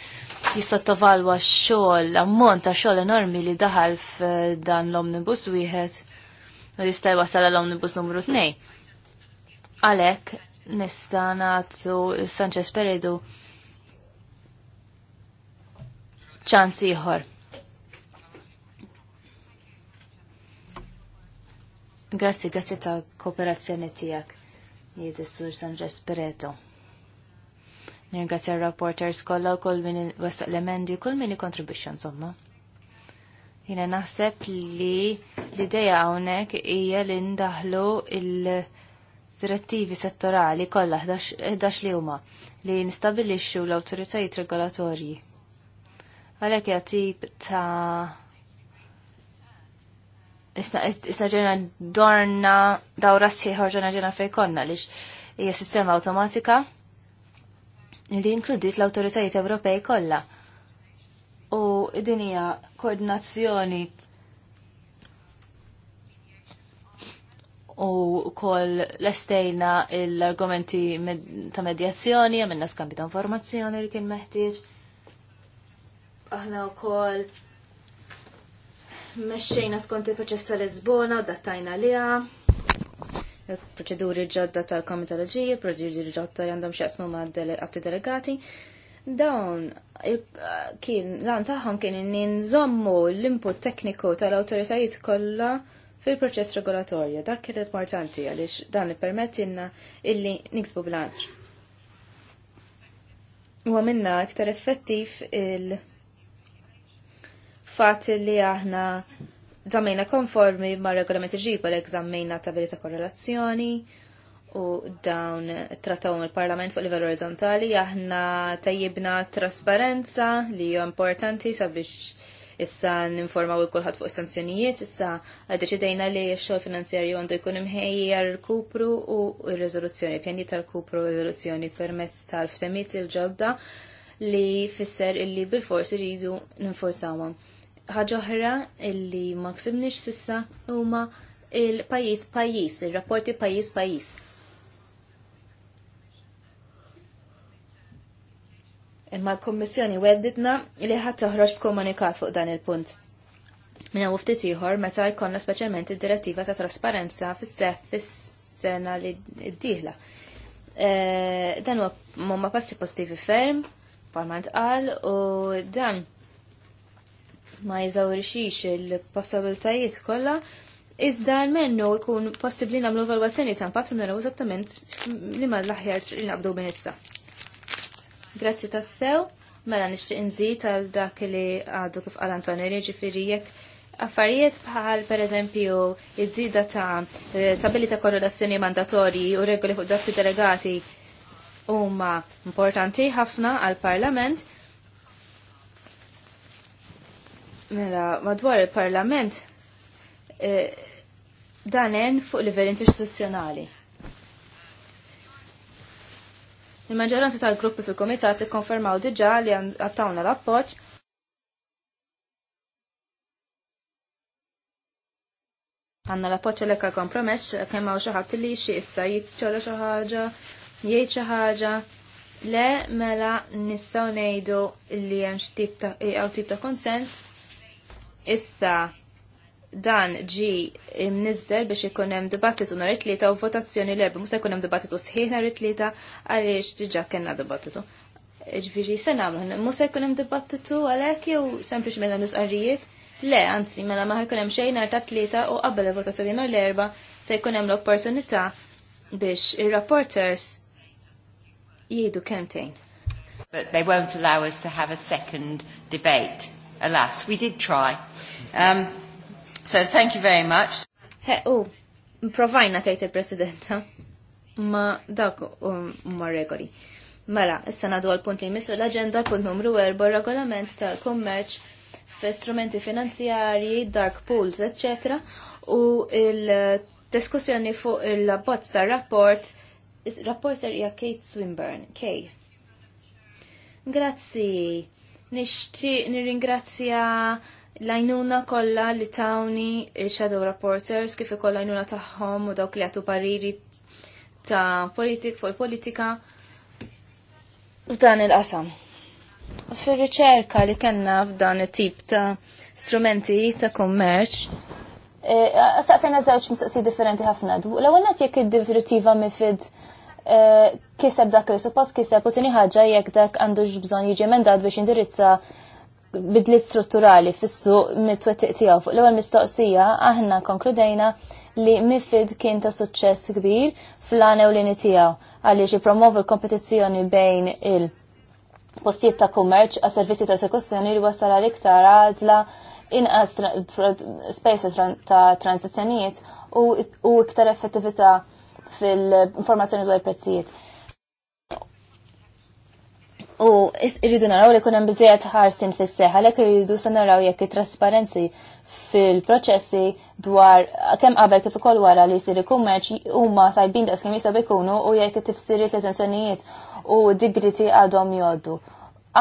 jissottovalwa x-xogħol ammont ta' xogħol enormi li daħal f'dan l-omnibus wieħed u jista' jwassal l-omnibus numru 2. Għalhekk nista' nagħtu Sanchez Peredu ċans ieħor Grazzi, grazzi ta' kooperazzjoni tijak. Jiet s-sur Sanġa Spireto. Nirgazzi rapporters kolla u kol min wasa l-emendi, kol min kontribution, somma. Jina naħseb li l-ideja għonek hija li ndaħlu il-direttivi settorali kolla 11 li huma li nistabilixxu l-awtoritajiet regolatorji. Għalhekk hija tip ta' issa ġena dorna dawra sħiħor ġena ġena fejkonna lix hija sistema automatika li inkludit l-autoritajiet Ewropej kollha. U din hija koordinazzjoni u koll l-estejna l-argumenti ta' medjazzjoni, għamilna skambi ta' informazzjoni li kien meħtieġ. Aħna u koll mexxejna skont il-proċess tal-Lisbona u dattajna liha. Il-proċeduri ġodda tal il proċeduri ġodda li għandhom xaqsmu ma' għatti delegati. Dawn kien lan tagħhom kien ninżommu l-input tekniku tal-awtoritajiet kollha fil-proċess regolatorja, dak kien importanti għaliex dan ippermettilna illi niksbu bilanċ. U għamilna iktar effettiv il- fatt li aħna żammejna konformi ma' regolamenti ġiba li żammejna ta' ta' korrelazzjoni u dawn trattaw il-Parlament fuq livell orizzontali aħna tajjibna trasparenza li ju importanti sabiex issa ninformaw il kulħadd fuq istanzjonijiet, issa għaddeċidejna li x-xogħol finanzjarju għandu jkun imħejja għal kupru u r-riżoluzzjoni, pjani tal-kupru u r-riżoluzzjoni permezz tal-ftemiet il-ġodda li fisser illi bil-forsi rridu ninforzawhom ħaġa oħra illi ma ksibnix sissa huma il-pajjiż pajjiż, ir-rapporti pajjiż pajjiż. Imma l-Kommissjoni wedditna li ħadd toħroġ b'komunikat fuq dan il-punt. Minna ftit ieħor meta jkollna speċjalment id-direttiva ta' trasparenza fis-seħ fis-sena li d-dieħla. Eh, dan huwa passi postivi ferm, parlament qal u dan ma jizawrixix il-possibiltajiet kollha, iżda l-mennu jkun possibli nagħmlu valwazzjoni ta' impatt u eżattament li ma l-aħjar li naqbdu minn issa. Grazzi tassew, mela nixtieq inżid għal dak li għadu kif qal Antonelli ġifieri jekk affarijiet bħal per eżempju iż-żida ta' tabelli ta' korrelazzjoni mandatorji u regoli fuq dak delegati huma importanti ħafna għal Parlament Mela, madwar il-parlament, dan e, danen fuq livell interstituzzjonali. Il-maġġoranza tal-gruppi fil-komitat ikkonfermaw diġà li għattawna l-appoġġ għanna l-appoċ l-ekka kompromess, kemma u xaħat li xie issa jitċola xaħġa, jgħid xaħġa, le mela nistaw nejdu li jem e, tip ta' konsens Issa dan ġi imnizzel biex ikun hemm dibattitu nhar it-tlieta u votazzjoni l-erba' musa se jkun hemm dibattitu sħiħ nhar it-tlieta għaliex diġà kellna dibattitu. Ġviġi se nagħmlu, mhux jkun hemm dibattitu għalhekk jew sempliċement mela hemm nisqarrijiet? Le, anzi, mela ma jkun hemm xejn nhar tlieta u qabel il-votazzjoni l-erba' se jkun hemm l-opportunità biex ir-rapporters jgħidu kemtejn. But they won't allow us to have a second debate alas, we did try. Um, so thank you very much. He, u, provajna tajt il-presidenta. Ma dak um, ma regoli. Mela, issa nadu għal-punt li jmissu l-agenda punt numru 4 regolament tal-kummerċ fi strumenti finanzjarji, dark pools, etc. U il-diskussjoni fuq il-bots ta' rapport rapporter hija Kate Swinburne. Kay. Grazzi. Nixtieq nirringrazzja l ajnuna kollha li tawni shadow reporters kif ikoll għajnuna tagħhom u dawk li għatu pariri ta' politik fuq politika f'dan il-qasam. Fir-riċerka li kellna f'dan it-tip ta' strumenti ta' kummerċ, eh, Saqsajna żewġ mistaqsi differenti ħafna. L-ewwel qed id-direttiva mifid Eh, kiseb dak li suppost kiseb u tini ħaġa jekk dak għandu bżonn jiġi emendat biex indirizza bidlit strutturali fissu mit-twettiq tiegħu. Fuq l-ewwel mistoqsija aħna konkludejna li MIFID kien ta' suċċess kbir fl-għana u l-ini tiegħu għaliex jippromovu l-kompetizzjoni bejn il- postijiet ta' kummerċ għas servizzi ta' sekussjoni li wasal għal iktar għażla inqas spaces ta' tranzizzjonijiet u iktar effettività fil-informazzjoni dwar prezzijiet. U irridu naraw li kunem bizziet ħarsin fis-seħ, għalhekk irridu se naraw jekk it-trasparenzi fil-proċessi dwar kemm qabel kif ukoll wara li jsir kummerċ huma tajbin daqs kemm jistgħu jkunu u jekk it-tifsiriet l-esenzjonijiet u digriti għadhom joddu.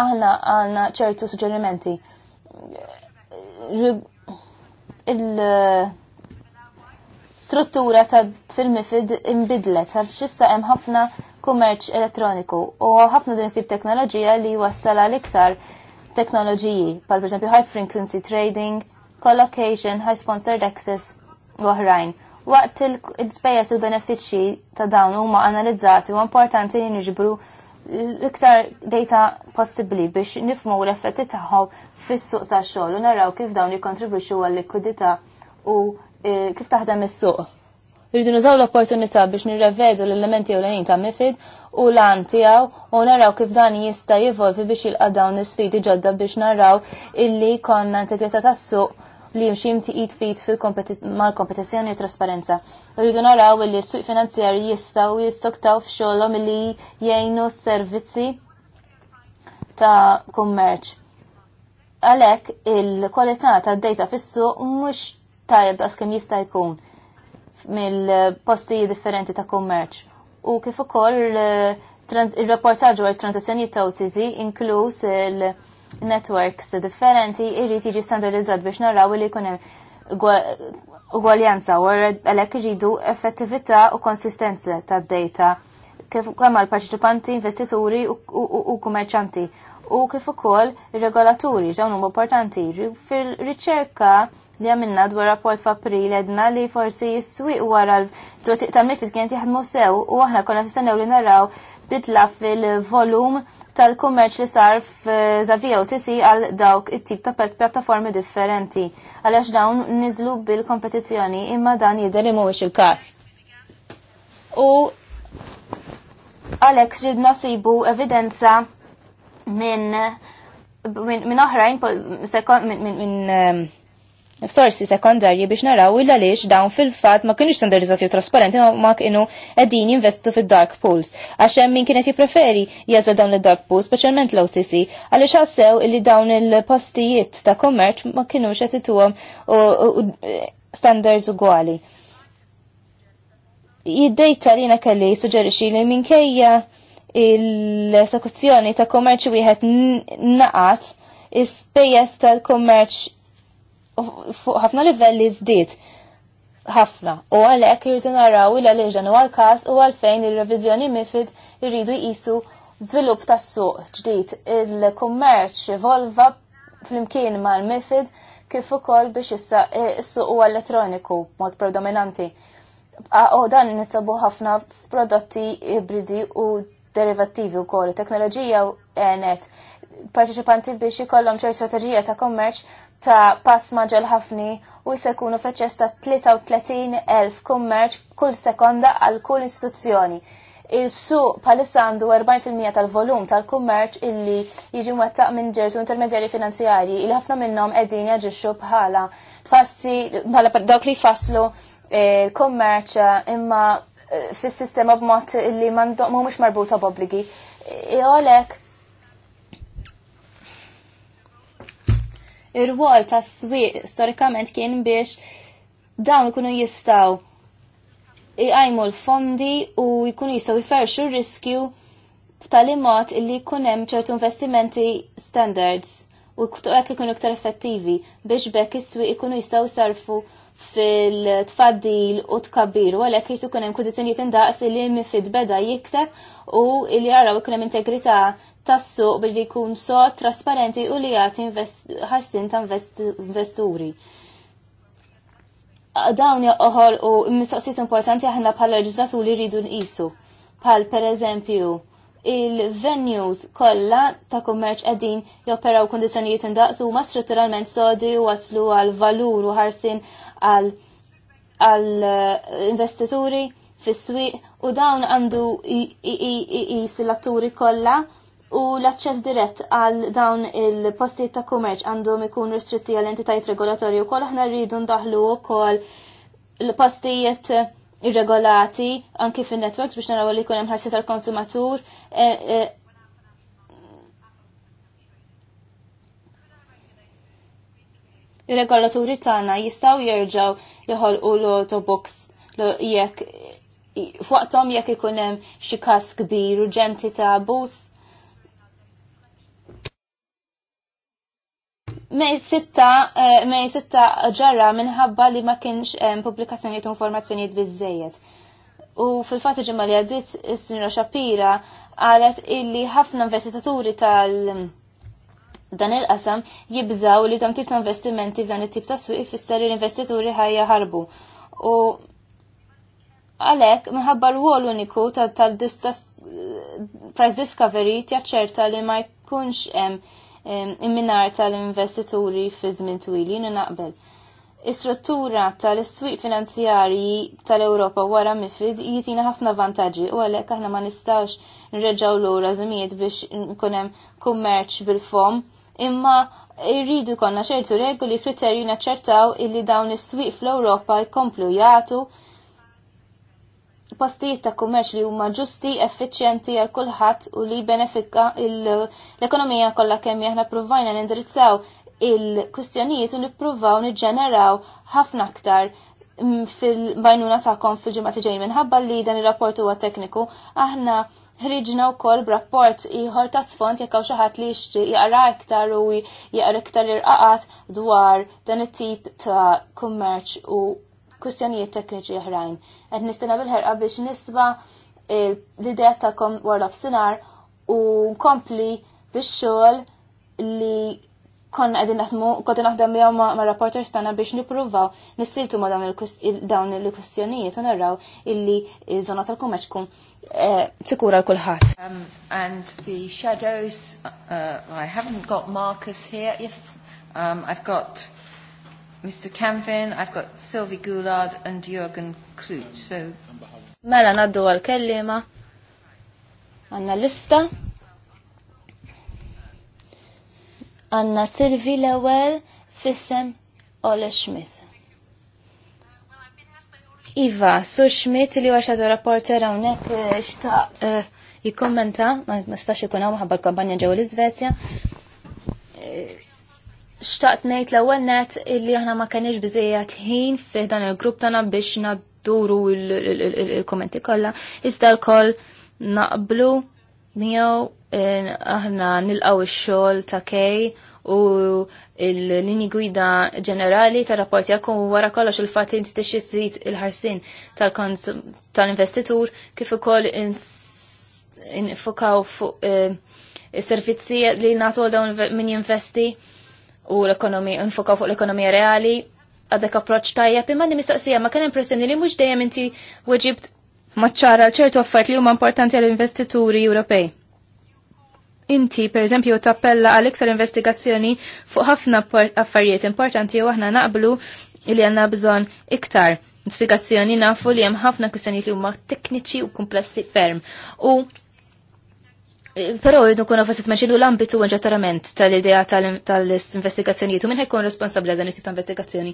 Aħna għandna ċertu suġġerimenti. il- struttura ta' fil-mifid imbidlet għal xissa hemm ħafna kummerċ elettroniku u ħafna din tip teknoloġija li wassala l iktar teknoloġiji, pal pereżempju high frequency trading, collocation, high sponsored access u oħrajn. Waqt il-spejjeż u benefiċċji ta' dawn huma analizzati u importanti li niġbru l-iktar data possibbli biex nifmu l-effetti tagħhom fis-suq tax-xogħol u naraw kif dawn jikkontribwixxu għal likwidità u Eh, kif taħdem is-suq. Irridu nużaw l-opportunità biex nirrevedu l-elementi ewlenin ta' mifid u lan tiegħu u naraw kif dan jista' jivolvi biex jilqa' dawn is-sfidi ġodda biex naraw illi konna integrità tas-suq li jimxim tiqit fit mal-kompetizjoni u trasparenza. Rridu naraw li s-suq finanzjari jistaw jistoktaw f'xollhom illi jgħinu servizzi ta' kummerċ. Għalek, il-kwalità ta' data fis-suq mhux għas kem jista' jkun mill-posti differenti ta' kummerċ. U kif ukoll eh, il rapportaġu għal transazzjonijiet ta' OTZ inkluż il-networks differenti irrid jiġi standardizzat biex naraw li jkun hemm ugwaljanza u għalek iridu effettività u konsistenza tad-data kif kemm għall parċiċipanti investituri u kummerċanti u kif ukoll ir-regolaturi dawn huma importanti. Fil-riċerka li għamilna dwar rapport f'April edna li forsi jiswiq wara l-twettiq tal-mifid kien jaħdmu sew u aħna konna nistennew li naraw bitla fil-volum tal-kummerċ li sar f'Zavija u tisi għal dawk it-tip ta' pjattaformi differenti għaliex dawn niżlu bil-kompetizzjoni imma dan jidher li mhuwiex il-każ. U Alex ridna sibu evidenza minn min oħrajn minn um, sorsi sekondarji biex naraw illa għaliex dawn fil-fat ma kienx standardizzati u trasparenti ma kienu qegħdin jinvestu fid-dark pools. Għaxem hemm min kienet jippreferi jazza dawn id-dark pools, speċjalment l-OCC, għaliex għassew illi dawn il-postijiet ta' kommerċ ma kienux qed u standards ugwali. Jiddejta li kelli suġerixi li minkejja il-esekuzzjoni ta' kommerċ wieħed naqas is-spejjeż tal-kommerċ fuq ħafna livelli żdied ħafna u għalhekk irridu naraw il leġan u għall każ u għalfejn ir-reviżjoni mifid irridu jqisu żvilupp tas-suq ġdid il-kummerċ evolva flimkien mal-mifid kif ukoll biex issa s-suq u elettroniku b'mod predominanti. U dan nistabu ħafna f'prodotti ibridi u derivativi u koll. Teknoloġija u għenet parċiċipanti biex jikollhom ċer strategija ta' kommerċ ta' pass maġel ħafni u jkunu feċċess ta' 33,000 kummerċ kull sekonda għal kull istituzzjoni. Il-suq palissa għandu 40% tal-volum tal-kummerċ illi jiġi mwettaq minn ġertu intermedjari finanzjari illi ħafna minnhom qegħdin jaġixxu bħala tfassi bħala dawk li jfasslu il-kummerċ eh, imma fis-sistema b'mod li mhumiex marbuta b'obbligi. E għalhekk ir-rwol tas-swieq storikament kien biex dawn ikunu jistaw iqajmu l-fondi u jkunu jistaw jferxu r-riskju b'tal-imot illi hemm ċertu investimenti standards u hekk ikunu iktar effettivi biex bekk is-swieq ikunu jistaw sarfu fil-tfaddil u tkabbir u għalek jitu kunem kondizjoniet indaqs li mifid beda jikseb u li jaraw kunem integrita tassu billi jkun so trasparenti u li għati ħarsin ta' investuri. Dawn joħol u mistoqsijiet importanti aħna bħala leġislatu li rridu nqisu. Bħal per eżempju, il-venues kollha ta' kummerċ qegħdin joperaw kundizzjonijiet indaqs huma strutturalment sodi u waslu għal valur u ħarsin għal eh, investituri fis-swieq u dawn għandu jis kollha u l-aċċess dirett għal dawn il-postijiet ta' kummerċ għandhom ikun restritti għal entitajiet regolatorji, wkoll aħna rridu ndaħlu wkoll l-postijiet irregolati anki fin networks biex naraw li jkun hemm ħarsi tal-konsumatur eh, eh, ir-regolaturi tagħna jistgħu jerġgħu joħolqu l-autobox jekk fuqthom jekk ikun hemm xi każ kbir ġenti ta' abus. Mej sitta, eh, mej sitta ġarra minħabba li ma kienx pubblikazzjonijiet u informazzjonijiet biżejjed. U fil-fatt ġimma li għaddit is sinra Xapira qalet illi ħafna investitaturi tal- dan il-qasam jibżaw li tam tip ta' investimenti f'dan it-tip ta' suq ifisser li l-investituri ħajja ħarbu. U għalek minħabba l-wol uniku tal-price discovery tjaċċerta li ma jkunx imminar tal-investituri fi żmien twili naqbel. Is-struttura tal-iswiq finanzjarji tal-Ewropa wara mifid jitina ħafna vantaġġi u għalhekk aħna ma nistax nreġgħu lura żmiet biex nkun hemm kummerċ bil-fom imma irridu konna ċertu regoli kriterju naċċertaw illi dawn is-swieq fl-Ewropa jkomplu jagħtu postijiet ta' kummerċ li huma ġusti, effiċjenti għal kulħadd u li benefika l-ekonomija kollha kemm aħna pruvajna nindirizzaw il-kustjonijiet u nippruvaw niġġeneraw ħafna aktar mm, fil-bajnuna ta'kom fil-ġimgħa li ġej minħabba li dan ir-rapport huwa tekniku aħna ħriġna wkoll b'rapport ieħor ta' sfond jekk hawn xi ħadd li jixtri jgħara iktar u jaqra iktar irqaqat dwar dan it-tip ta' kummerċ u kwistjonijiet tekniċi oħrajn. Qed nistina bil-ħerqa biex nisba' l-idea ta' World of Sinar u nkompli biex xogħol li konna għedin naħdmu, konna naħdem jgħu ma, ma rapporters tana biex nipruvaw nissiltu ma dawn il-kustjonijiet u narraw illi zona tal-kummerċ tkun eh, sikura l-kulħat. Um, and the shadows, uh, I haven't got Marcus here. Yes, um, I've got Mr. Canvin, I've got Sylvie Goulard and Jürgen Klut, So. Mela naddu għal-kellima. Għanna lista. Għanna Silvi l-ewel fissem Ole Schmidt. Iva, Sur Schmidt li għaxa xadu rapporter hawnhekk xtaq jikommenta, ma stax ikun hawn maħabba l-kampanja ġewwa l-Iżvezja. Xtaqt ngħid l-ewwel net illi aħna ma kenniex biżejjed ħin fiħdan dan il-grupp tagħna biex nabduru l-kommenti kollha, iżda l-koll naqblu miegħu aħna nilqaw ix-xogħol ta' kej u l-lini gwida ġenerali ta' rapporti għakku wara kollox il-fat inti tixi il-ħarsin tal-investitur kif ukoll infokaw fuq eh, is-servizzi li nagħtu dawn min jinvesti u l-ekonomija infokaw fuq l-ekonomija reali għadek approċ tajjeb imma mistaqsija ma kien impressjoni li mhux dejjem inti weġibt maċċara ċertu affarijiet li huma importanti għall-investituri Ewropej inti per eżempju tappella għal iktar investigazzjoni fuq ħafna affarijiet importanti u aħna naqblu li għanna bżon iktar investigazzjoni nafu li hemm ħafna kwistjonijiet li huma tekniċi u komplessi ferm. U Però jidnu kuna fasit meċilu l-ambitu ġattarament tal-idea tal-investigazzjonijiet u minn ħekkun responsabli għadan dan it-tip ta' investigazzjoni.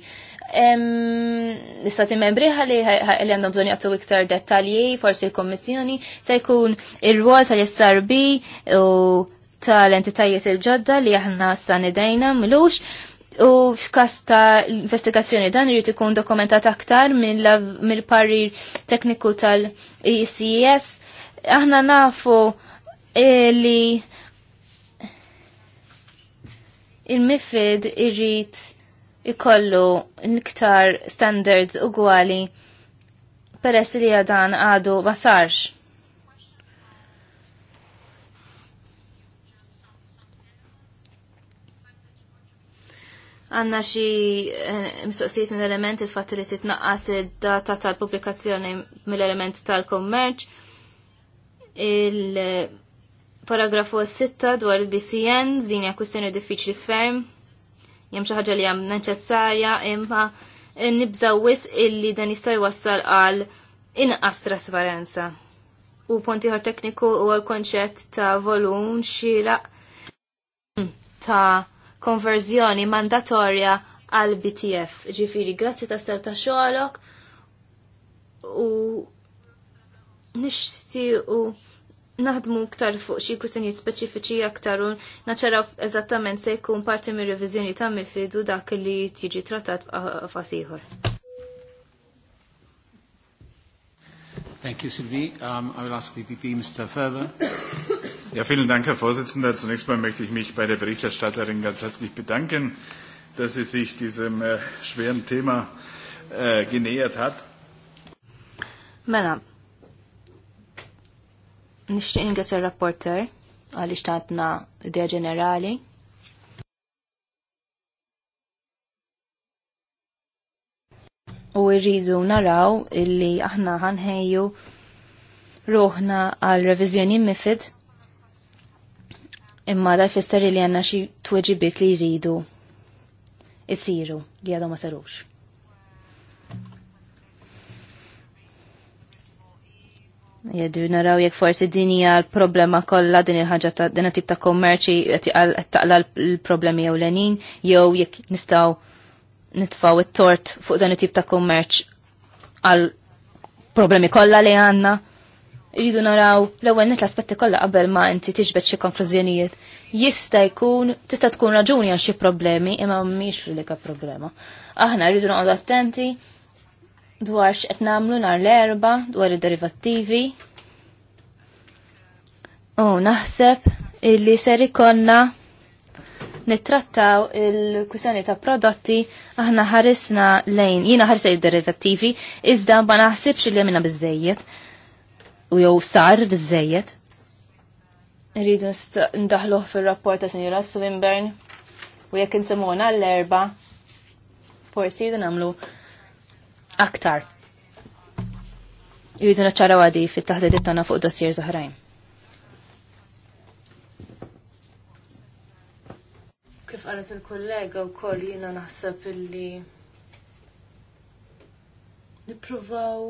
L-istati membri għalli li għandhom bżonn għattu iktar dettalji, forsi l-Kommissjoni, se jkun ir-rwol tal-SRB u tal-entitajiet il-ġodda li aħna stan id-dajna mlux u f'kas ta' investigazzjoni dan irid ikun dokumentat aktar mill-parir tekniku tal-ECS. Aħna nafu li il-mifid irrit ikollu l-iktar standards ugwali peress li għadan għadu ma Għanna xie eh, msoqsijiet minn element il fatt li titnaqqas il data tal publikazzjoni mill-element tal-kommerċ, il- Paragrafu 6 dwar il-BCN, din hija kwistjoni diffiċli ferm, jem xi ħaġa li hemm neċessarja imma nibżaw wis illi dan jista' wassal għal inqas trasparenza. U pontiħor tekniku u l-konċett ta' volum xira ta' konverżjoni mandatorja għal BTF. Ġifiri, grazzi ta' sew ta' xogħolok u nixtiequ naħdmu ktar fuq xi kwistjonijiet speċifiċi aktar u naċċaraw eżattament se jkun parti mir reviżjoni ta' mifidu dak li tiġi trattat f'qafas ieħor. Thank you, Sylvie. Um, I will ask the e PP, Mr. Ferber. Ja, vielen Dank, Herr Vorsitzender. Zunächst mal möchte ich mich bei der Berichterstatterin ganz herzlich bedanken, dass sie sich diesem äh, schweren Thema äh, genähert hat. Männer, mela, Nixtieq ingrazzja r-rapporter għaliex tatna idea ġenerali. U rridu naraw illi aħna ħanħejju ruħna għal revizjoni mifid imma da jfisser li għanna xi tweġibiet li jridu isiru li għadhom ma sarux. Jeddu naraw jekk forsi din hija l-problema kollha din il-ħaġa ta' din tip ta' kommerċi qed taqla l-problemi jew lenin jew jekk nistgħu nitfaw it-tort fuq dan it-tip ta' kommerċ għal problemi kollha li għandna. Irridu naraw l-ewwel nitla aspetti kollha qabel ma inti tiġbed xi konklużjonijiet. Jista' jkun tista' tkun raġuni għal xi problemi imma miex l-unika problema. Aħna rridu naqgħu attenti dwar x'qed nagħmlu nhar l-erba dwar id-derivattivi. U naħseb illi ser ikonna nittrattaw il-kwistjoni ta' prodotti aħna ħarisna lejn jiena ħarsa id-derivattivi iżda ma naħsibx li minna biżejjed u jew sar biżejjed. Rridu ndaħluh fir-rapport ta' Sinjura Swinburne u jekk insemmuna l-erba' forsi jridu nagħmlu aktar. Jridu naċċaraw għadi fit it tagħna fuq dossier zoħrajn. Kif qalet il-kollega wkoll jiena naħseb illi nippruvaw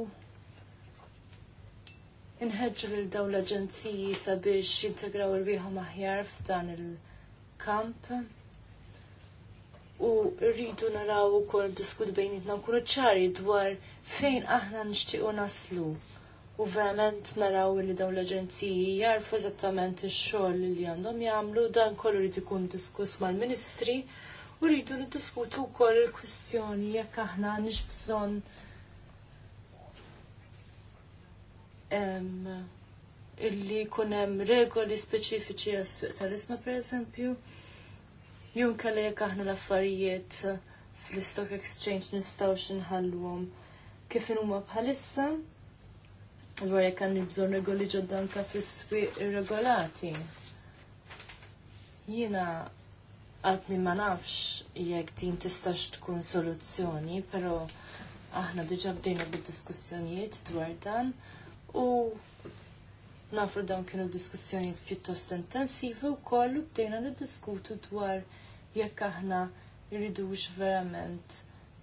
inħeġġu lil dawn l-aġenziji sabiex jintegraw irwieħu maħjar f'dan il-kamp. il kamp u rridu naraw ukoll diskut bejnietna nkunu ċari dwar fejn aħna nixtiequ naslu. U verament naraw li dawn l-aġenziji jarfu eżattament ix-xogħol li għandhom jagħmlu dan kollu rrid ikun diskuss mal-Ministri u rridu niddiskutu wkoll il-kwistjoni jekk aħna għandix bżonn illi kunem regoli speċifiċi għas-sfiq tal-isma per eżempju. Jun kalli jek aħna l-affarijiet fl-Stock Exchange nistaw xinħalluhom kif huma bħalissa. Dwar jekk għandi bżonn regoli ġodda anke fis-swieq irregolati. Jiena għadni ma nafx jekk din tistax tkun soluzzjoni, però aħna diġà bdejna bid-diskussjonijiet dwar dan u nafru dawn kienu diskussjonijiet pjuttost intensivi u kollu bdejna niddiskutu dwar jekk aħna jridux verament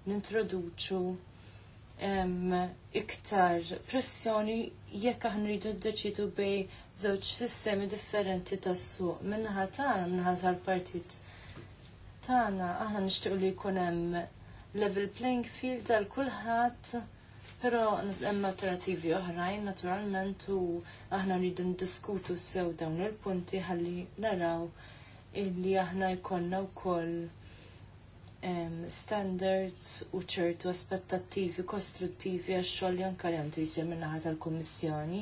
nintroduċu iktar pressjoni jekk aħna rridu ddeċidu bej żewġ sistemi differenti tas-suq. Minnaħa tagħna minnaħa tal-partit tagħna aħna nixtiequ li jkun hemm level playing field għal kulħadd Pero hemm alternativi oħrajn naturalment u aħna rridu ndiskutu sew dawn il-punti ħalli naraw illi aħna jkollna wkoll standards u ċertu aspettattivi kostruttivi għax xogħol li anke li għandu jsir minnaħa tal-Kummissjoni.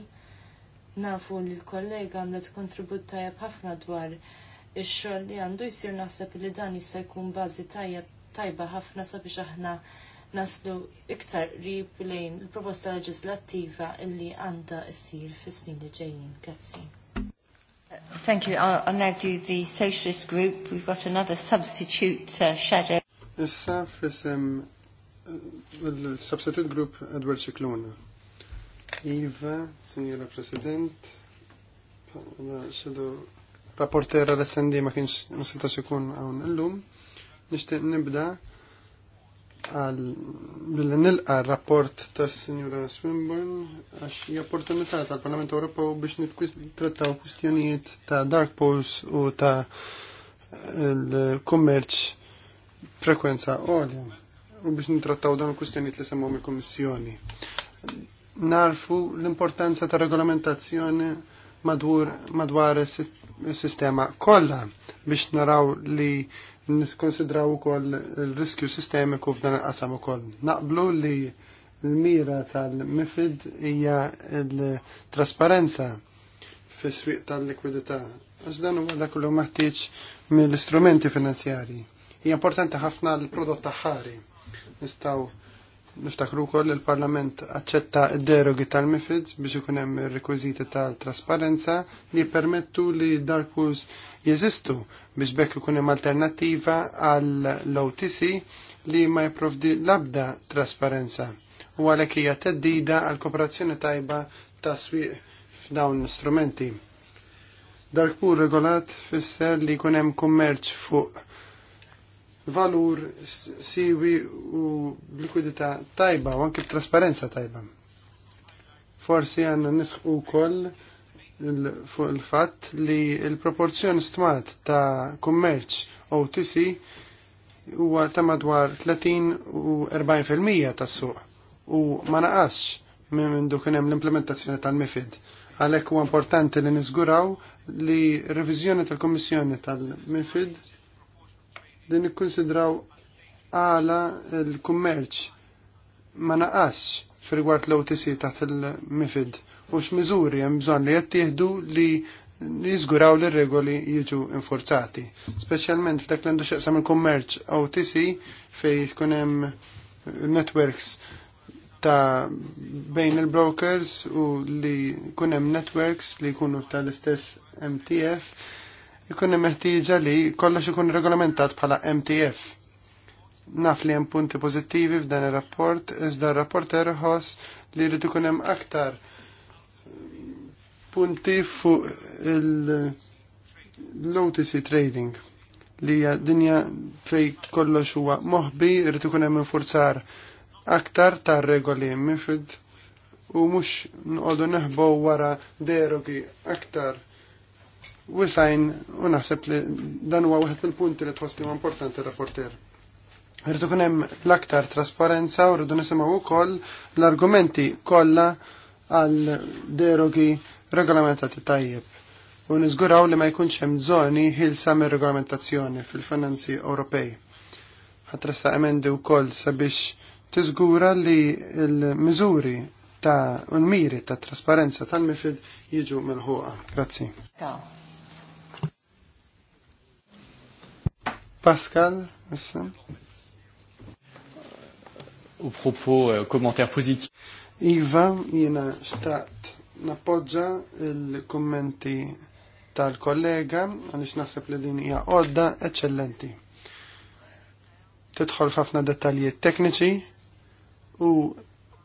Nafu li l-kollega għamlet kontribut tajjeb ħafna dwar ix-xogħol li għandu jsir naħseb li dan jista' jkun bażi tajjeb tajba ħafna sabiex aħna naslu iktar qrib lejn il-proposta leġislattiva illi għandha ssir fis-snin li ġejjin. Grazzi. Thank you. I'll, I'll now do the Socialist Group. We've got another substitute uh, shadow. The is um, fissem the uh, substitute group Edward Ciclona. Eva, Signora President, Shadow Rapporteur l-SND ma kienx nistax ikun għawn illum. Nishtiq nibda għal billi nilqa rapport tas signora Swinburne għax hija opportunità tal-Parlament Ewropew biex nittrattaw kwistjonijiet ta' dark pools u ta' l-kummerċ frekwenza għolja u biex nittrattaw dan kwistjonijiet li semmhom il-Kummissjoni. Narfu l-importanza ta' regolamentazzjoni madwar is-sistema kollha biex naraw li Nikkonsidraw ukoll il-riskju sistemiku f'dan il-qasam ukoll. Naqblu li l-mira tal-MIFID hija l-trasparenza fis-swieq tal-likwidità. Għax dan huwa dak li maħtieġ mill-istrumenti finanzjarji. Hija importanti ħafna l-prodott taħħari. Nistgħu Niftakru wkoll il-Parlament aċċetta d-derogi tal-MIFID biex ikun hemm ir-rekwiżiti tal-trasparenza li permettu li darkus jesistu jeżistu biex bekk ikun hemm alternattiva għall-OTC li ma jipprovdi l-abda trasparenza u għalhekk hija teddida għal kooperazzjoni tajba ta' swieq f'dawn l-istrumenti. regolat fisser li jkun hemm kummerċ fuq valur siwi u likwidità tajba u anke trasparenza tajba. Forsi għanna u koll fuq il-fatt li il-proporzjon stmat ta' kummerċ OTC huwa ta' madwar 30 u 40% tas-suq u ma naqasx minn dok hemm l-implementazzjoni tal-MIFID. Għalhekk huwa importanti li niżguraw li reviżjoni tal-Kummissjoni tal-MIFID din ikkonsidraw għala l-kummerċ ma naqax fil-gwart l-OTC taħt il-MIFID u x-mizuri hemm bżonn li jattieħdu li jizguraw li regoli jiġu inforzati. Speċjalment f'dak l-għandu xaqsam il-kummerċ OTC fej tkun hemm networks ta' bejn il-brokers u li kun hemm networks li jkunu tal-istess MTF jikun meħtieġa li kollox ikun regolamentat bħala MTF. Naf li hemm punti pożittivi f'dan ir-rapport, iżda r-rapport erħos li jrid ikun hemm aktar punti fuq il otc trading li hija dinja fej kollox huwa moħbi jrid ikun hemm infurzar aktar tar regoli mifid u mhux noqogħdu neħbow wara derogi aktar wisajn u naħseb li dan huwa wieħed mill-punti li tħoss ma' importanti rapporter. Rridu kunem hemm l-aktar trasparenza u rridu nisimgħu wkoll l-argumenti kollha għal derogi regolamentati tajjeb u niżguraw li ma jkunx hemm żoni ħilsa mir-regolamentazzjoni fil-finanzi Ewropej. Ħatressa emendi wkoll sabiex tiżgura li l-miżuri ta' unmiri ta' trasparenza tal-mifid jiġu mill-ħuqa. Grazzi. Pascal, issa. U propos kommentaire euh, pozitiv. Iva, jena stat nappoġġa il-kommenti tal-kollega għaliex naħseb li din hija għodda eċċellenti. Tidħol f'ħafna dettalji tekniċi u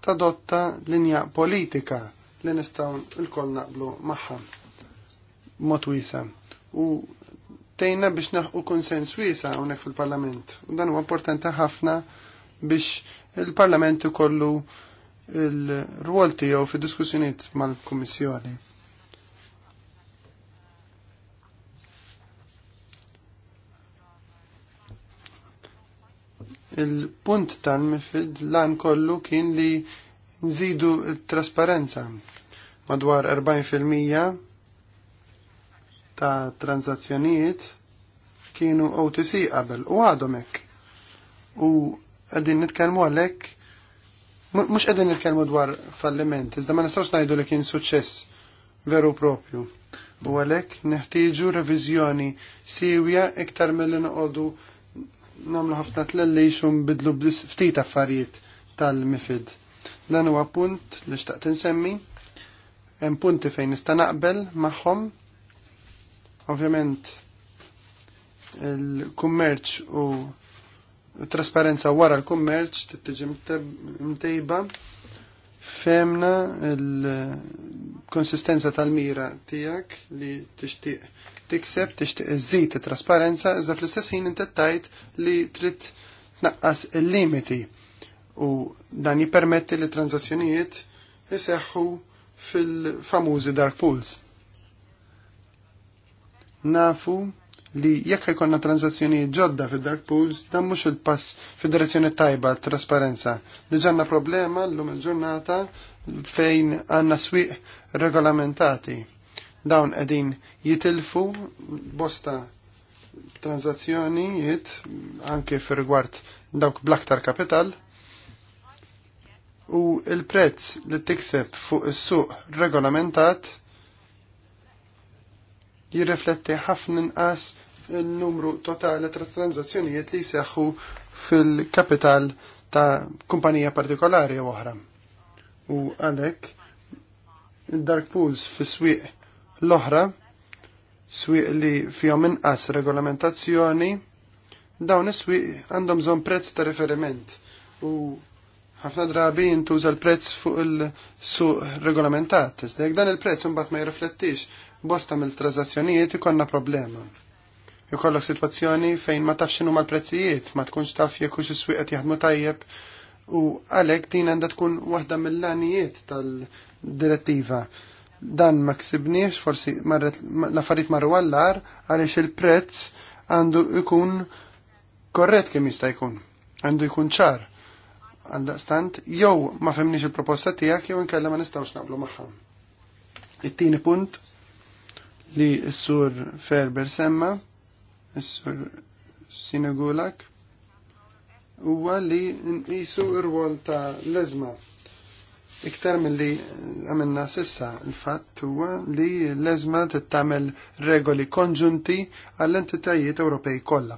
tadotta linja politika li nistgħu lkoll naqblu magħha mod wiesa' u tejna biex naħqu konsens wiesa hawnhekk fil-Parlament. U dan huwa importanti ħafna biex il-Parlament kollu il-rwol tiegħu fid-diskussjonijiet mal-Kummissjoni. il-punt tal-mifid lan kollu kien li nżidu t trasparenza madwar 40% ta' tranzazzjonijiet kienu OTC qabel u għadhom hekk. U qegħdin nitkellmu għalhekk mhux qegħdin nitkellmu dwar falliment, iżda ma nistgħux ngħidu li kien suċċess veru propju. U għalhekk neħtieġu reviżjoni siwja iktar milli noqogħdu nagħmlu ħafna tlelli xu nbidlu ftit affarijiet tal-mifid. Dan huwa punt li xtaqt insemmi, hemm punti fejn nista' naqbel magħhom Ovvjament il-kummerċ u trasparenza wara l-kummerċ t-tġi mtejba femna l-konsistenza tal-mira tijak li tixtieq tikseb, tixtieq iżid trasparenza, iżda fl-istess ħin inti li trid tnaqqas il-limiti u dan jippermetti li transazzjonijiet iseħħu fil-famużi dark pools nafu li jekk ikonna tranzazzjoni ġodda fil-dark pools, dan mhux il-pass fid-direzzjoni tajba trasparenza. Li ġanna problema llum il-ġurnata fejn għandna swieq regolamentati. Dawn qegħdin jitilfu bosta transazzjonijiet, anke fir-rigward dawk blaktar kapital u il-prezz li tikseb fuq is-suq regolamentat jirrifletti ħafna inqas il-numru totali ta' tranzazzjonijiet li seħħu fil-kapital ta' kumpanija partikolari u oħra. U għalhekk dark pools fis-swieq l-oħra, swieq li fihom inqas regolamentazzjoni, dawn is-swieq għandhom bżonn prezz ta' riferiment u ħafna drabi jintuża l-prezz fuq il-suq regolamentat. dan il-prezz imbagħad ma jirriflettix bosta mill trazazzjonijiet ikonna problema. Ikollok situazzjoni fejn ma tafxin u mal prezzijiet ma tkunx taf jekk hux is-swieq jaħdmu tajjeb u għalhekk din għandha tkun waħda mill-lanijiet tal-direttiva. Dan ma ksibniex forsi l-affarijiet marru għallar għaliex il-prezz għandu ikun korret kemm jista' jkun. Għandu ikun ċar. stant, jew ma femniex il-proposta tiegħek jew inkella ma nistgħux naqblu magħha. It-tieni punt li s-sur Ferber semma, s-sur Sinagulak, huwa li nqisu r-rwol ta' leżma. Iktar mill-li għamilna sissa, il-fatt huwa li leżma tittamel regoli konġunti għall-entitajiet Ewropej kollha.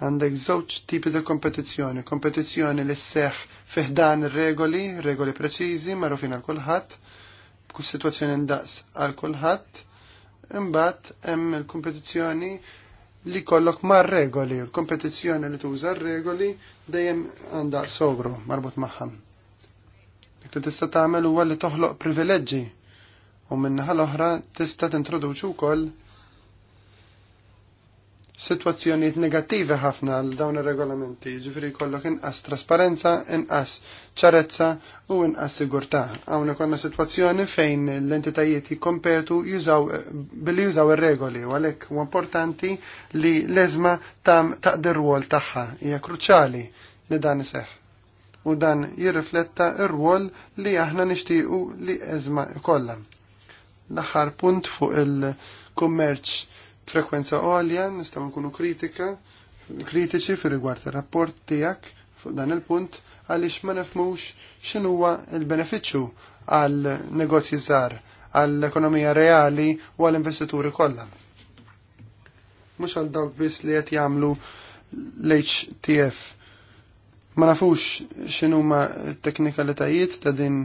Għandek żewġ tipi ta' kompetizzjoni, kompetizzjoni li seħ fiħdan regoli, regoli preċiżi, marrufin għal kulħadd, b'kull situazzjoni ndaqs għal kulħadd, Imbagħad hemm il-kompetizzjoni li kollok ma' regoli, l-kompetizzjoni li tuża regoli dejjem għandha sobru marbut magħha. Dak li tista' tagħmel huwa li toħloq privileġġi u minnaħa l-oħra tista' tintroduċi wkoll situazzjonijiet negattivi ħafna għal dawn ir-regolamenti, ġifri kollok inqas trasparenza, inqas ċarezza u inqas sigurtà. Hawn ikollna sitwazzjoni fejn l-entitajiet jikkompetu jużaw billi jużaw ir-regoli u għalhekk huwa importanti li l-eżma tam taqdir rwol tagħha hija kruċjali li dan iseħħ. U dan jirrifletta r-rwol li aħna nixtiequ li eżma kollha. L-aħħar punt fuq il-kummerċ frekwenza għalja, nistaw nkunu kritika kritiċi fi rigward ir-rapport tiegħek fuq dan il-punt għaliex ma nefmux x'inhuwa l-benefiċċju għal negozji żgħar, għall-ekonomija reali u għall-investituri kollha. Mhux għal dawk biss li qed jagħmlu l-HTF. Ma nafux x'inhuma t teknikalitajiet ta' din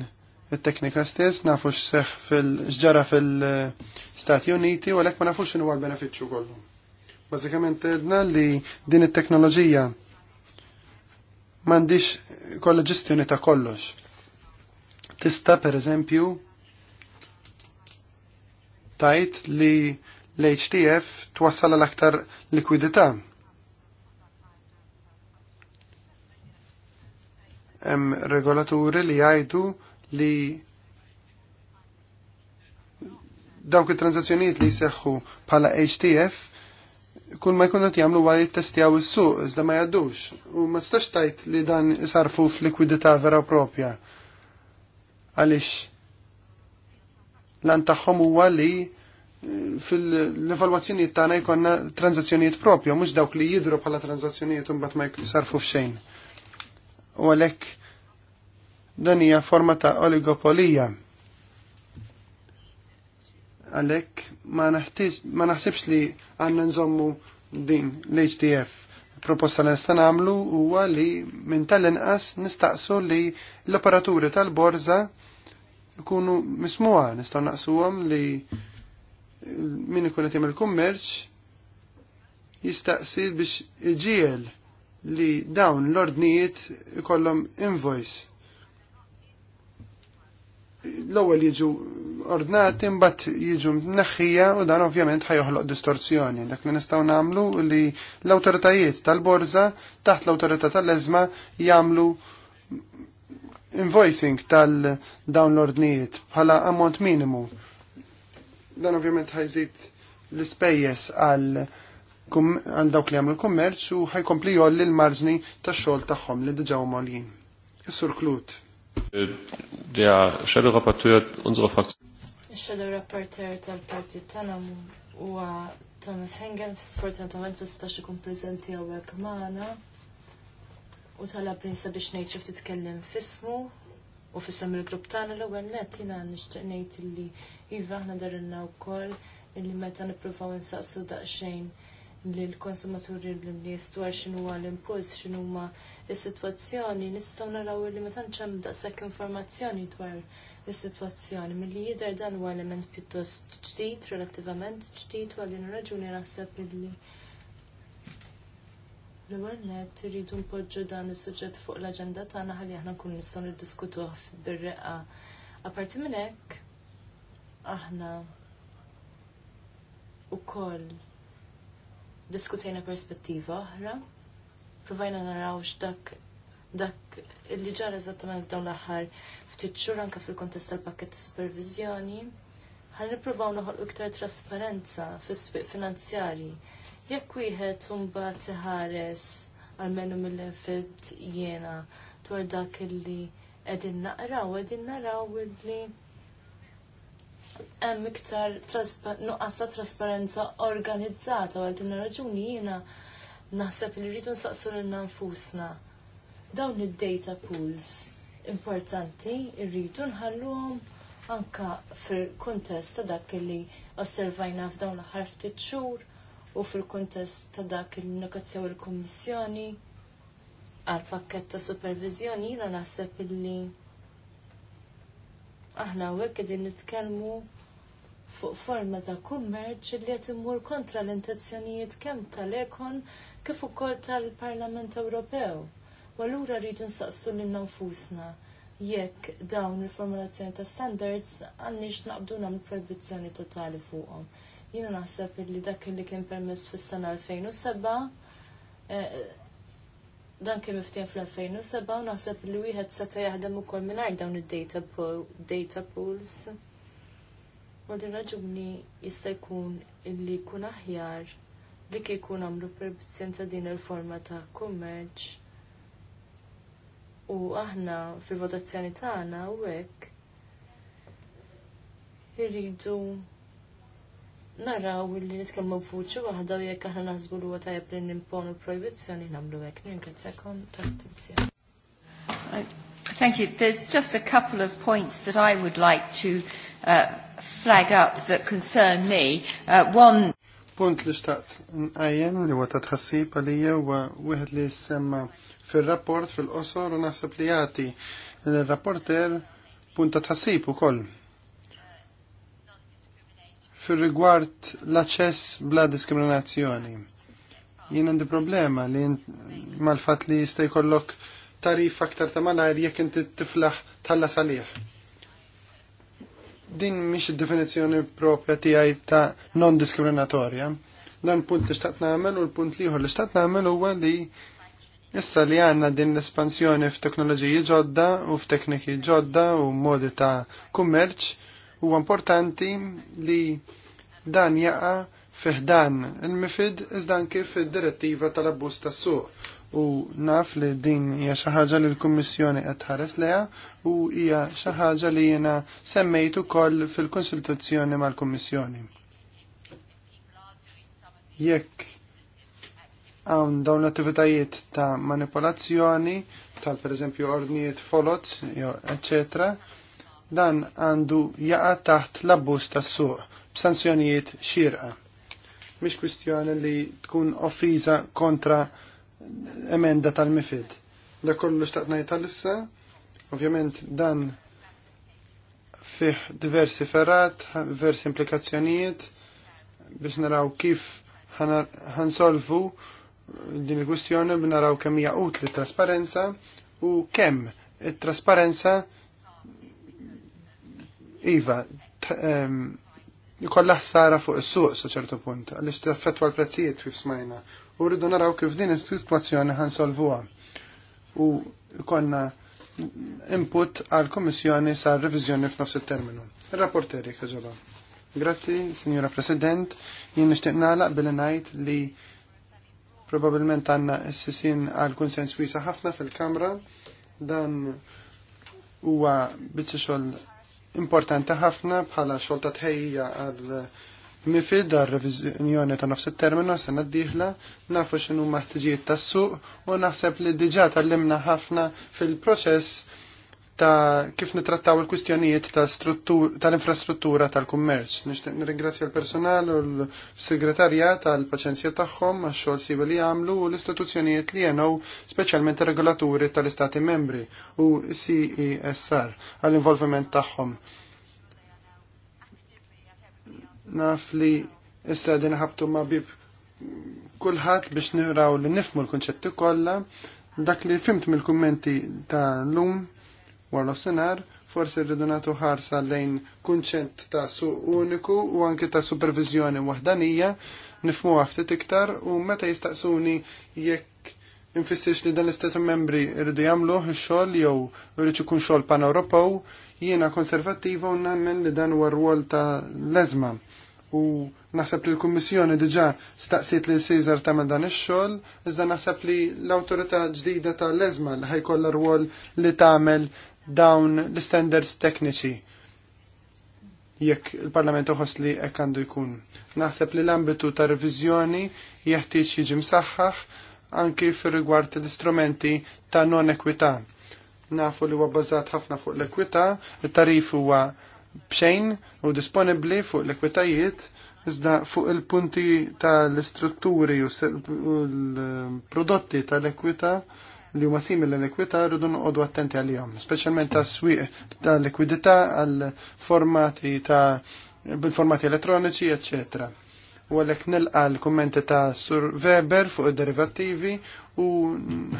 it-teknika stess, nafu x-seħ fil-ġara fil-Stati Uniti, u għalhekk ma nafux x'inhu l-benefiċċju kollu. Bażikament edna li din it-teknoloġija m'għandix kolla ġestjoni ta' kollox. Tista' pereżempju tajt li l-HTF twassal l-aktar likwidità. Hemm regolaturi li jgħidu li dawk it transazzjoniet li jseħħu bħala HTF kull ma jkunat jagħmlu huwa jittestjaw is-suq iżda ma jgħaddux u ma stax tajt li dan isarfu f'likwidità vera propja. Għaliex lan tagħhom huwa li eh, fil-evalwazzjonijiet tagħna jkollna tranzazzjonijiet propja mhux dawk li jidhru bħala tranzazzjonijiet u mbagħad ma jsarfu f'xejn. U għalhekk dan hija forma ta' oligopolija. Għalhekk ma, ma naħsibx li għandna nżommu din l-HTF. Proposta li nista' nagħmlu huwa li minn tal-inqas nistaqsu li l-operaturi tal-borża ikunu mismuha, nistgħu naqsuhom li min ikun qed il-kummerċ jistaqsi biex iġiel li dawn l-ordnijiet ikollhom invoice l-ewwel jiġu ordnati mbagħad jiġu mneħħija u dan ovvjament ħajoħloq distorzjoni. Dak li nistgħu nagħmlu li l-awtoritajiet tal-borża taħt l-awtorità tal-eżma jagħmlu invoicing tal-dawn l-ordnijiet bħala ammont minimu. Dan ovvjament ħajżid l-ispejjeż għal għal dawk li għamlu l-kummerċ u ħajkompli jolli l-marġni tax xogħol tagħhom li d huma Is-Sur Klut. Äh, der Shadow Rapporteur unserer Fraktion. Shadow Rapporteur tal-partit tagħna huwa Thomas Hengel, sfortunatament ma stax ikun preżenti hawnhekk magħna. U talab nisa biex ngħid xi titkellem fismu u fissam il-grupp tagħna l-ewwel nett jiena nixtieq ngħid illi iva aħna darilna wkoll illi meta nippruvaw nsaqsu daqsxejn l konsumaturi l-nies dwar x'inhu l-impuls, xinu huma s-sitwazzjoni, nistgħu naraw li ma tanċem daqshekk informazzjoni dwar is-sitwazzjoni. li jidher dan huwa element pjuttost ġdid, relattivament ġdid, u din raġuni naħseb illi l-ewwel nett iridu npoġġu dan is-suġġett fuq l-aġenda tagħna ħalli aħna nkunu nistgħu niddiskutuh bil reqqa Aparti minn hekk aħna koll diskutejna perspettiva oħra, provajna naraw x'dak dak li ġara eżattament dawn l-aħħar ftit xhur anke fil-kontest tal-pakket ta' supervizjoni, ħan nippruvaw noħolqu iktar trasparenza fis-swieq finanzjarji. Jekk wieħed imbagħad iħares għalmenu mill-infid jiena dwar dak illi qegħdin naqraw, qegħdin naraw illi hemm iktar nuqqas ta' trasparenza organizzata għal din raġuni jiena naħseb li rridu nsaqsu lil nfusna. Dawn id-data pools importanti rridu nħalluhom anka fil-kuntest ta' dak li osservajna f'dawn l-aħħar ftit xhur u fil-kuntest ta' dak li negozjaw il-Kummissjoni għal pakket ta' supervizjoni jiena naħseb illi aħna hawnhekk għedin nitkellmu fuq forma ta' kummerċ li qed immur kontra l-intenzjonijiet kemm tal-ekon kif ukoll tal-Parlament Ewropew. Walura rridu nsaqsu lil nfusna jekk dawn il-formulazzjoni ta' standards għandniex naqbdu nagħmlu proibizzjoni totali fuqhom. Jiena naħseb li dak li kien permess fis-sena 2007 dan kien miftin fl-2007 u naħseb li wieħed seta' jaħdem ukoll mingħajr dawn id-data data pools. Ma din raġuni jista' jkun illi jkun aħjar li jkun għamlu perbizzjon ta' din il-forma ta' kummerċ u aħna fil-votazzjoni tagħna u hekk irridu naraw li nitkellmu b'fuċi waħda u jekk aħna naħsbu li huwa tajjeb li nimponu proibizzjoni nagħmlu hekk. Ningrazzakom tal-attenzjoni. Thank you. There's just a couple of points that I would like to uh, flag up that concern me. Uh, one Punt li xtaqt nqajjem li huwa ta' tħassib għalija huwa wieħed li semma fir-rapport fil-qosor u naħseb li jagħti l-rapporter punt ta' tħassib ukoll fil-rigward l-aċċess bla diskriminazzjoni. Jien għandi problema li mal-fat li jista' jkollok tarif aktar ta' malajr jekk inti tiflaħ talla salih. Din mhix id-definizzjoni propja tiegħi ta' non diskriminatorja. Dan punt li xtaqt nagħmel u l-punt liħor li xtaqt nagħmel huwa li issa li għandna din l-espansjoni f'teknoloġiji ġodda u f'tekniki ġodda u modi ta' kummerċ Huwa importanti li dan jaqa fiħdan il-mifid iżda kif fid-direttiva tal abbus tas-suq u naf li din hija xi ħaġa li l-Kummissjoni qed tħares leha u hija xi ħaġa li jiena semmejt ukoll fil-konsultazzjoni mal-Kummissjoni. Jekk hawn dawn l-attivitajiet ta' manipolazzjoni tal pereżempju ordnijiet folots, eccetera, dan għandu jaqa taħt l-abbuż tas-suq b'sanzjonijiet xirqa. Mhix kwistjoni li tkun offiża kontra emenda tal-mifid. Da kollu xtaqt ngħid tal-issa, ovvjament dan fih diversi ferrat, diversi implikazzjonijiet biex naraw kif ħansolvu din il-kwistjoni b'naraw kemm hija utli trasparenza u kemm it-trasparenza Iva, jikolla ħsara fuq is-suq sa ċertu punt, għaliex taffettwa l-prezzijiet kif smajna. U rridu naraw kif din is-sitwazzjoni ħansolvuha. U konna input għal komissjoni sa revizjoni f'nofs il-terminu. Il-rapporteri kħagġoba. Grazzi, Signora President, jien nishtiq nagħlaq billi ngħid li probabilment għandna s-sisin għal kunsens wisa ħafna fil-Kamra dan huwa biċċa xogħol importanti ħafna bħala xogħol ta' tħejja għal Mifid għal revizjoni ta' nofs it terminu sena d nafu x'inhuma ħtiġijiet tas suq u naħseb li diġà tal ħafna fil-proċess ta' kif nitrattaw il-kwistjonijiet ta' tal-infrastruttura tal-kummerċ. Nixtieq nirringrazzja l-personal u l-segretarja tal-paċenzja tagħhom għax-xogħol sivi li għamlu u l-istituzzjonijiet li jenow speċjalment ir-regolaturi tal-Istati membri u CESR għall-involviment tagħhom. Naf li issa din ħabtu ma' bib kulħadd biex niraw li nifmu l-kunċetti kollha dak li fimt mill-kummenti ta' lum War nofsenar, forsi rridu nagħtu ħarsa lejn kunċent ta' suq uniku u anke ta' supervizjoni waħdanija, nifmu ftit iktar u meta jistaqsuni jekk infissirx li dan l-istat membri rridu jagħmluh ix-xogħol jew rrid ikun xogħol pan-Ewropew, jiena konservattiva u nagħmel li dan huwa rwol ta' leżma. U naħseb li l-Kummissjoni diġà staqsiet li Cesar tagħmel dan ix-xogħol, iżda naħseb li l-awtorità ġdida ta' leżma li ħajkollha rwol li tagħmel dawn l-standards tekniċi jekk il-Parlament uħos li hekk għandu jkun. Naħseb li l-ambitu ta' reviżjoni jeħtieġ jiġi msaħħaħ anki fir-rigward l-istrumenti ta' non-ekwità. Nafu li huwa bbażat ħafna fuq l-ekwità, it-tarif huwa bxejn u disponibbli fuq l-ekwitajiet Iżda fuq il-punti tal-istrutturi u l-prodotti tal-ekwita li huma simili l-ekwita rridu noqogħdu attenti għalihom, speċjalment ta' swieq ta' likwidità għal formati ta' bil-formati elettroniċi, eccetera u għalhekk nilqa l kummenti ta' Sur Weber fuq id-derivattivi u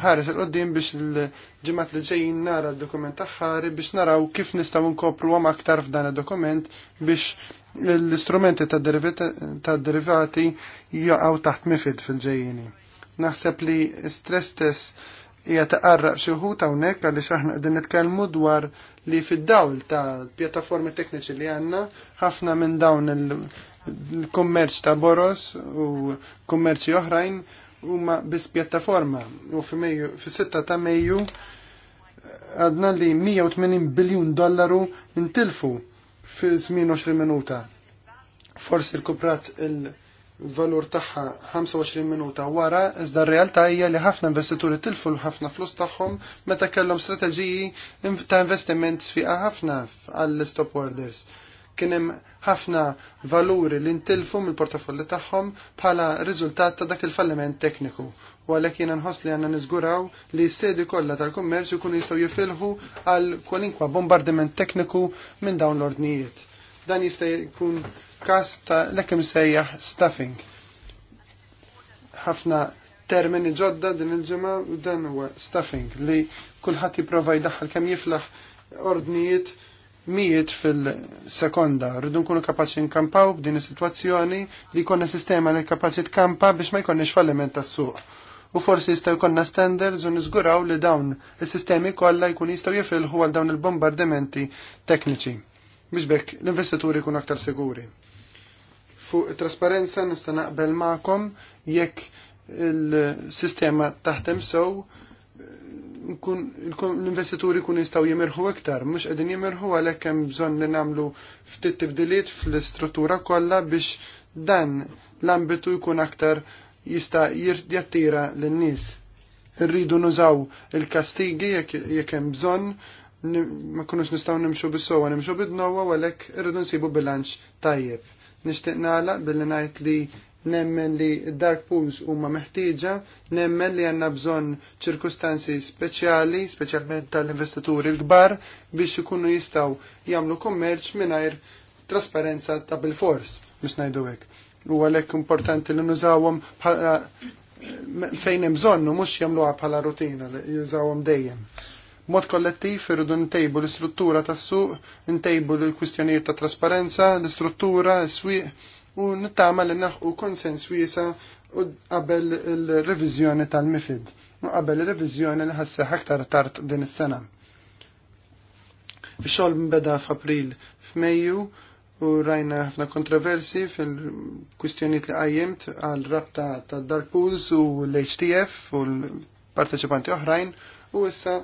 ħares il-qoddim biex il-ġimgħat li ġejjin nara l-dokument taħħari biex naraw kif nistgħu nkopru aktar f'dan id dokument biex l-istrumenti ta' derivati jaqgħu taħt mifid fil-ġejjini. Naħseb li stress test hija taqarraq xi wħud hawnhekk għaliex aħna qegħdin nitkellmu dwar li fid-dawl ta' pjattaformi tekniċi li għandna ħafna minn dawn il-kummerċ ta' boros u kummerċi oħrajn huma biss pjattaforma u fis-sitta ta' Mejju għadna li 180 biljun dollaru intilfu fi żmien 20 minuta. Forsi l-kuprat il- valur tagħha 25 minuta wara, iżda r-realtà hija li ħafna investituri tilfu ħafna flus tagħhom meta kellhom strateġiji ta' investiment sfiqa ħafna għall stop orders. Kien hemm ħafna valuri li ntilfu mill-portafolli tagħhom bħala riżultat ta' dak il-falliment tekniku u għalhekk jiena nħoss li għandna niżguraw li s-sedi kollha tal kummerċ jkunu jistgħu jifilħu għal kwalinkwa bombardiment tekniku minn dawn l-ordnijiet. Dan jista' jkun f'każ ta' l-ekim sejjaħ staffing. Ħafna termini ġodda din il-ġimgħa u dan huwa staffing li kulħadd jipprova jdaħħal kemm jiflaħ ordnijiet mijiet fil-sekonda. Rridu nkunu kapaċi nkampaw b'din is-sitwazzjoni li jkollna sistema li kapaċi tkampa biex ma jkollniex falliment tas-suq. U forsi jistgħu jkollna standards u niżguraw li dawn is-sistemi kollha jkun jistgħu jifilħu għal dawn il-bombardimenti tekniċi biex bekk l-investituri jkunu aktar siguri. Fuq trasparenza nista' naqbel ma'kom jekk il-sistema taħtem sew l-investituri kun jistaw jimirħu iktar, mux għedin jimirħu għalek hemm bżon li namlu ftit tibdiliet fl-istruttura kollha biex dan l-ambitu jkun aktar jista' jirdjattira lin-nies. Irridu nużaw il-kastigi jekk hemm bżonn ma kunux nistgħu nimxu bis-sowa nimxu bid-nowa għalhekk irridu nsibu bilanċ tajjeb. Nixtieq nagħlaq billi ngħid li nemmen li dark pools huma meħtieġa, nemmen li għandna bżonn ċirkustanzi speċjali, speċjalment tal-investituri l-kbar biex ikunu jistgħu jagħmlu kummerċ mingħajr trasparenza ta' bil-fors biex ngħidu hekk. U għalhekk importanti li nużawhom bħala fejn hemm bżonn u mhux jagħmluha bħala rutina, jużawhom dejjem. Mod kollettiv irridu ntejbu l-istruttura tas-suq, ntejbu l-kwistjonijiet ta' trasparenza, l-istruttura, s-swieq u nittama li naħqu konsens wiesa u qabel il-reviżjoni tal-MIFID u qabel il-reviżjoni li ħasseħ aktar tard din is-sena. Ix-xogħol mbeda f'April f'Mejju u rajna ħafna kontroversi fil-kwistjoniet li qajjimt għal rabta ta' Dark Pools u l-HTF u l-parteċipanti oħrajn u issa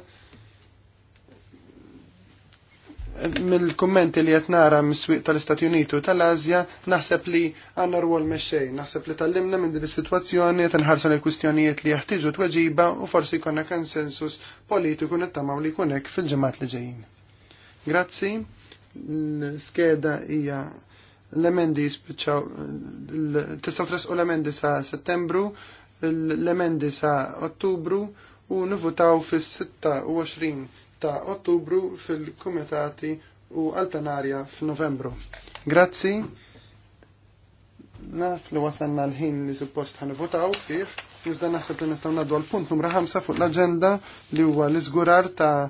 mill-kummenti li qed nara mis swiq tal-Istati Uniti u tal azja naħseb li għandna rwol meċċej, naħseb li tallimna minn din is-sitwazzjoni qed inħarsu li kwistjonijiet li jeħtieġu tweġiba u forsi jkollna konsensus politiku nittamaw li kunek fil-ġimgħat li ġejjin. Grazzi, l-skeda hija l-emendi spiċċaw tistgħu u l-emendi sa Settembru, l-emendi sa Ottubru u nivutaw fis-26 ta' Ottubru fil-Kumitati u għal-Plenarja f'Novembru. Grazzi. Naf li wasanna l-ħin li suppost votaw fih, iżda naħseb li nistgħu naddu għal punt numra 5 fuq l-aġenda li huwa l-iżgurar ta'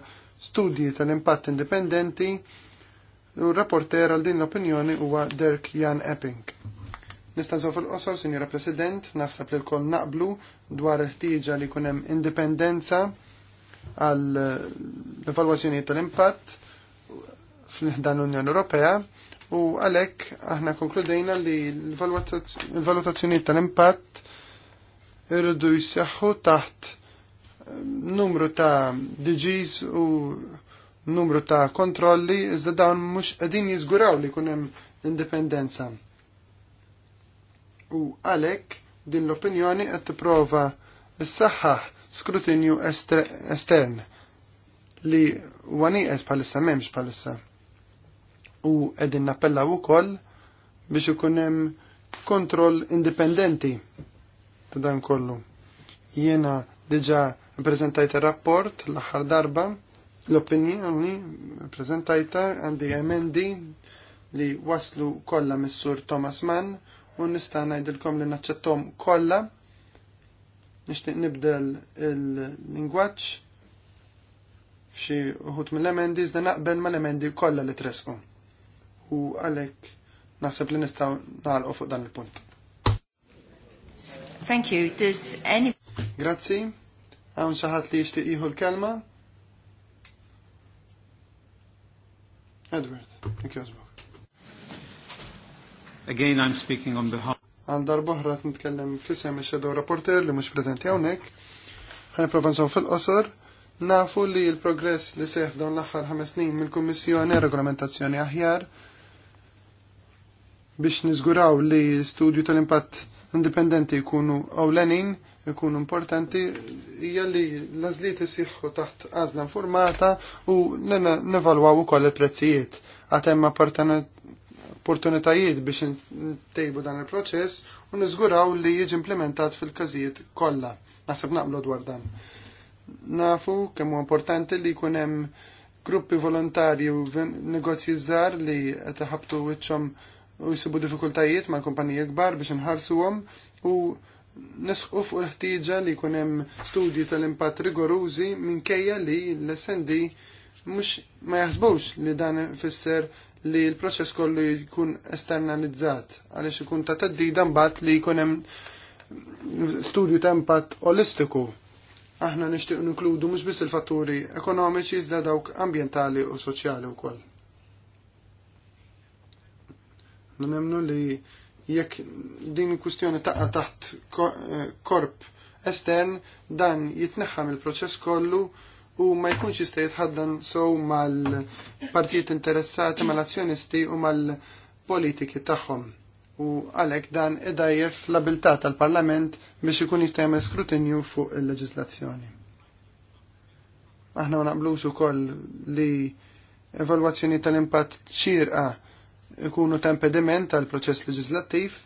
studji tal-impatt indipendenti u rapporter għal din l-opinjoni huwa Dirk Jan Epping. Nistanżaw fil-qosor, Sinjora President, naħseb li l naqblu dwar il-ħtieġa li kunem indipendenza għal eh, l tal-impatt fl-ħdan l-Unjoni Ewropea u għalek aħna konkludejna li l-valutazzjoni tal-impatt irridu jseħħu taħt eh, numru ta' DGs u numru ta' kontrolli iżda dawn mhux qegħdin jiżguraw li jkun hemm indipendenza. U għalek din l-opinjoni qed tipprova s-saħħaħ skrutinju estern li waniqes palissa memx bħalissa. U edin nappella u koll biex ikunem kontroll indipendenti ta' dan kollu. Jena diġa prezentajta rapport l-aħħar darba l-opinjoni prezentajta għandi emendi li waslu kolla missur Thomas Mann u nista' ngħidilkom li naċċettom kollha Nixtieq nibdel il-lingwaġġ f'xi uħut mill-emendi iżda naqbel mal-emendi kollha li tresqu. U għalhekk naħseb li nistgħu nagħlqu fuq dan il-punt. Thank you. Does any... Grazzi. Għawn xaħat li jishtiq jihu l-kelma? Edward, thank you, Again, I'm speaking on behalf għandar boħra nitkellem fissem il-Shadow Reporter li mux prezenti għonek. Għaniprofa nżom fil-qosor. Nafu li l-progress li seħf dawn l-axħar ħames snin mill-Kummissjoni regolamentazzjoni aħjar biex nizguraw li studju tal-impatt indipendenti jkunu lenin jkunu importanti, hija li l isiħħu taħt għażla informata u nevalwaw ukoll il-prezzijiet. Għatem opportunitajiet biex ntejbu dan il-proċess u niżguraw li jiġi implementat fil-każijiet kollha. Naħseb naqblu dwar dan. Nafu kemm importanti li jkun hemm gruppi volontari u negozji żgħar li qed iħabtu wiċċhom u jsibu diffikultajiet mal-kumpaniji kbar biex nħarsuhom u nisħu fuq l-ħtieġa li jkun hemm studji tal-impatt rigorużi minkejja li l-SND mhux ma jaħsbux li dan ifisser li l-proċess kollu jkun esternalizzat għaliex ikun ta' teddida mbagħad li jkun hemm studju ta' impatt olistiku. Aħna nixtieq nikludu mhux biss il-fatturi ekonomiċi iżda dawk ambjentali u soċjali wkoll. Nemnu li jekk din kustjoni taqa taħt eh, korp estern dan jitneħħam il-proċess kollu u ma jkunx jista' jitħaddan sow mal-partijiet interessati, mal-azzjonisti u mal-politiki tagħhom. U għalhekk dan idajjef l-abilità tal-Parlament biex ikun jista' jagħmel skrutinju fuq il-leġiżlazzjoni. Aħna ma naqblux ukoll li evalwazzjoni tal-impatt xirqa ikunu ta' impediment tal-proċess leġislattiv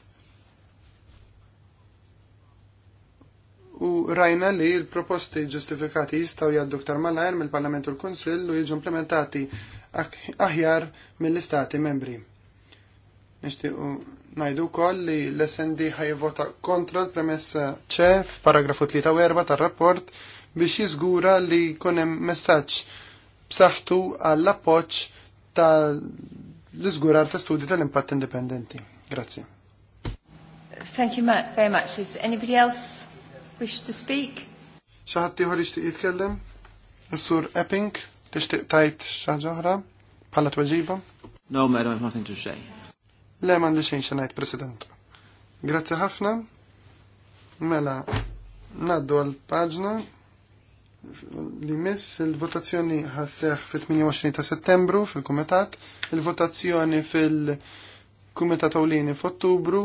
u rajna li l-proposti ġustifikati jistaw jaddu ktar malajr mill-Parlament l-Konsill u jiġu implementati aħjar mill-Istati membri. u najdu koll li l-SND ħajvota kontra l-premessa ċef, f'paragrafu 3 tar-rapport biex jiżgura li kunem messaġġ b'saħħtu għall-appoġġ ta' l-izgurar ta' studi tal-impatt indipendenti. Grazie. Thank you very much. Is anybody else wish to speak? Xaħat tiħor ixtiq jitkellem? Sur Epping, tixtiq tajt xaħġoħra? Palla tweġiba? No, ma don't have nothing to say. Le, ma xejn xanajt, President. Grazzi ħafna. Mela, naddu għal-pagġna li miss il-votazzjoni ħasseħ fil-28 ta' settembru fil-Kumitat, il-votazzjoni fil-Kumitat Awlini f'Ottubru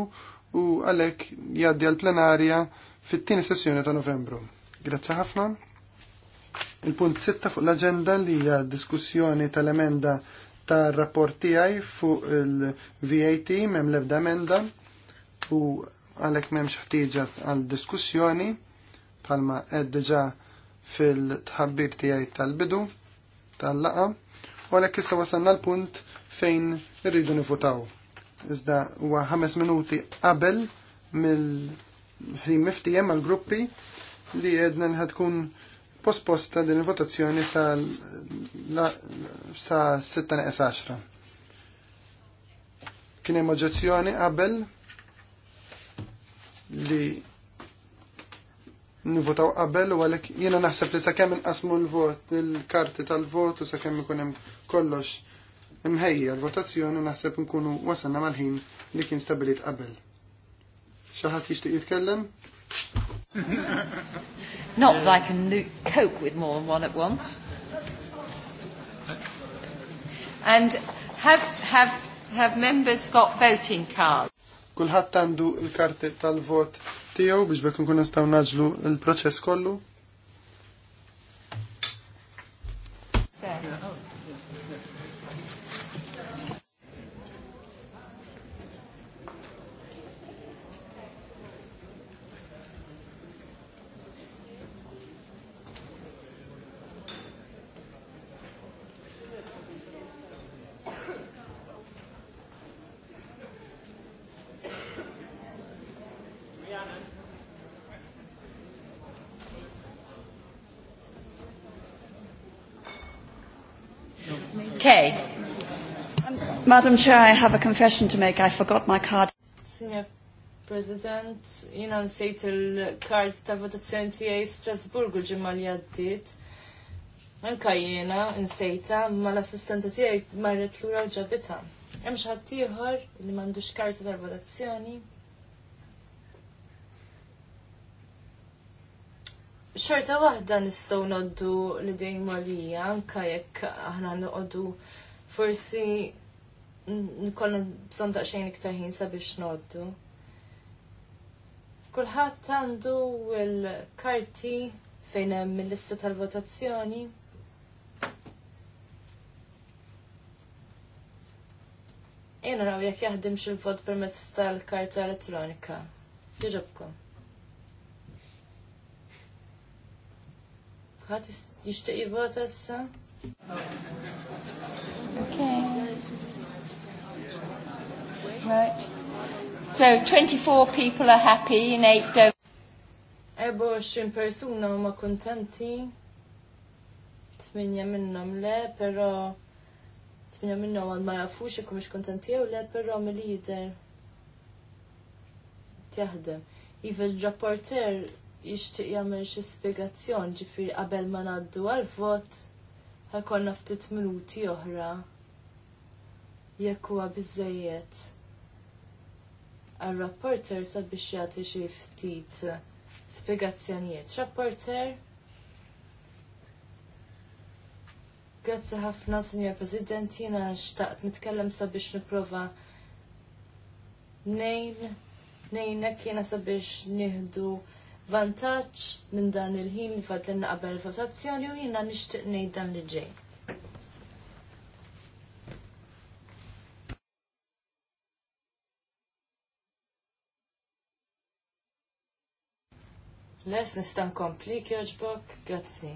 u għalek jaddi għal-plenarja fit-tieni sessjoni ta' Novembru. Grazzi ħafna. Il-punt 6 fuq l-agenda li hija diskussjoni tal-emenda tar rapport tiegħi fuq il-VAT m'hemm l-ebda emenda u għalhekk m'hemmx ħtieġa għal diskussjoni bħalma qed diġà fil-tħabbir tiegħi tal-bidu tal-laqa u għalhekk issa wasalna l-punt fejn irridu nifutaw. Iżda huwa ħames minuti qabel mill ħin miftijem l gruppi li jedna li ħatkun posposta din il-votazzjoni sa, la, sa Kien hemm oġġezzjoni qabel li nivotaw qabel u għalek jena naħseb li sakemm inqasmu l-vot, il-karti tal-vot u sakemm ikun hemm kollox imħejja l-votazzjoni naħseb nkunu wasanna mal-ħin li kien stabilit qabel. Xaħat jishtiq jitkellem? *laughs* Not that I can cope with more than one at once. And have, have, have members got voting cards? Kulħadd tandu il karti tal-vot tiegħu biex bekun nkun nistgħu naġlu l-proċess kollu? Madam Chair, I have a confession to make. I forgot my card. Signor President, jina nsejt il kart ta' votazzjoni tiegħi Strasburgu ġimma li għaddiet. Anka jiena nsejta, ma l-assistenta tiegħi marret lura u ġabita. Hemm xi ħadd ieħor li m'għandux karta tal-votazzjoni. Xorta waħda nistgħu noddu li dejjem għalija anke jekk aħna noqogħdu forsi Nkollna bżon daqxajn iktar ħin sabiex noddu. Kulħadd għandu l-karti fejn hemm il-lista tal-votazzjoni. Jena raw jekk jaħdimx il-vot permezz tal-karta elettronika. Jiġobkom. Ħadd jixtieq jivvota issa? Okay. Right. So 24 people are happy and 8 don't. Ebo xin persuna u ma kontenti. Tminja minnom le, pero tminja minnom għad ma jafux jekum ix kontenti u le, pero mill jider. Tjahdem. Iva l-rapporter jishtiq jagħmel xi spjegazzjoni ġifieri qabel ma ngħaddu għal-vot ħakonna ftit minuti oħra jekk huwa biżejjed għal-rapporter sabiex jagħti xi ftit spiegazzjonijiet. Rapporter, grazzi ħafna, Sinjor President, jiena xtaqt nitkellem sabiex nipprova nejn, nejnek jiena sabiex nieħdu vantaġġ minn dan il-ħin li fadlinna qabel il-votazzjoni u jiena nixtieq ngħid dan li ġej. Les nistan nkompli kjoġbok, grazzi.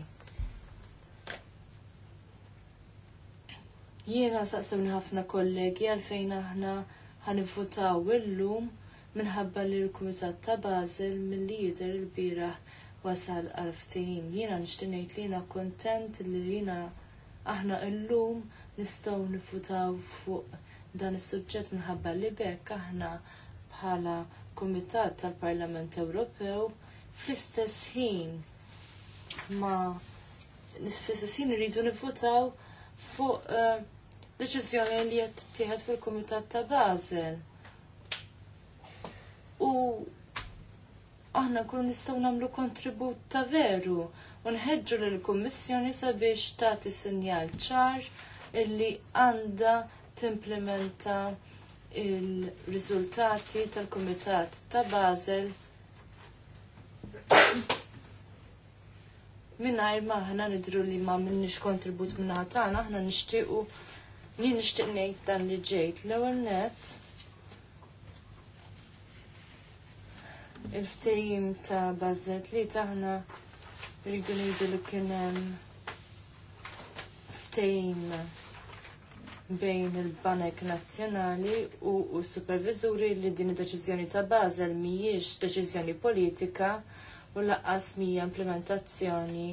Jiena saqsewni ħafna kollegi għalfejn aħna ħanivvutaw illum minħabba li l-Kumitat ta' Basel li jidher il-bieraħ wasal għal ftehim. Jiena nixtieq li jiena kuntent li jiena aħna illum nistgħu nifutaw fuq dan is-suġġett minħabba li bekk aħna bħala Kumitat tal-Parlament Ewropew fl-istess ħin ma fl-istess ħin rridu nivvotaw fuq eh, deċiżjoni li qed tieħed fil-Kumitat ta' Basel. U aħna kun nistgħu nagħmlu kontribut ta' veru u nħeġġu lill-Kummissjoni sabiex tagħti sinjal ċar illi għandha timplementa il-riżultati tal-Kumitat ta' Basel minnajr ma ħna nidru li ma minnix kontribut minna ħatana, ħna nishtiqu li nishtiq nejt dan li ġejt. L-ewel net, il-ftejim ta' bazzet li taħna rridu nejdu li kienem ftejim bejn il-Banek Nazzjonali u, u supervizuri li din id-deċiżjoni ta' Basel mhijiex deċiżjoni politika u laqqas mija implementazzjoni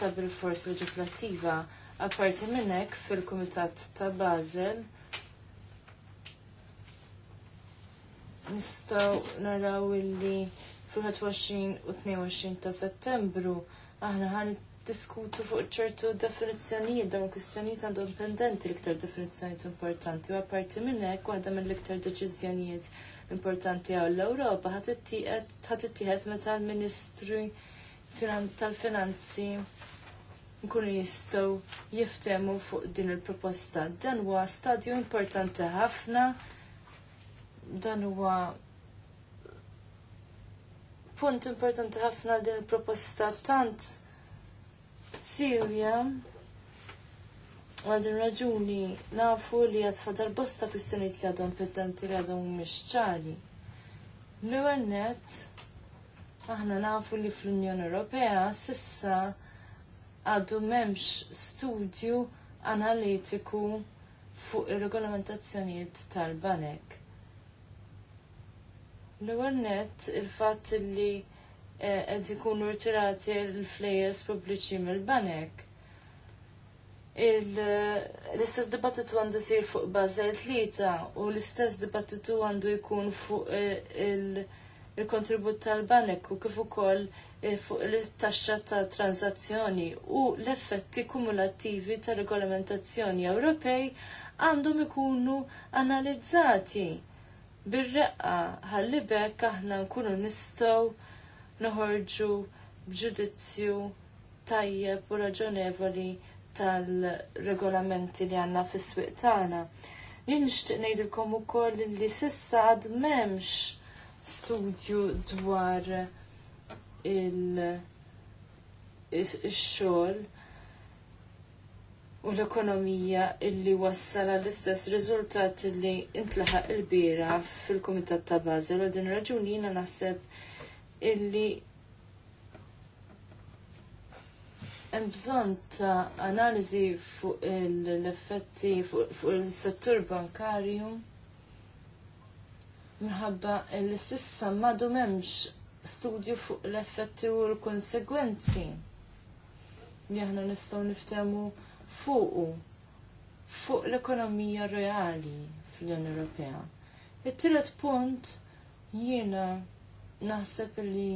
ta' bil-fors leġislattiva. Apparti minn hekk fil-Kumitat ta' Basel nistgħu naraw illi fil-21 u 22 ta' Settembru aħna ħan diskutu fuq ċertu definizzjonijiet dawn kwistjonijiet għandhom pendenti l-iktar definizzjonijiet importanti u apparti minn hekk waħda mill-iktar deċiżjonijiet importanti għaw l-Europa ħatittieħed meta l-Ministru tal-Finanzi nkunu jistgħu jiftemu fuq din il-proposta. Dan huwa stadju importanti ħafna, dan huwa punt importanti ħafna din il-proposta tant Sirja U għadin raġuni nafu li għad fadar bosta kwistjoniet li għadhom pedanti li għadhom misċari. L-ewwel nett aħna nafu li fl-Unjoni Ewropea sissa għadu memx studju analitiku fuq ir-regolamentazzjonijiet tal-banek. L-ewwel nett il-fatt li eh, qed ikunu rtirati l-flejes pubbliċi mill-banek l-istess dibattitu għandu sir fuq bażel tlieta u l-istess dibattitu għandu jkun fuq eh, il-kontribut tal-banek u kif ukoll eh, fuq il-taxxa ta' transazzjoni u l-effetti kumulattivi ta' regolamentazzjoni Ewropej għandhom ikunu analizzati bir-reqqa ħalli bekk aħna nkunu nistgħu noħorġu b'ġudizzju tajjeb u raġonevoli tal-regolamenti li għanna fis-swieq tagħna. Jien nixtieq ngħidilkom ukoll li sissa għad m'hemmx studju dwar il-xogħol u l-ekonomija illi wassala l-istess riżultat li intlaħaq il-bira fil-Kumitat ta' Bażel u din raġuni jiena naħseb illi hemm bżonn ta' analiżi fuq l-effetti fuq il-settur bankarju minħabba li sissa madu memx studju fuq l-effetti u l-konsegwenzi li aħna nistgħu niftemu fuqu fuq l-ekonomija reali fl-Unjoni Ewropea. It-tielet punt jiena naħseb li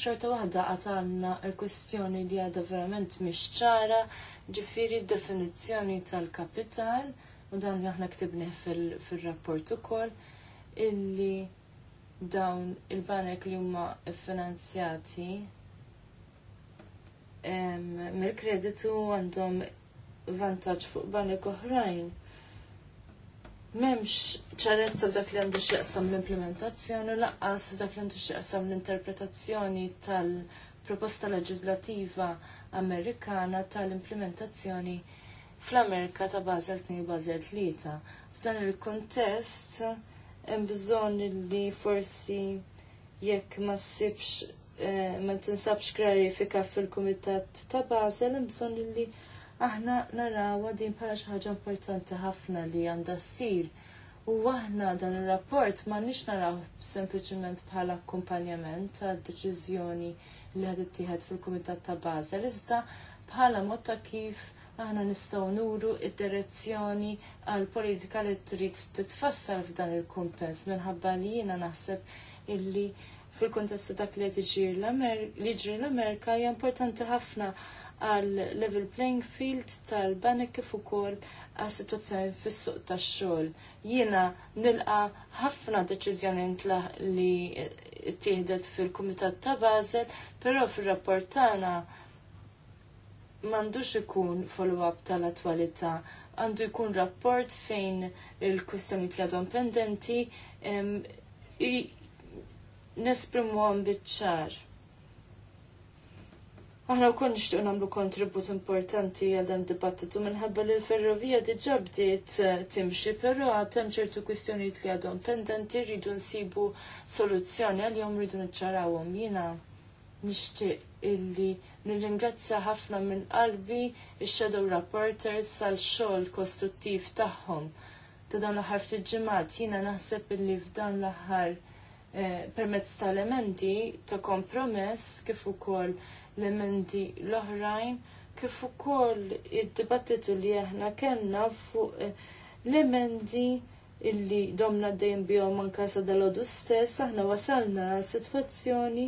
xorta waħda għatanna il-kwestjoni li għadha verament mhix ċara, definizjoni d-definizzjoni tal-kapital u dan li aħna ktibni fil-rapport ukoll illi dawn il-banek li huma finanzjati mill-kreditu għandhom vantaġġ fuq banek oħrajn memx ċarezza f'dak li għandu xieqsam l-implementazzjoni u laqqas f'dak li għandu xieqsam l-interpretazzjoni tal-proposta leġislativa Amerikana tal-implementazzjoni fl-Amerika ta' Basel 2 Basel 3. F'dan il-kontest hemm bżonn li forsi jekk ma ssibx eh, ma tinsabx klarifika fil-Kumitat ta' Basel hemm bżonn li aħna narawa din bħala xi ħaġa importanti ħafna li għandha ssir. U aħna dan ir-rapport ma nix naraw sempliċement bħala akkumpanjament għad deċiżjoni li ħad ittieħed fil-Kumitat ta' Basel, iżda bħala mod ta' kif aħna nistgħu nuru id-direzzjoni għal politika li trid titfassar f'dan il-kumpens minħabba li jiena naħseb illi fil-kontest dak li ġri l-Amerika hija importanti ħafna għal level playing field tal-banek kif ukoll għas situazzjoni fis-suq tax-xogħol. Jiena nilqa ħafna deċiżjoni li ttieħdet fil-Kumitat ta' Bażel, però fir-rapport tagħna m'għandux ikun follow-up tal-attwalità, għandu jkun rapport fejn il kwistjonijiet li għadhom pendenti nesprimu għam bitċar. Aħna konni nixtieq nagħmlu kontribut importanti għal dan dibattitu minħabba li l-ferrovija diġà bdiet eh, timxi, però għad hemm ċertu kwistjonijiet li għadhom pendenti rridu nsibu soluzzjoni jom rridu niċċarawhom jiena nixtieq illi nirringrazzja ħafna minn qalbi il shadow rapporters għal xogħol kostruttiv tagħhom. Ta' dawn l-aħħar ftit ġimgħat jiena naħseb illi f'dan l-aħħar eh, permezz tal elementi ta' kompromess kif ukoll l-emendi l-oħrajn kif ukoll id-dibattitu li aħna kellna fuq eh, l-emendi illi domna dejjem bihom anke sa dalodu stess aħna wasalna sitwazzjoni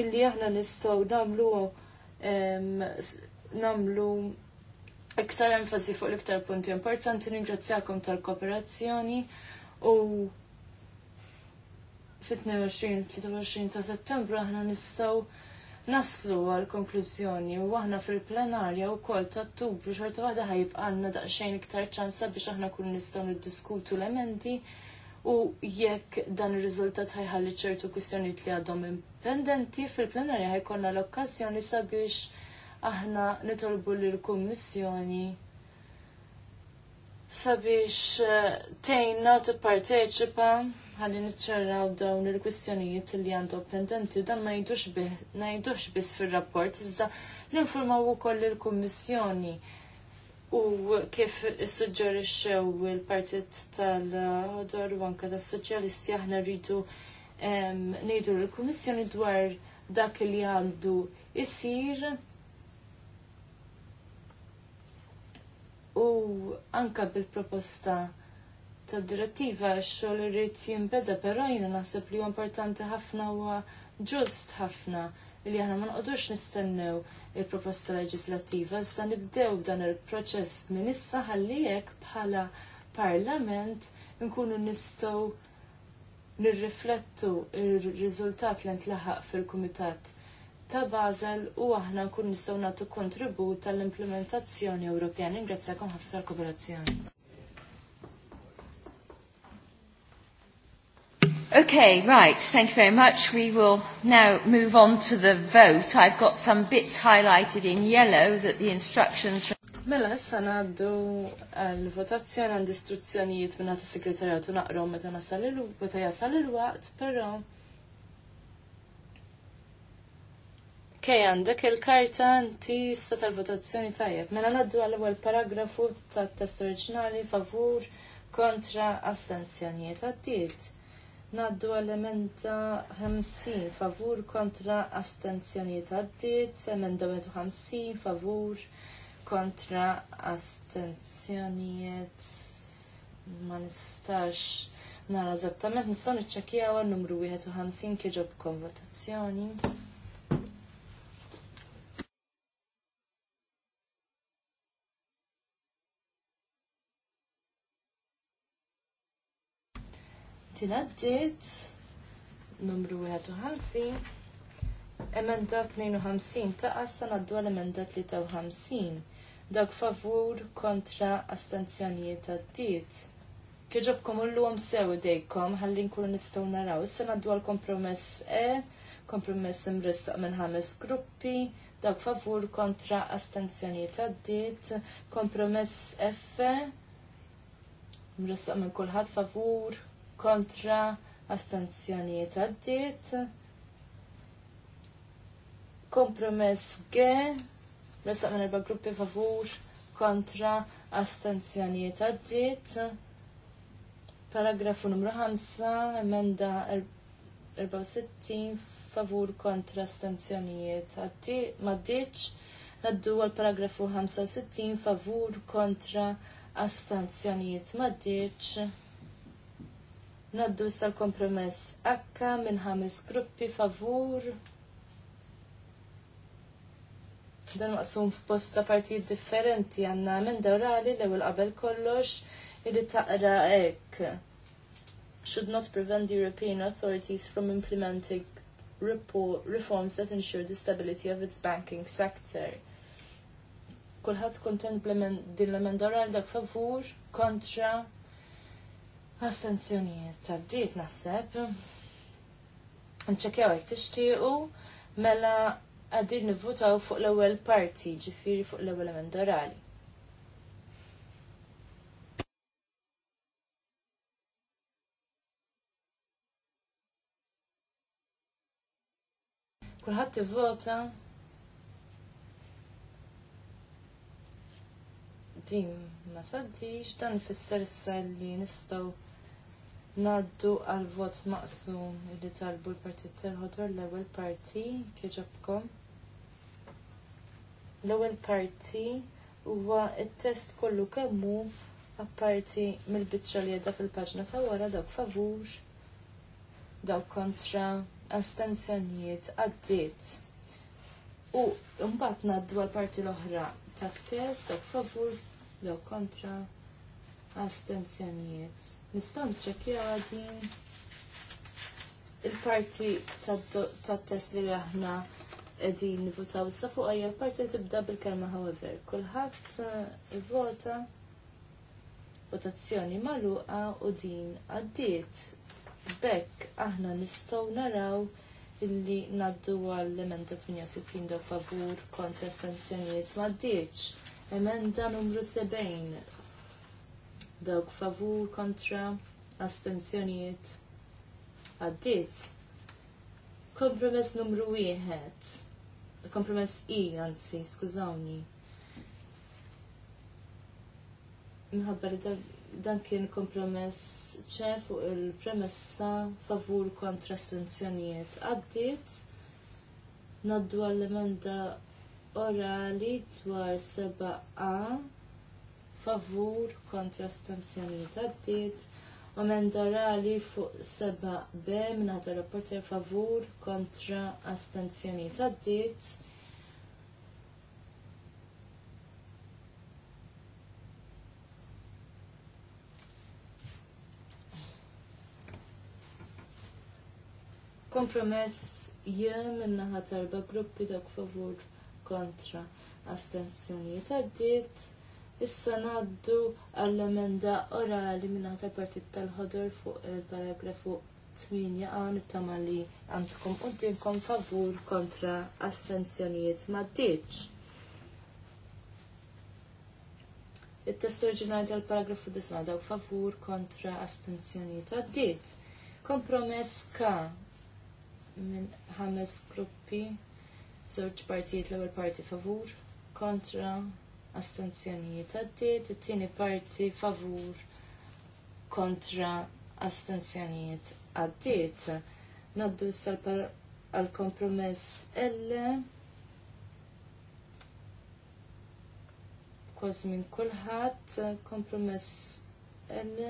illi aħna nistgħu nagħmlu nagħmlu iktar enfasi fuq l-iktar punti importanti ningrazzjakom tal-kooperazzjoni u fit-22-23 ta' settembru aħna nistgħu naslu għal konklużjoni u aħna fil-plenarja u kol ta' ottubru xorta waħda ħajibqa' għandna daqsxejn iktar ċansa biex aħna kun nistgħu niddiskutu l-emendi u jekk dan ir-riżultat ħajħalli ċertu kwistjonijiet li għadhom impendenti fil-plenarja ħajkonna l-okkażjoni sabiex aħna nitolbu lill-Kummissjoni sabiex eh, tejna t ħalli niċċaraw dawn il-kwistjonijiet li għandhom pendenti u dan ma jidux biss fir-rapport iżda ninformaw ukoll il-Kummissjoni u kif issuġġerixxew il-Partit tal-Ħodor u anke tas-Soċjalisti aħna rridu ngħidu l kummissjoni dwar dak li għandu isir u anka bil-proposta ta' direttiva xogħol irrit jinbeda, però jiena naħseb li huwa importanti ħafna huwa ġust ħafna li aħna ma nqogħdux nistennew il-proposta leġislattiva iżda nibdew dan il-proċess minn issa ħalli hekk bħala parlament nkunu nistgħu nirriflettu r riżultat li ntlaħaq fil-Kumitat ta' Basel u aħna nkun nistgħu nagħtu kontribut tal-implementazzjoni Ewropea. Ningrazzjakom ħafna tal-kooperazzjoni. Okay, right, thank you very much. We will now move on to the vote. I've got some bits highlighted in yellow that the instructions... from Mela, issa għaddu l-votazzjoni għand istruzzjonijiet minna ta' segretarjatu naqrom meta nasal il-waqt, jasal il-waqt, pero Kej għandek il-karta inti issa tal-votazzjoni tajjeb. Mela naddu għall-ewwel paragrafu tat-test oriġinali favur kontra astenzjonijiet għaddiet. Naddu għal emenda 50 favur kontra astenzjonijiet għaddiet, emenda 50 favur kontra astenzjonijiet ma nistax nara eżattament nistgħu niċċekkjaw għal numru 51 kieġobkom votazzjoni. tinaddit numru 51. Emenda 52 taqas sa naddu l emenda 53. Dak favur kontra astenzjonijiet għaddiet. Kieġobkom ullu għom sew dejkom ħalli nkunu nistgħu naraw. Issa naddu kompromess E, kompromess imrissu minn ħames gruppi, dak favur kontra astenzjonijiet għaddiet, kompromess F, imressaq minn kulħadd favur kontra astenzjonijiet għaddiet. Kompromess G, resaq minn erba' gruppi favur kontra astenzjonijiet għaddiet. Paragrafu numru 5, emenda 64 er-, favur kontra astenzjonijiet għaddiet. Maddiċ, għaddu għal paragrafu 65 favur kontra astenzjonijiet maddiċ. Noddu sal kompromess akka minn ħames gruppi favur. Dan maqsum f'posta partijiet differenti għanna minn dawrali l ewwel qabel kollox li taqra ek. Should not prevent the European authorities from implementing reforms that ensure the stability of its banking sector. Kulħadd kontent din l-emendora dak favur kontra Astenzjonijiet għaddit naħseb. Nċekjaw t tixtiequ mela għaddin nivvutaw fuq l-ewwel parti, ġifieri fuq l-ewwel emendorali. Kulħat Kulħadd vota din ma saddix dan ifisser s li nistgħu Naddu għal vot maqsum li talbu l-partit tal-ħodor l-ewwel parti kieġabkom. L-ewwel parti huwa t-test kollu kemm hu apparti mill-biċċa li għedha fil-paġna ta' wara dawk favur, dawk kontra, astenzjonijiet għaddiet. U mbagħad ngħaddu għal parti l-oħra tat-test, dawk favur, dawk kontra, astenzjonijiet Nistgħu nċekkja għadin il-parti tat-test li aħna qegħdin nivutaw issa fuq hija parti tibda bil-kelma however. Kulħadd eh, vota votazzjoni magħluqa u din għaddiet. Bekk aħna nistgħu naraw illi naddu għall emenda 68 da favur kontra stanzjoniet ma Emenda numru 70 dawk favur kontra astenzjonijiet għaddit. Kompromess numru wieħed. Kompromess i, anzi, skużawni. Minħabba li dan kien kompromess ċe fuq il-premessa favur kontra astenzjonijiet għaddit. Naddu għall-emenda orali dwar 7a favur kontra stanzjonijiet għaddit. Omenda rali fuq seba' b minnata rapporter favur kontra astanzjonijiet diet Kompromess jem minnaħat rba gruppi dak favur kontra astenzjonijiet għaddit. Issa naddu għall-emenda orali minna ta' partit tal-ħodor fuq il-paragrafu 8 għan it tamar li għandkom uddinkom favur kontra astenzjonijiet ma' diċ. Il-test oriġinali tal-paragrafu 9 daw favur kontra astenzjoni ta' diet. Kompromess ka minn ħames gruppi, żewġ partijiet l-ewwel parti favur kontra astenzjonijiet għaddiet, it-tieni parti favur kontra astenzjonijiet għaddiet. Naddu issa għal kompromess L kważi minn kulħadd kompromess L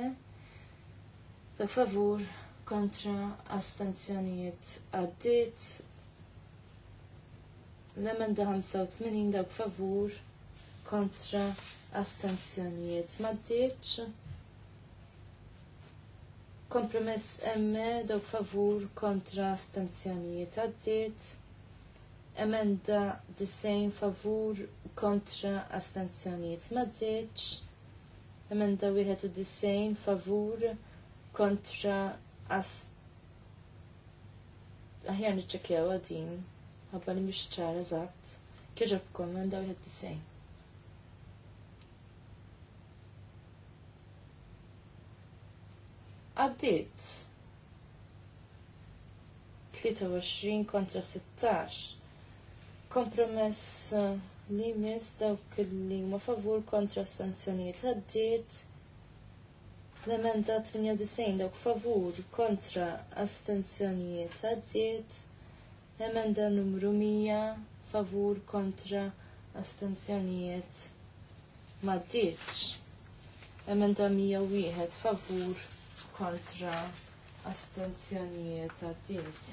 ta' favur kontra astenzjonijiet għaddiet l-emenda 85 dawk favur kontra astensjonijiet maddiċ. Kompromess emme dok favur kontra astensjonijiet għaddiet. Emenda disejn favur kontra astensjonijiet maddiċ. Emenda wieħed u disejn favur kontra astensjonijiet aħjar niċċekjaw għadin, għabba li mux ċara zaħt, għandaw jħed disajn. għaddit. 23 kontra 16. Kompromess eh, li mis dawk li ma favur kontra stanzjoniet għaddit. L-emenda 39 dawk favur kontra astenzjonijiet għaddit. Emenda numru 100 favur kontra astenzjonijiet ma ddiċ. Emenda 101 favur kontra astenzjonijiet għaddit.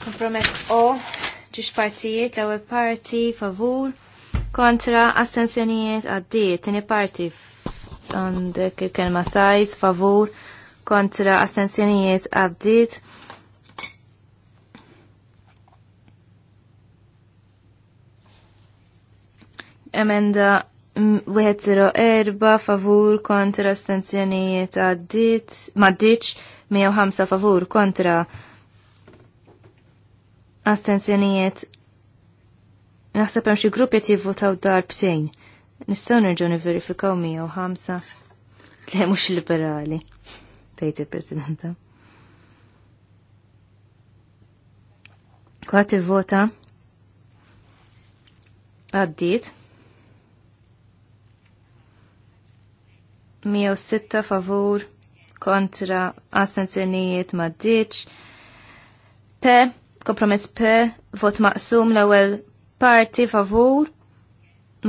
Kompromess O, ġiġ partijiet, l ewwel parti, favur, kontra astenzjonijiet għaddit. Tini parti, għandek il-kelma sajz favur, kontra astenzjonijiet għaddit. Emenda erba' favur kontra stanzjonijiet għaddit, maddiċ 105 favur kontra astenzjonijiet. Naħseb hemm xi gruppi jivvotaw darbtejn. Nistgħu nerġgħu nivverifikaw 105. Le mhux liberali. Tgħid il-Presidenta. Kwaħt ivvota għaddiet. 106 favur kontra assenzjonijiet maddiċ. P, kompromess P, vot maqsum l ewwel parti favur,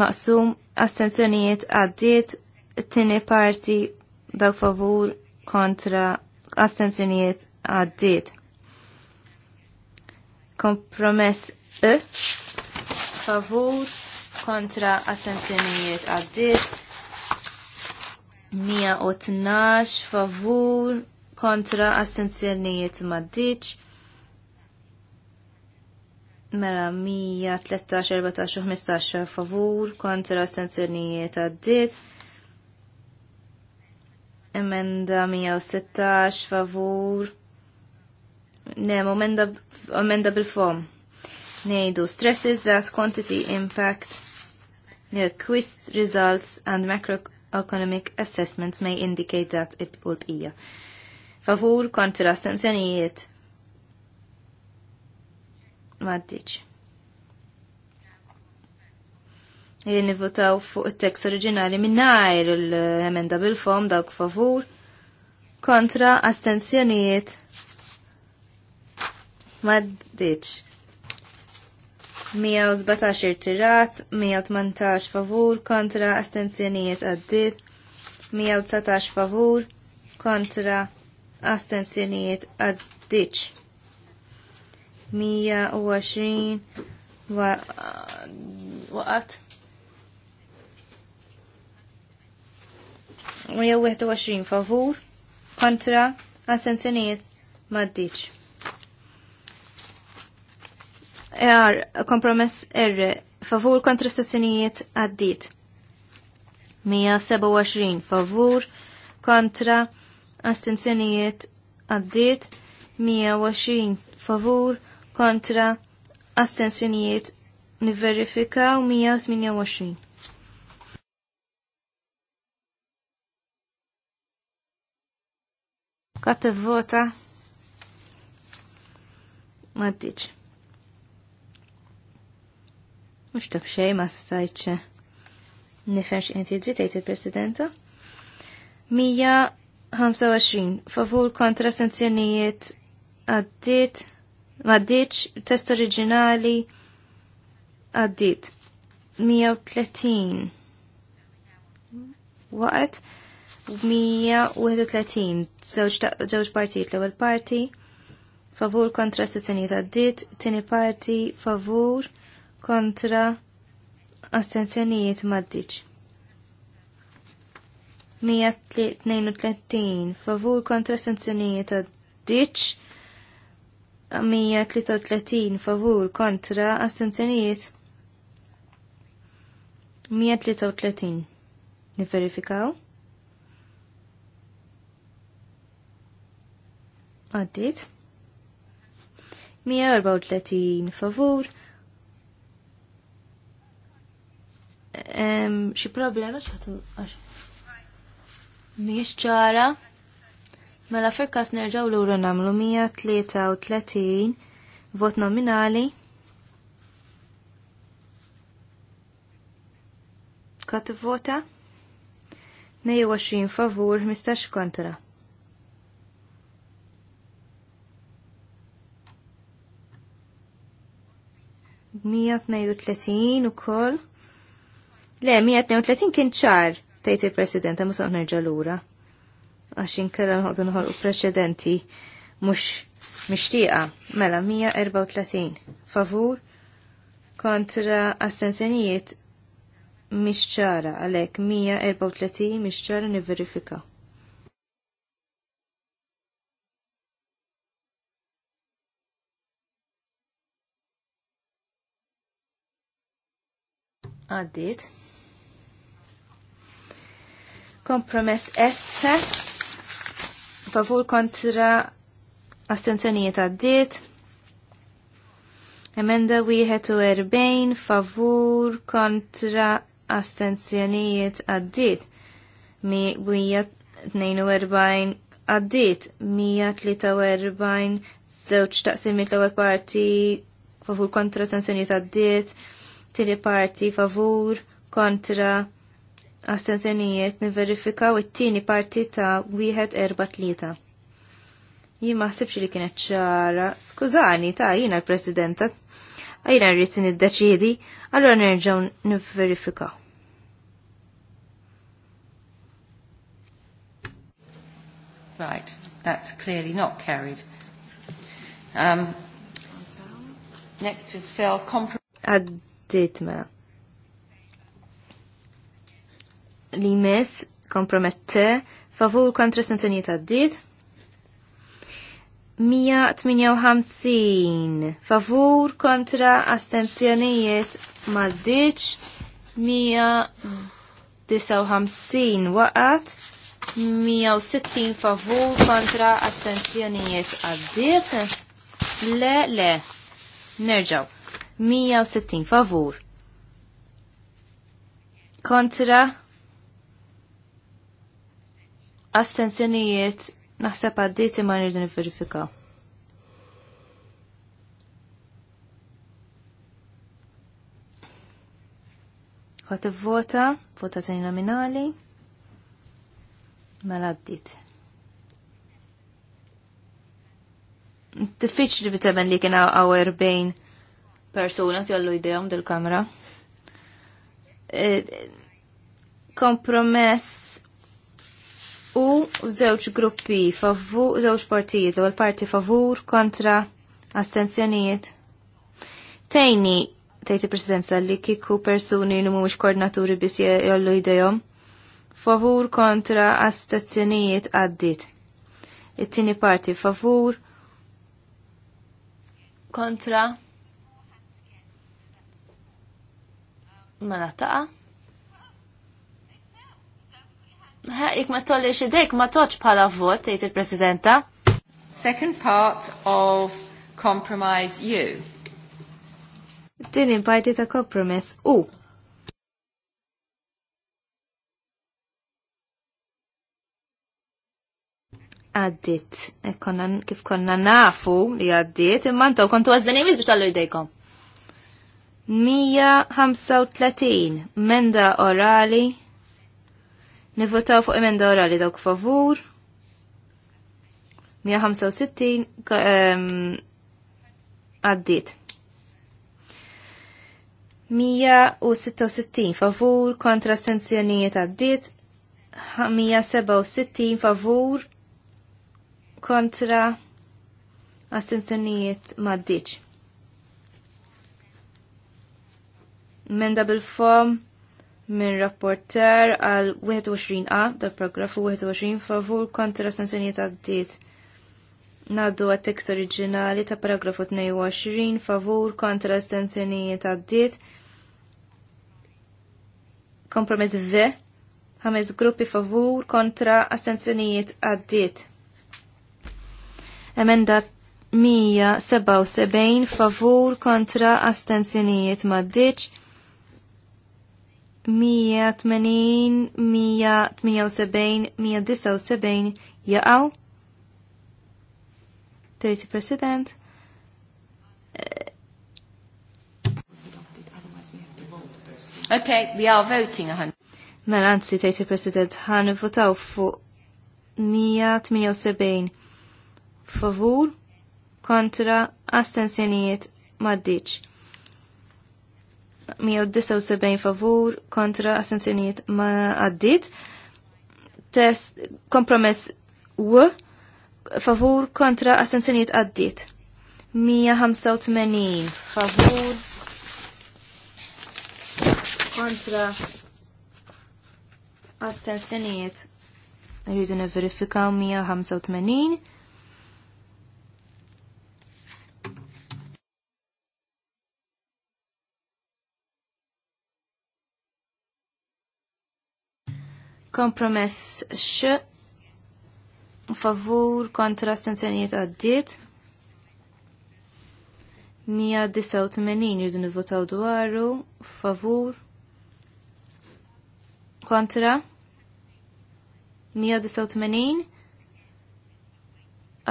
maqsum assenzjonijiet għaddiet, t-tini parti dawk favur kontra assenzjonijiet għaddiet. Kompromess E, favur kontra assenzjonijiet għaddiet 112 favur kontra assenzjonijiet maddiċ. Mela 13 14, 15 favur kontra astenzjonijiet għaddit. Emenda 116 favur. Ne, emenda, emenda bil-fom. Nejdu stresses that quantity impact the yeah, results and macro economic assessments may indicate that it would be. Favur kontra astenzjonijiet maddiċ. Jien votaw fuq it-tekst oriġinali minnajr l-emenda bil-fom dawk favur kontra astenzjonijiet maddiċ. 117 tirat, 118 favur kontra astenzjonijiet għaddit, 119 favur kontra astenzjonijiet għaddit. 120 waqat. 121 favur kontra astenzjonijiet maddiċ. ER kompromess R favur kontra stazzjonijiet għaddit. 127 favur kontra astenzjonijiet għaddit. 120 favur kontra astenzjonijiet niverifikaw 128. Katte vota. Maddiċ. Mux tab xej ma stajċ nifem inti jidri tgħid il-Presidenta. 125 favur kontra sanzjonijiet għaddit għaddit, test oriġinali għaddit 130 waqt 131 żewġ partijiet l-ewwel parti favur kontra sanzjonijiet għaddit, tieni parti favur kontra astenzjonijiet maddiċ. 132 favur kontra astenzjonijiet għaddiċ. 133 favur kontra astenzjonijiet 133 Niverifikaw? Għaddit? 134 favur xi problema x'ħatu mhijiex ċara. Mela firkas nerġaw lura namlu 133 vot nominali. Kat vota? 22 favur, 15 kontra. Mija tnejju tletin u koll. Le, 132 kien ċar, tgħid il-President, ma soqgħod nerġa' lura. Għax inkella nħodu nħolqu preċedenti mhux mixtieqa. Mela 134 favur kontra assenzjonijiet mhix ċara għalhekk 134 mhix ċara nivverifika. Għaddit. Kompromess S. Favur kontra astenzjonijiet għaddiet. Emenda 41 favur kontra astenzjonijiet għaddit Mi 142 għaddit 143 żewġ taqsimiet l-ewwel parti favur kontra astenzjonijiet għaddit Tili parti favur kontra astenzjonijiet niverifikaw it-tieni parti ta' wieħed erba' tlieta. Jien ma ħsibx li kienet ċara. Skużani, ta' jiena l-Presidenta. Jiena rrid niddeċiedi, allura nerġgħu nivverifikaw. Right, that's clearly not carried. Um, next is Phil Compromise. Addit mela. li mess kompromess favur kontra ta' dit. 158 favur kontra astenzjonijiet maddiċ 159 waqat 160 favur kontra astenzjonijiet għaddit. Le, le, nerġaw. 160 favur kontra astenzjonijiet naħseb għaddiet imma nridu nifverifika. Kot vota, votazzjoni nominali, mela għaddiet. Diffiċli bitemen li kien għaw 40 persuna jollu idejhom del kamra eh, Kompromess u żewġ gruppi favur, żewġ partijiet, u l parti favur kontra astenzjonijiet. Tejni tgħid il-Presidenza li kieku persuni li mhumiex koordinaturi bis jollu idejom, Favur kontra astenzjonijiet għaddit. It-tieni parti favur kontra ma mela nataqa' Ik ma tolli xidek, ma toċ pala vot, jiet il-Presidenta. Second part of compromise U. Din parti ta' compromise U. għaddit, e kif konna nafu li għaddit, imma ntaw kontu għazzani biex tallu jdejkom. 135 menda orali Nivvotaw fuq emenda orali dawk favur. 165 għaddit. 166 favur kontra stenzjonijiet għaddit. 167 favur kontra astenzjonijiet maddiċ. Menda bil-fom minn rapporter għal 21a, da paragrafu 21, favur kontra d-diet. Naddu għat-tekst oriġinali ta' paragrafu 22, favur kontra d-diet. Kompromess V, ħames gruppi favur kontra astensjonijiet għaddit. Emenda 177 favur kontra astensjonijiet maddiċ. 180, 178, 179 jaqaw. Tejti President. Okay, we are voting on. Mela anzi tejti President ħan votaw fuq 178 favur kontra astensjonijiet maddiċ. 179 favur kontra assenzjoniet ma għaddit. Test kompromess u favur kontra assenzjoniet għaddit. 185 favur kontra astensjoniet. Rridu verifikaw 185. Kompromess x favur kontra astenzjonijiet għaddiet. 189 jridu nivvotaw dwaru favur kontra 189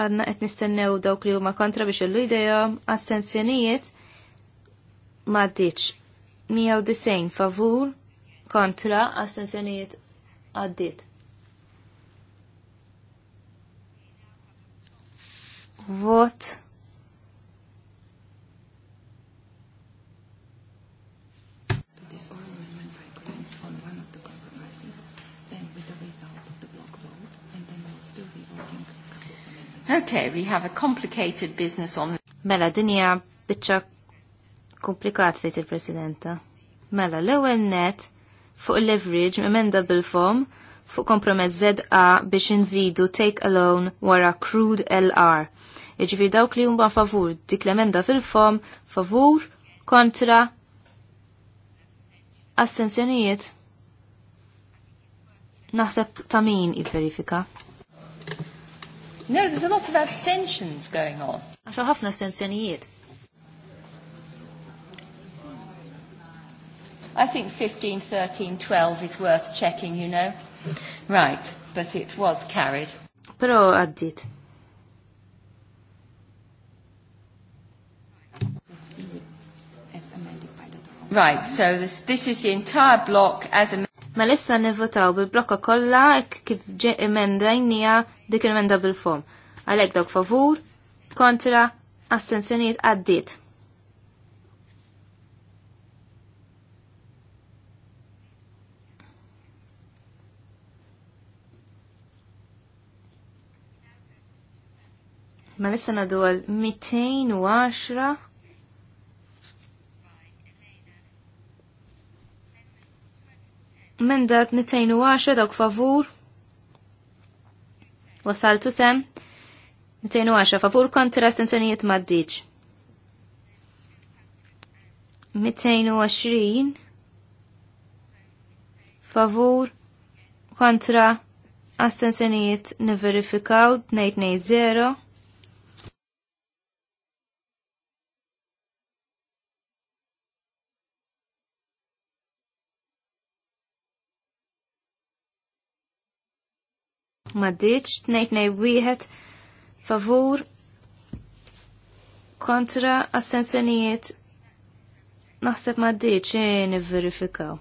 għadna qed nistennew dawk li huma kontra biex illu idea astenzjonijiet ma ddiċ 190 favur kontra astenzjonijiet għaddit. Vot. Okay, we have a complicated business on... Mela, dinja bitċa komplikat, sejt il-presidenta. Mela, l-ewel net, fuq il-leverage emendable form fuq kompromess ZA biex nżidu take alone wara crude LR. Iġifir dawk li jumba favur dik l-emenda fil-fom favur kontra astensjonijiet naħseb ta' min i-verifika. No, there's a lot of abstentions going on. Għaxa ħafna astensjonijiet. I think 15, 13, 12 is worth checking, you know. Right, but it was carried. Pero addit. Right, so this, this is the entire block as a... Ma lissa nivvotaw bil-blokka kolla kif ġe emenda jnija dik emenda bil form Għalek dawk favur, kontra, astensjoniet addit. Ma nista nadu għal 210 dat 210 dawk favur Wasaltu sem 210 favur kontra stenzjonijiet maddiċ 220 favur kontra astenzjonijiet niverifikaw 220 ma ditx, 2 nej wieħed favur kontra assenzjonijiet naħseb ma ditx nivverifikaw.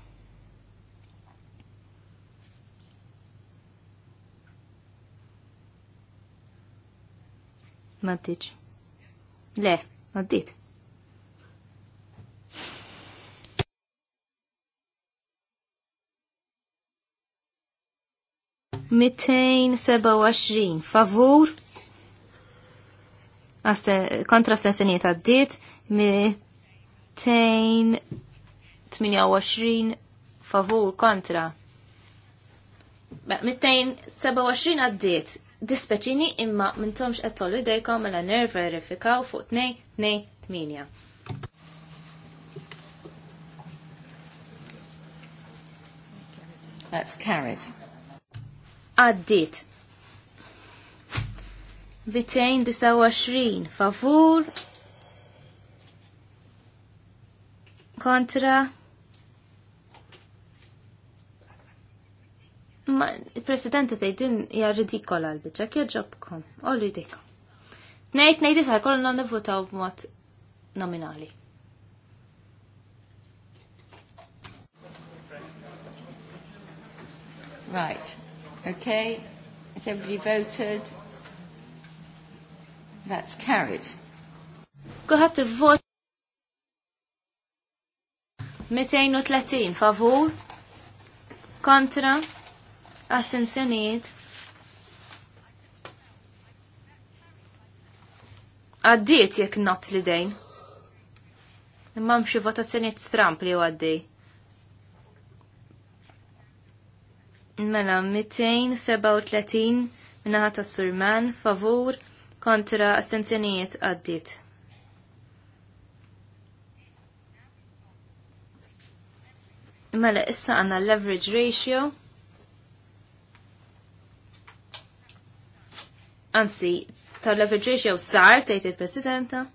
Ma ditx. Le, ma ditx. 227 favur kontra stensjoniet għaddit 228 favur kontra 227 għaddit dispeċini imma mintomx għattollu idejkom mela nerv verifikaw fuq 2-2-8. That's carriage għaddit. 229 favur kontra Ma il-presidenta din hija ridikola l-biċċa kja ġobkom, ollu jdejkom. Ngħid ngħid isha non nivvutaw b'mod nominali. Right. Okay, if everybody voted, that's carried. Kuħat u tletin favur kontra assenzjoniet għaddiet jekk not li dejn imma mxi votazzjoniet stramp li għaddej Mela 237 minnaħat ta' surman favur kontra astenzjonijiet għaddit. Mela issa għanna leverage ratio. Anzi, ta' leverage ratio sar tgħid il-Presidenta.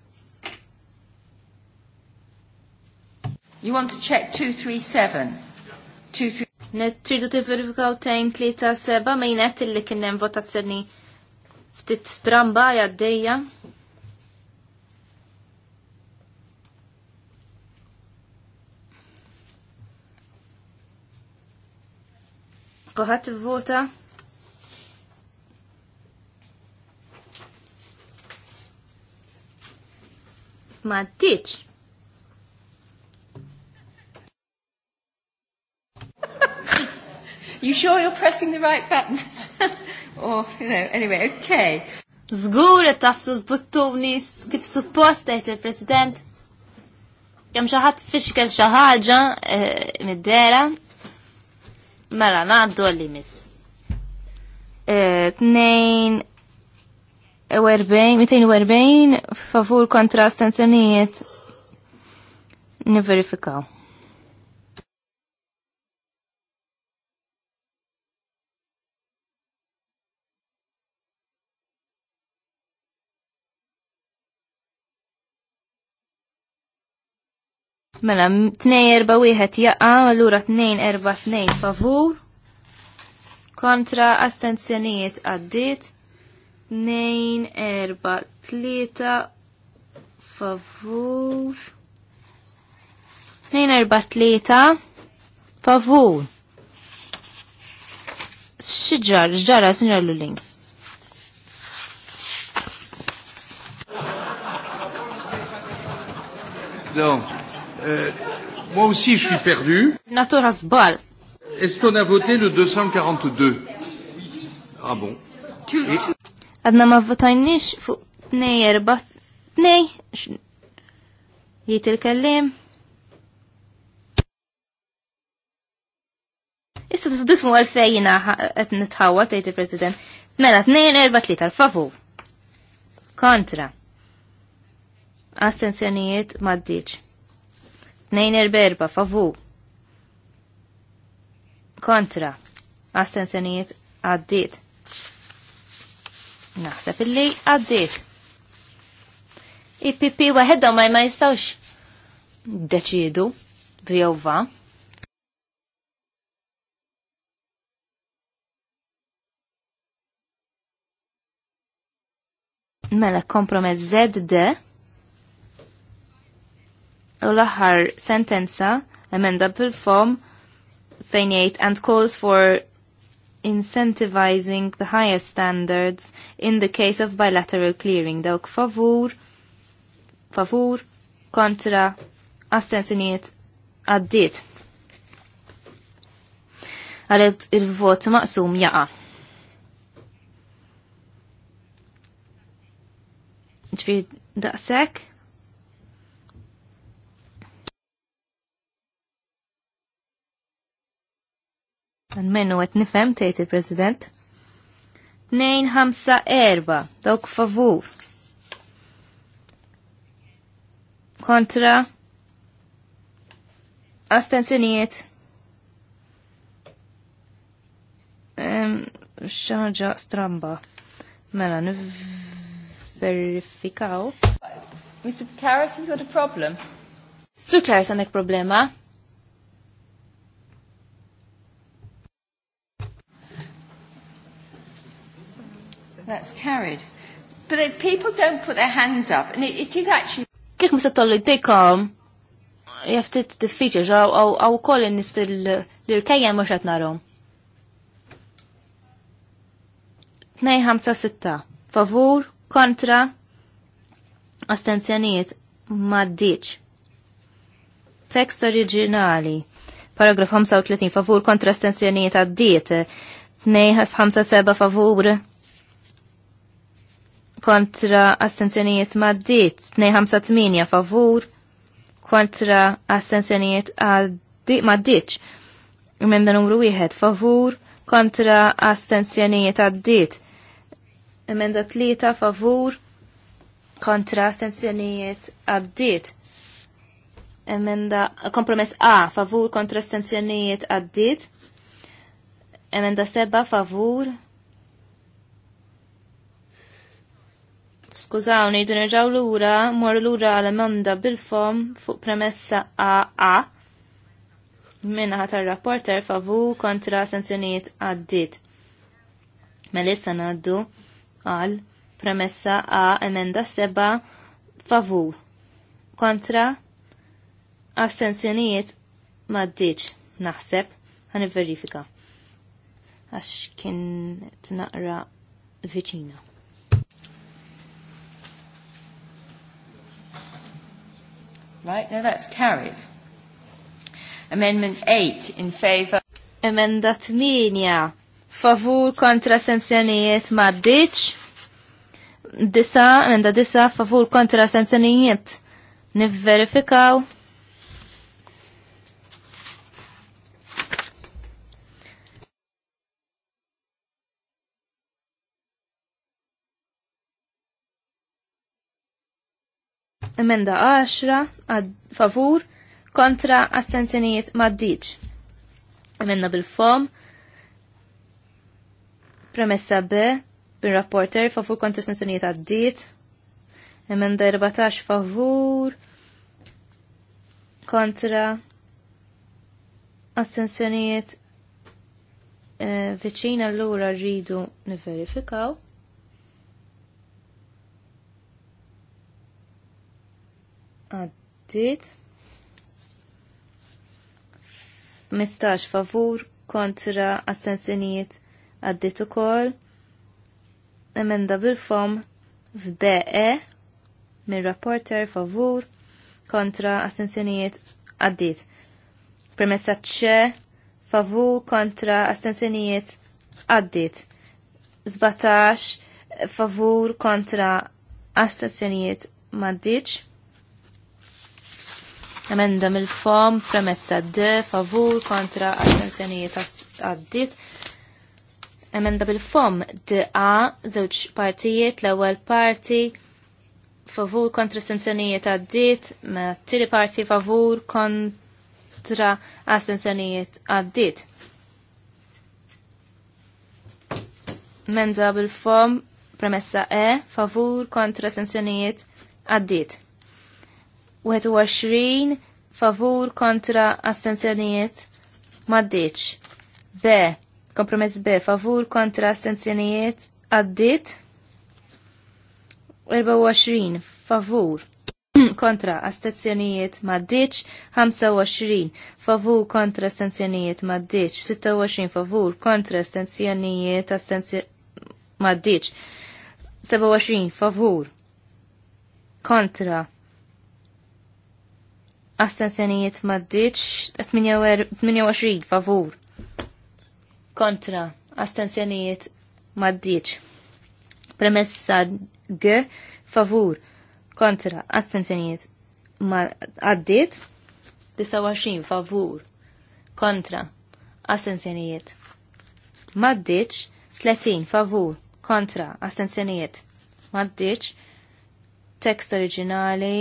You want to check 237? 23 tridu verifikaw tajn tlieta seba' min qed illi kien hemm votazzjoni ftit stramba għaddejja. Kuħat vota Ma ditx. You sure you're pressing the right buttons? *laughs* Or, you know, anyway, okay. Zgur qed tafsu l-buttuni kif suppost qed il-President. Kemm xi ħadd fixkel xi ħaġa eh, mid-dera. Mela ngħaddu għalli miss. Eh, tnejn 240 favur kontra stanzjonijiet niverifikaw. Mela, 2-4-1 jaqa, l-ura 2-4-2 favur. Kontra astenzjonijiet għaddit. 2-4-3 favur. 2-4-3 favur. Xġar, xġara, sinjor Luling. Don't. Euh, moi aussi, je suis perdu. Natura zbal. Est-ce qu'on a voté le 242 Ah bon. Għadna ma votajnix fuq jiet il-kellim. Issa t-sdifmu għalfej għet nitħawa tajt il-President. Mela 2 4 favu Kontra. Astenzjonijiet maddiċ erberba favu. Kontra. seniet għaddit. Naħseb illi għaddit. IPP waħedhom ma ma jistawx deċidu vjowva. Mela kompromess ZD u l-aħħar sentenza emenda bil-fom fejn and calls for incentivizing the highest standards in the case of bilateral clearing. Dawk favur, favur, kontra, astensiniet, għaddit. Għalet il-vot maqsum jaqa. Ġbir daqsek? menu għet nifem, tejt il-President. erba, dawk favur. Kontra. Astensjoniet. xaġa stramba. Mela, nif-verifikaw. Mr. Karras, you got a problem? Mr. Karras, għandek problema? That's carried. But if people don't put their hands up, and it, it is actually... Kik msa tollu dikom jaftit features aw koll n-nis fil-lirkajja mux għatnarom. 2 5 favur, kontra, astenzjoniet, maddiċ. Text originali. paragraf 35, favur, kontra, astenzjoniet, għaddiet, 2-5-7, favur, kontra astenzjonijiet maddit 258 favur kontra astenzjonijiet maddit emenda numru 1 favur kontra astenzjonijiet għaddit emenda 3 favur kontra astenzjonijiet għaddit emenda kompromess A favur kontra astenzjonijiet għaddit emenda 7 favur skużawni, irġaw l lura, mor lura għal emanda bil-fom fuq premessa AA minna ħatar rapporter favu kontra sanzjoniet għaddit. Melissa naddu għal premessa A emenda seba favu, kontra assenzjoniet maddiċ naħseb għan verifika għax kien t-naqra viċina. Right, now that's carried. Amendment 8 in favor. Emenda 8. Favur kontra sanzjonijiet ma' ditx. Disa, emenda disa, favur kontra sanzjonijiet. Nivverifikaw. verifikaw Emenda 10 għad favur kontra astenzjonijiet maddiċ. Emenda bil-fom. Premessa B bin rapporter favur kontra astenzjonijiet għaddit. Emenda 14 favur kontra astenzjonijiet e, eh, viċina l-ura rridu niverifikaw. għaddit. mistax favur kontra astensinijiet għaddit ukoll. Emenda bil-fom f'BE mir rapporter favur kontra astensinijiet għaddit. Permessa ċe favur kontra astensinijiet għaddit. Zbatax favur kontra astensinijiet maddiċ. Emenda mill-fom, premessa d, favur kontra astensjonijiet għaddit. Emenda bil-fom, d-a, zewċ partijiet, l-ewel parti, favur kontra astensjonijiet għaddit, ma t-tili parti favur kontra astensjonijiet għaddit. Emenda bil-fom, premessa e, favur kontra astensjonijiet għaddit. 21 favur kontra astenzjonijiet maddiċ. B. Kompromess B. Favur kontra astenzjonijiet għaddit. 24 *clears throat* favur kontra astenzjonijiet maddiċ. 25 favur kontra astenzjonijiet maddiċ. 26 favur kontra astenzjonijiet astenzjonijiet maddiċ. 27 favur kontra astenzjonijiet maddiċ 28 favur kontra astenzjonijiet maddiċ. Premessa G favur kontra astenzjonijiet għaddit 29 favur kontra astenzjonijiet maddiċ 30 favur kontra astenzjonijiet maddiċ text originali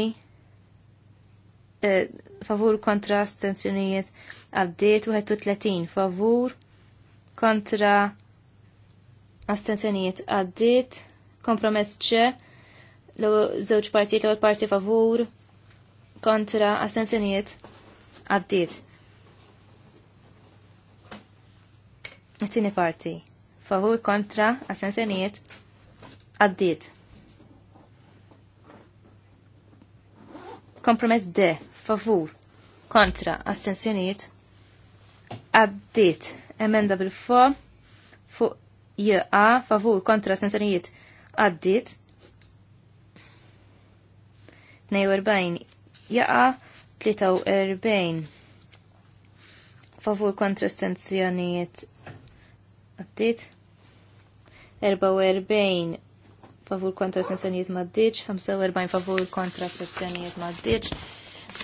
Eh, favur kontra astensjonijiet għaddiet 31 favur kontra astensjonijiet għaddiet kompromess ċe l żewġ partijiet l-ewwel parti favur kontra astensjonijiet għaddiet. It-tieni parti favur kontra astensjonijiet għaddiet. Kompromess D favur kontra astensjoniet għaddit emenda bil-fo fu jaqa favur kontra astensjoniet għaddit 42 jaqa 43 favur kontra astensjoniet għaddit 44 favur kontra astensjoniet maddiċ 45 favur kontra astensjoniet maddiċ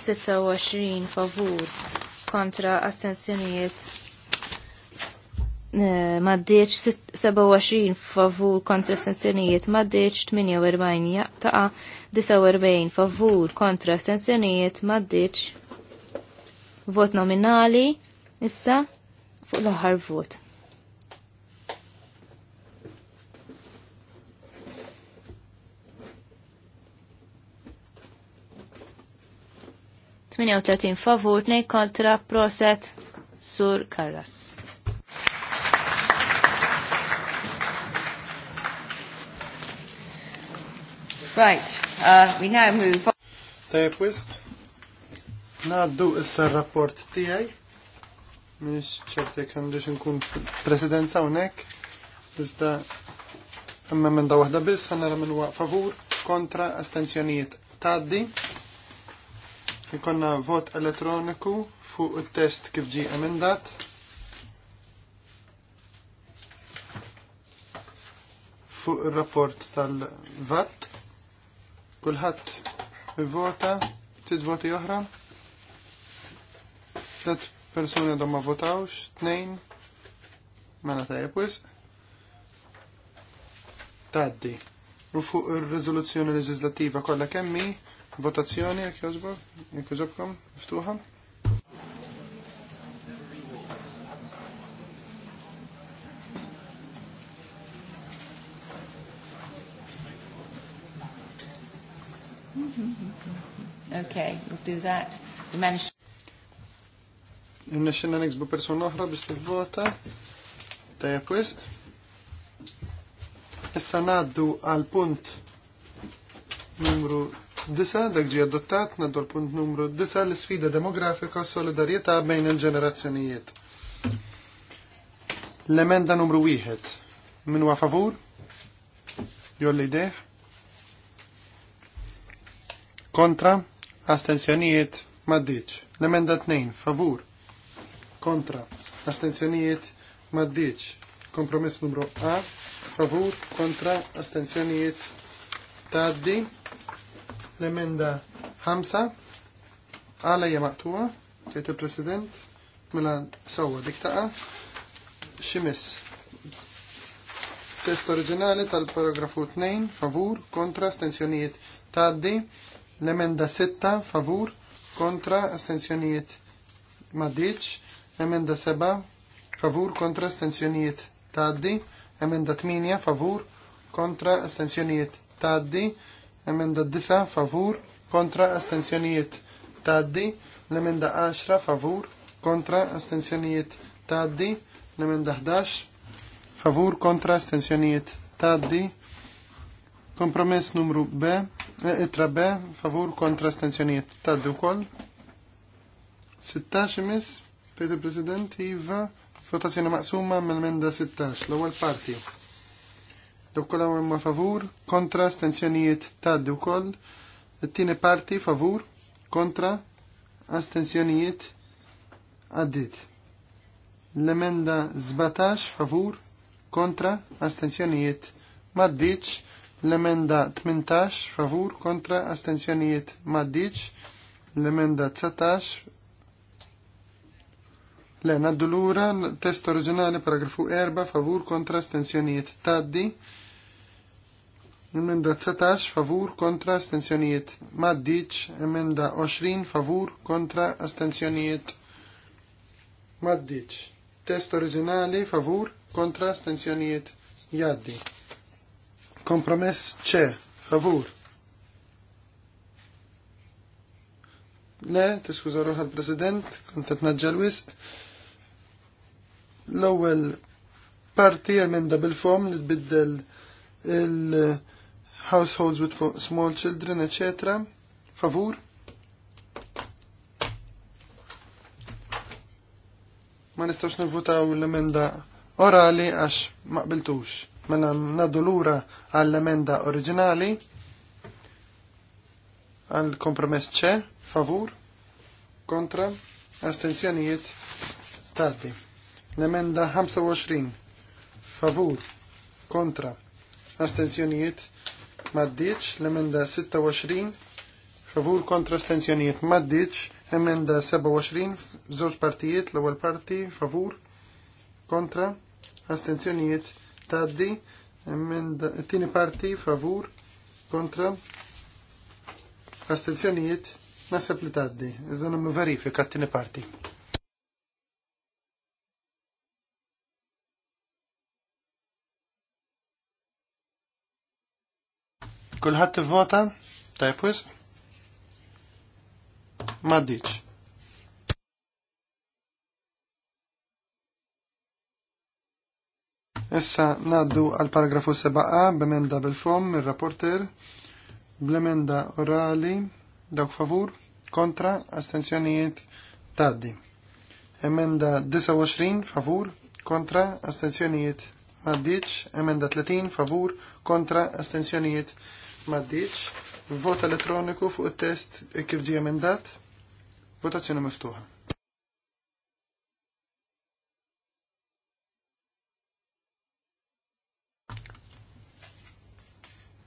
26 favur kontra astensjonijiet maddeċ 27 favur kontra astensjonijiet maddeċ 48 jaqtaqa 49 favur kontra astensjonijiet maddeċ vot nominali issa fuq l-aħħar vot. 38 favur, 2 kontra, proset, sur Karras. Right, uh, we now move on. Tajab wisp, naħaddu issa rapport tijaj, minix ċerti kandux nkun presidenza unek, iżda Imma minn da wahda bis, ħanna minn favur kontra astensjonijiet taddi. Ikonna vot elettroniku fuq il-test kif ġi emendat. Fuq il-rapport tal-VAT. Kulħadd vota voti oħra. Tlet persuni għadhom ma votawx, tnejn. Mela tajjeb wisq. Taddi. U fuq ir-riżoluzzjoni leġislattiva kollha kemmi Votazzjoni jekk jogħġbok, jekk jogħġobkom miftuħa. Okay, we'll do that. We managed persona biex kwist. Issa naddu għal punt numru Disa, dak ġie adottat naddu l-punt numru disa l-sfida demografika u solidarjetà bejn il-ġenerazzjonijiet. L-emenda numru wieħed Min huwa favur? Jolli deħ? Kontra? Astenzjonijiet? Maddiċ. L-emenda 2. Favur? Kontra? Astenzjonijiet? Maddiċ. Kompromess numru A. Favur? Kontra? Astenzjonijiet? Taddi l-emenda 5 għala hija maqtuwa tgħid il-President mela sawa diktaqa, ximis. Test oriġinali tal-paragrafu 2 favur kontra stenzjonijiet taddi, l-emenda 6 favur kontra stenzjonijiet maddiċ, l emenda 7 favur kontra stenzjonijiet taddi, l emenda 8 favur kontra stenzjonijiet taddi, emenda 9 favur kontra astensjonijiet taddi, l-emenda 10 favur kontra astensjonijiet taddi, l-emenda 11 favur kontra astensjonijiet taddi, kompromess numru B, eh, itra B, favur kontra astensjonijiet taddi wkoll. 16 mis, Peter president Iva, votazzjoni maqsuma mill emenda 16, l-ewwel parti Dok kollha ma favur, kontra astensjonijiet tgħaddi wkoll. It-tieni parti favur, kontra astensjonijiet għaddit. L-emenda 17 favur, kontra astensjonijiet maddiċ. L-emenda 18 favur, kontra astenzjonijiet maddiċ. L-emenda 19 Lena naddu l-ura, test oriġinali, paragrafu 4, favur kontra stenzjonijiet taddi, Emenda 19 favur kontra astensjonijiet maddiċ. Emenda 20 favur kontra astensjonijiet maddiċ. Test oriġinali favur kontra astensjonijiet jaddi. Kompromess C, favur. Le, t-skuza ruħ għal-President, kontet naġġalwis. L-ewwel parti emenda bil-fom li tbiddel il- households with small children, etc. Favur? Ma nistawx nivvutaw l-emenda orali għax ma qbiltux. Mela nadu lura għall-emenda oriġinali għal kompromess ċe, favur, kontra, astenzjonijiet, tati. L-emenda 25, favur, kontra, astenzjonijiet, maddiċ, l-emenda 26, favur kontra stenzjonijiet maddiċ, emenda 27, zoċ partijiet, l-ewwel parti, favur, kontra, astenzjonijiet taddi, emenda tini parti, favur, kontra, astenzjonijiet, nasab li taddi, iżda verifika t parti. Kulħadd t-vota? wisq? Maddiċ. Issa naddu għal paragrafu 7a b'emenda bil-fom mir-rapporter b'emenda orali dawk favur kontra astenzjonijiet taddi. Emenda 29 favur kontra astenzjonijiet maddiċ, emenda 30 favur kontra astenzjonijiet maddiċ, vot elettroniku fuq il-test e kif ġie emendat, votazzjoni miftuħa.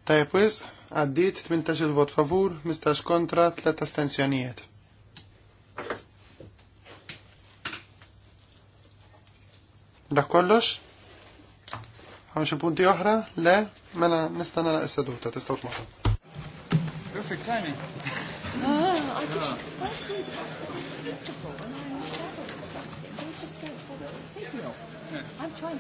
Tajb wiz, għaddit 18 il-vot favur, 15 kontra, 3 astensjonijiet. Da kollox? Għamxie punti oħra? Le? Mela nista' nara s-seduta tistgħu tmorru. Perfect timing. Ah, I'm trying to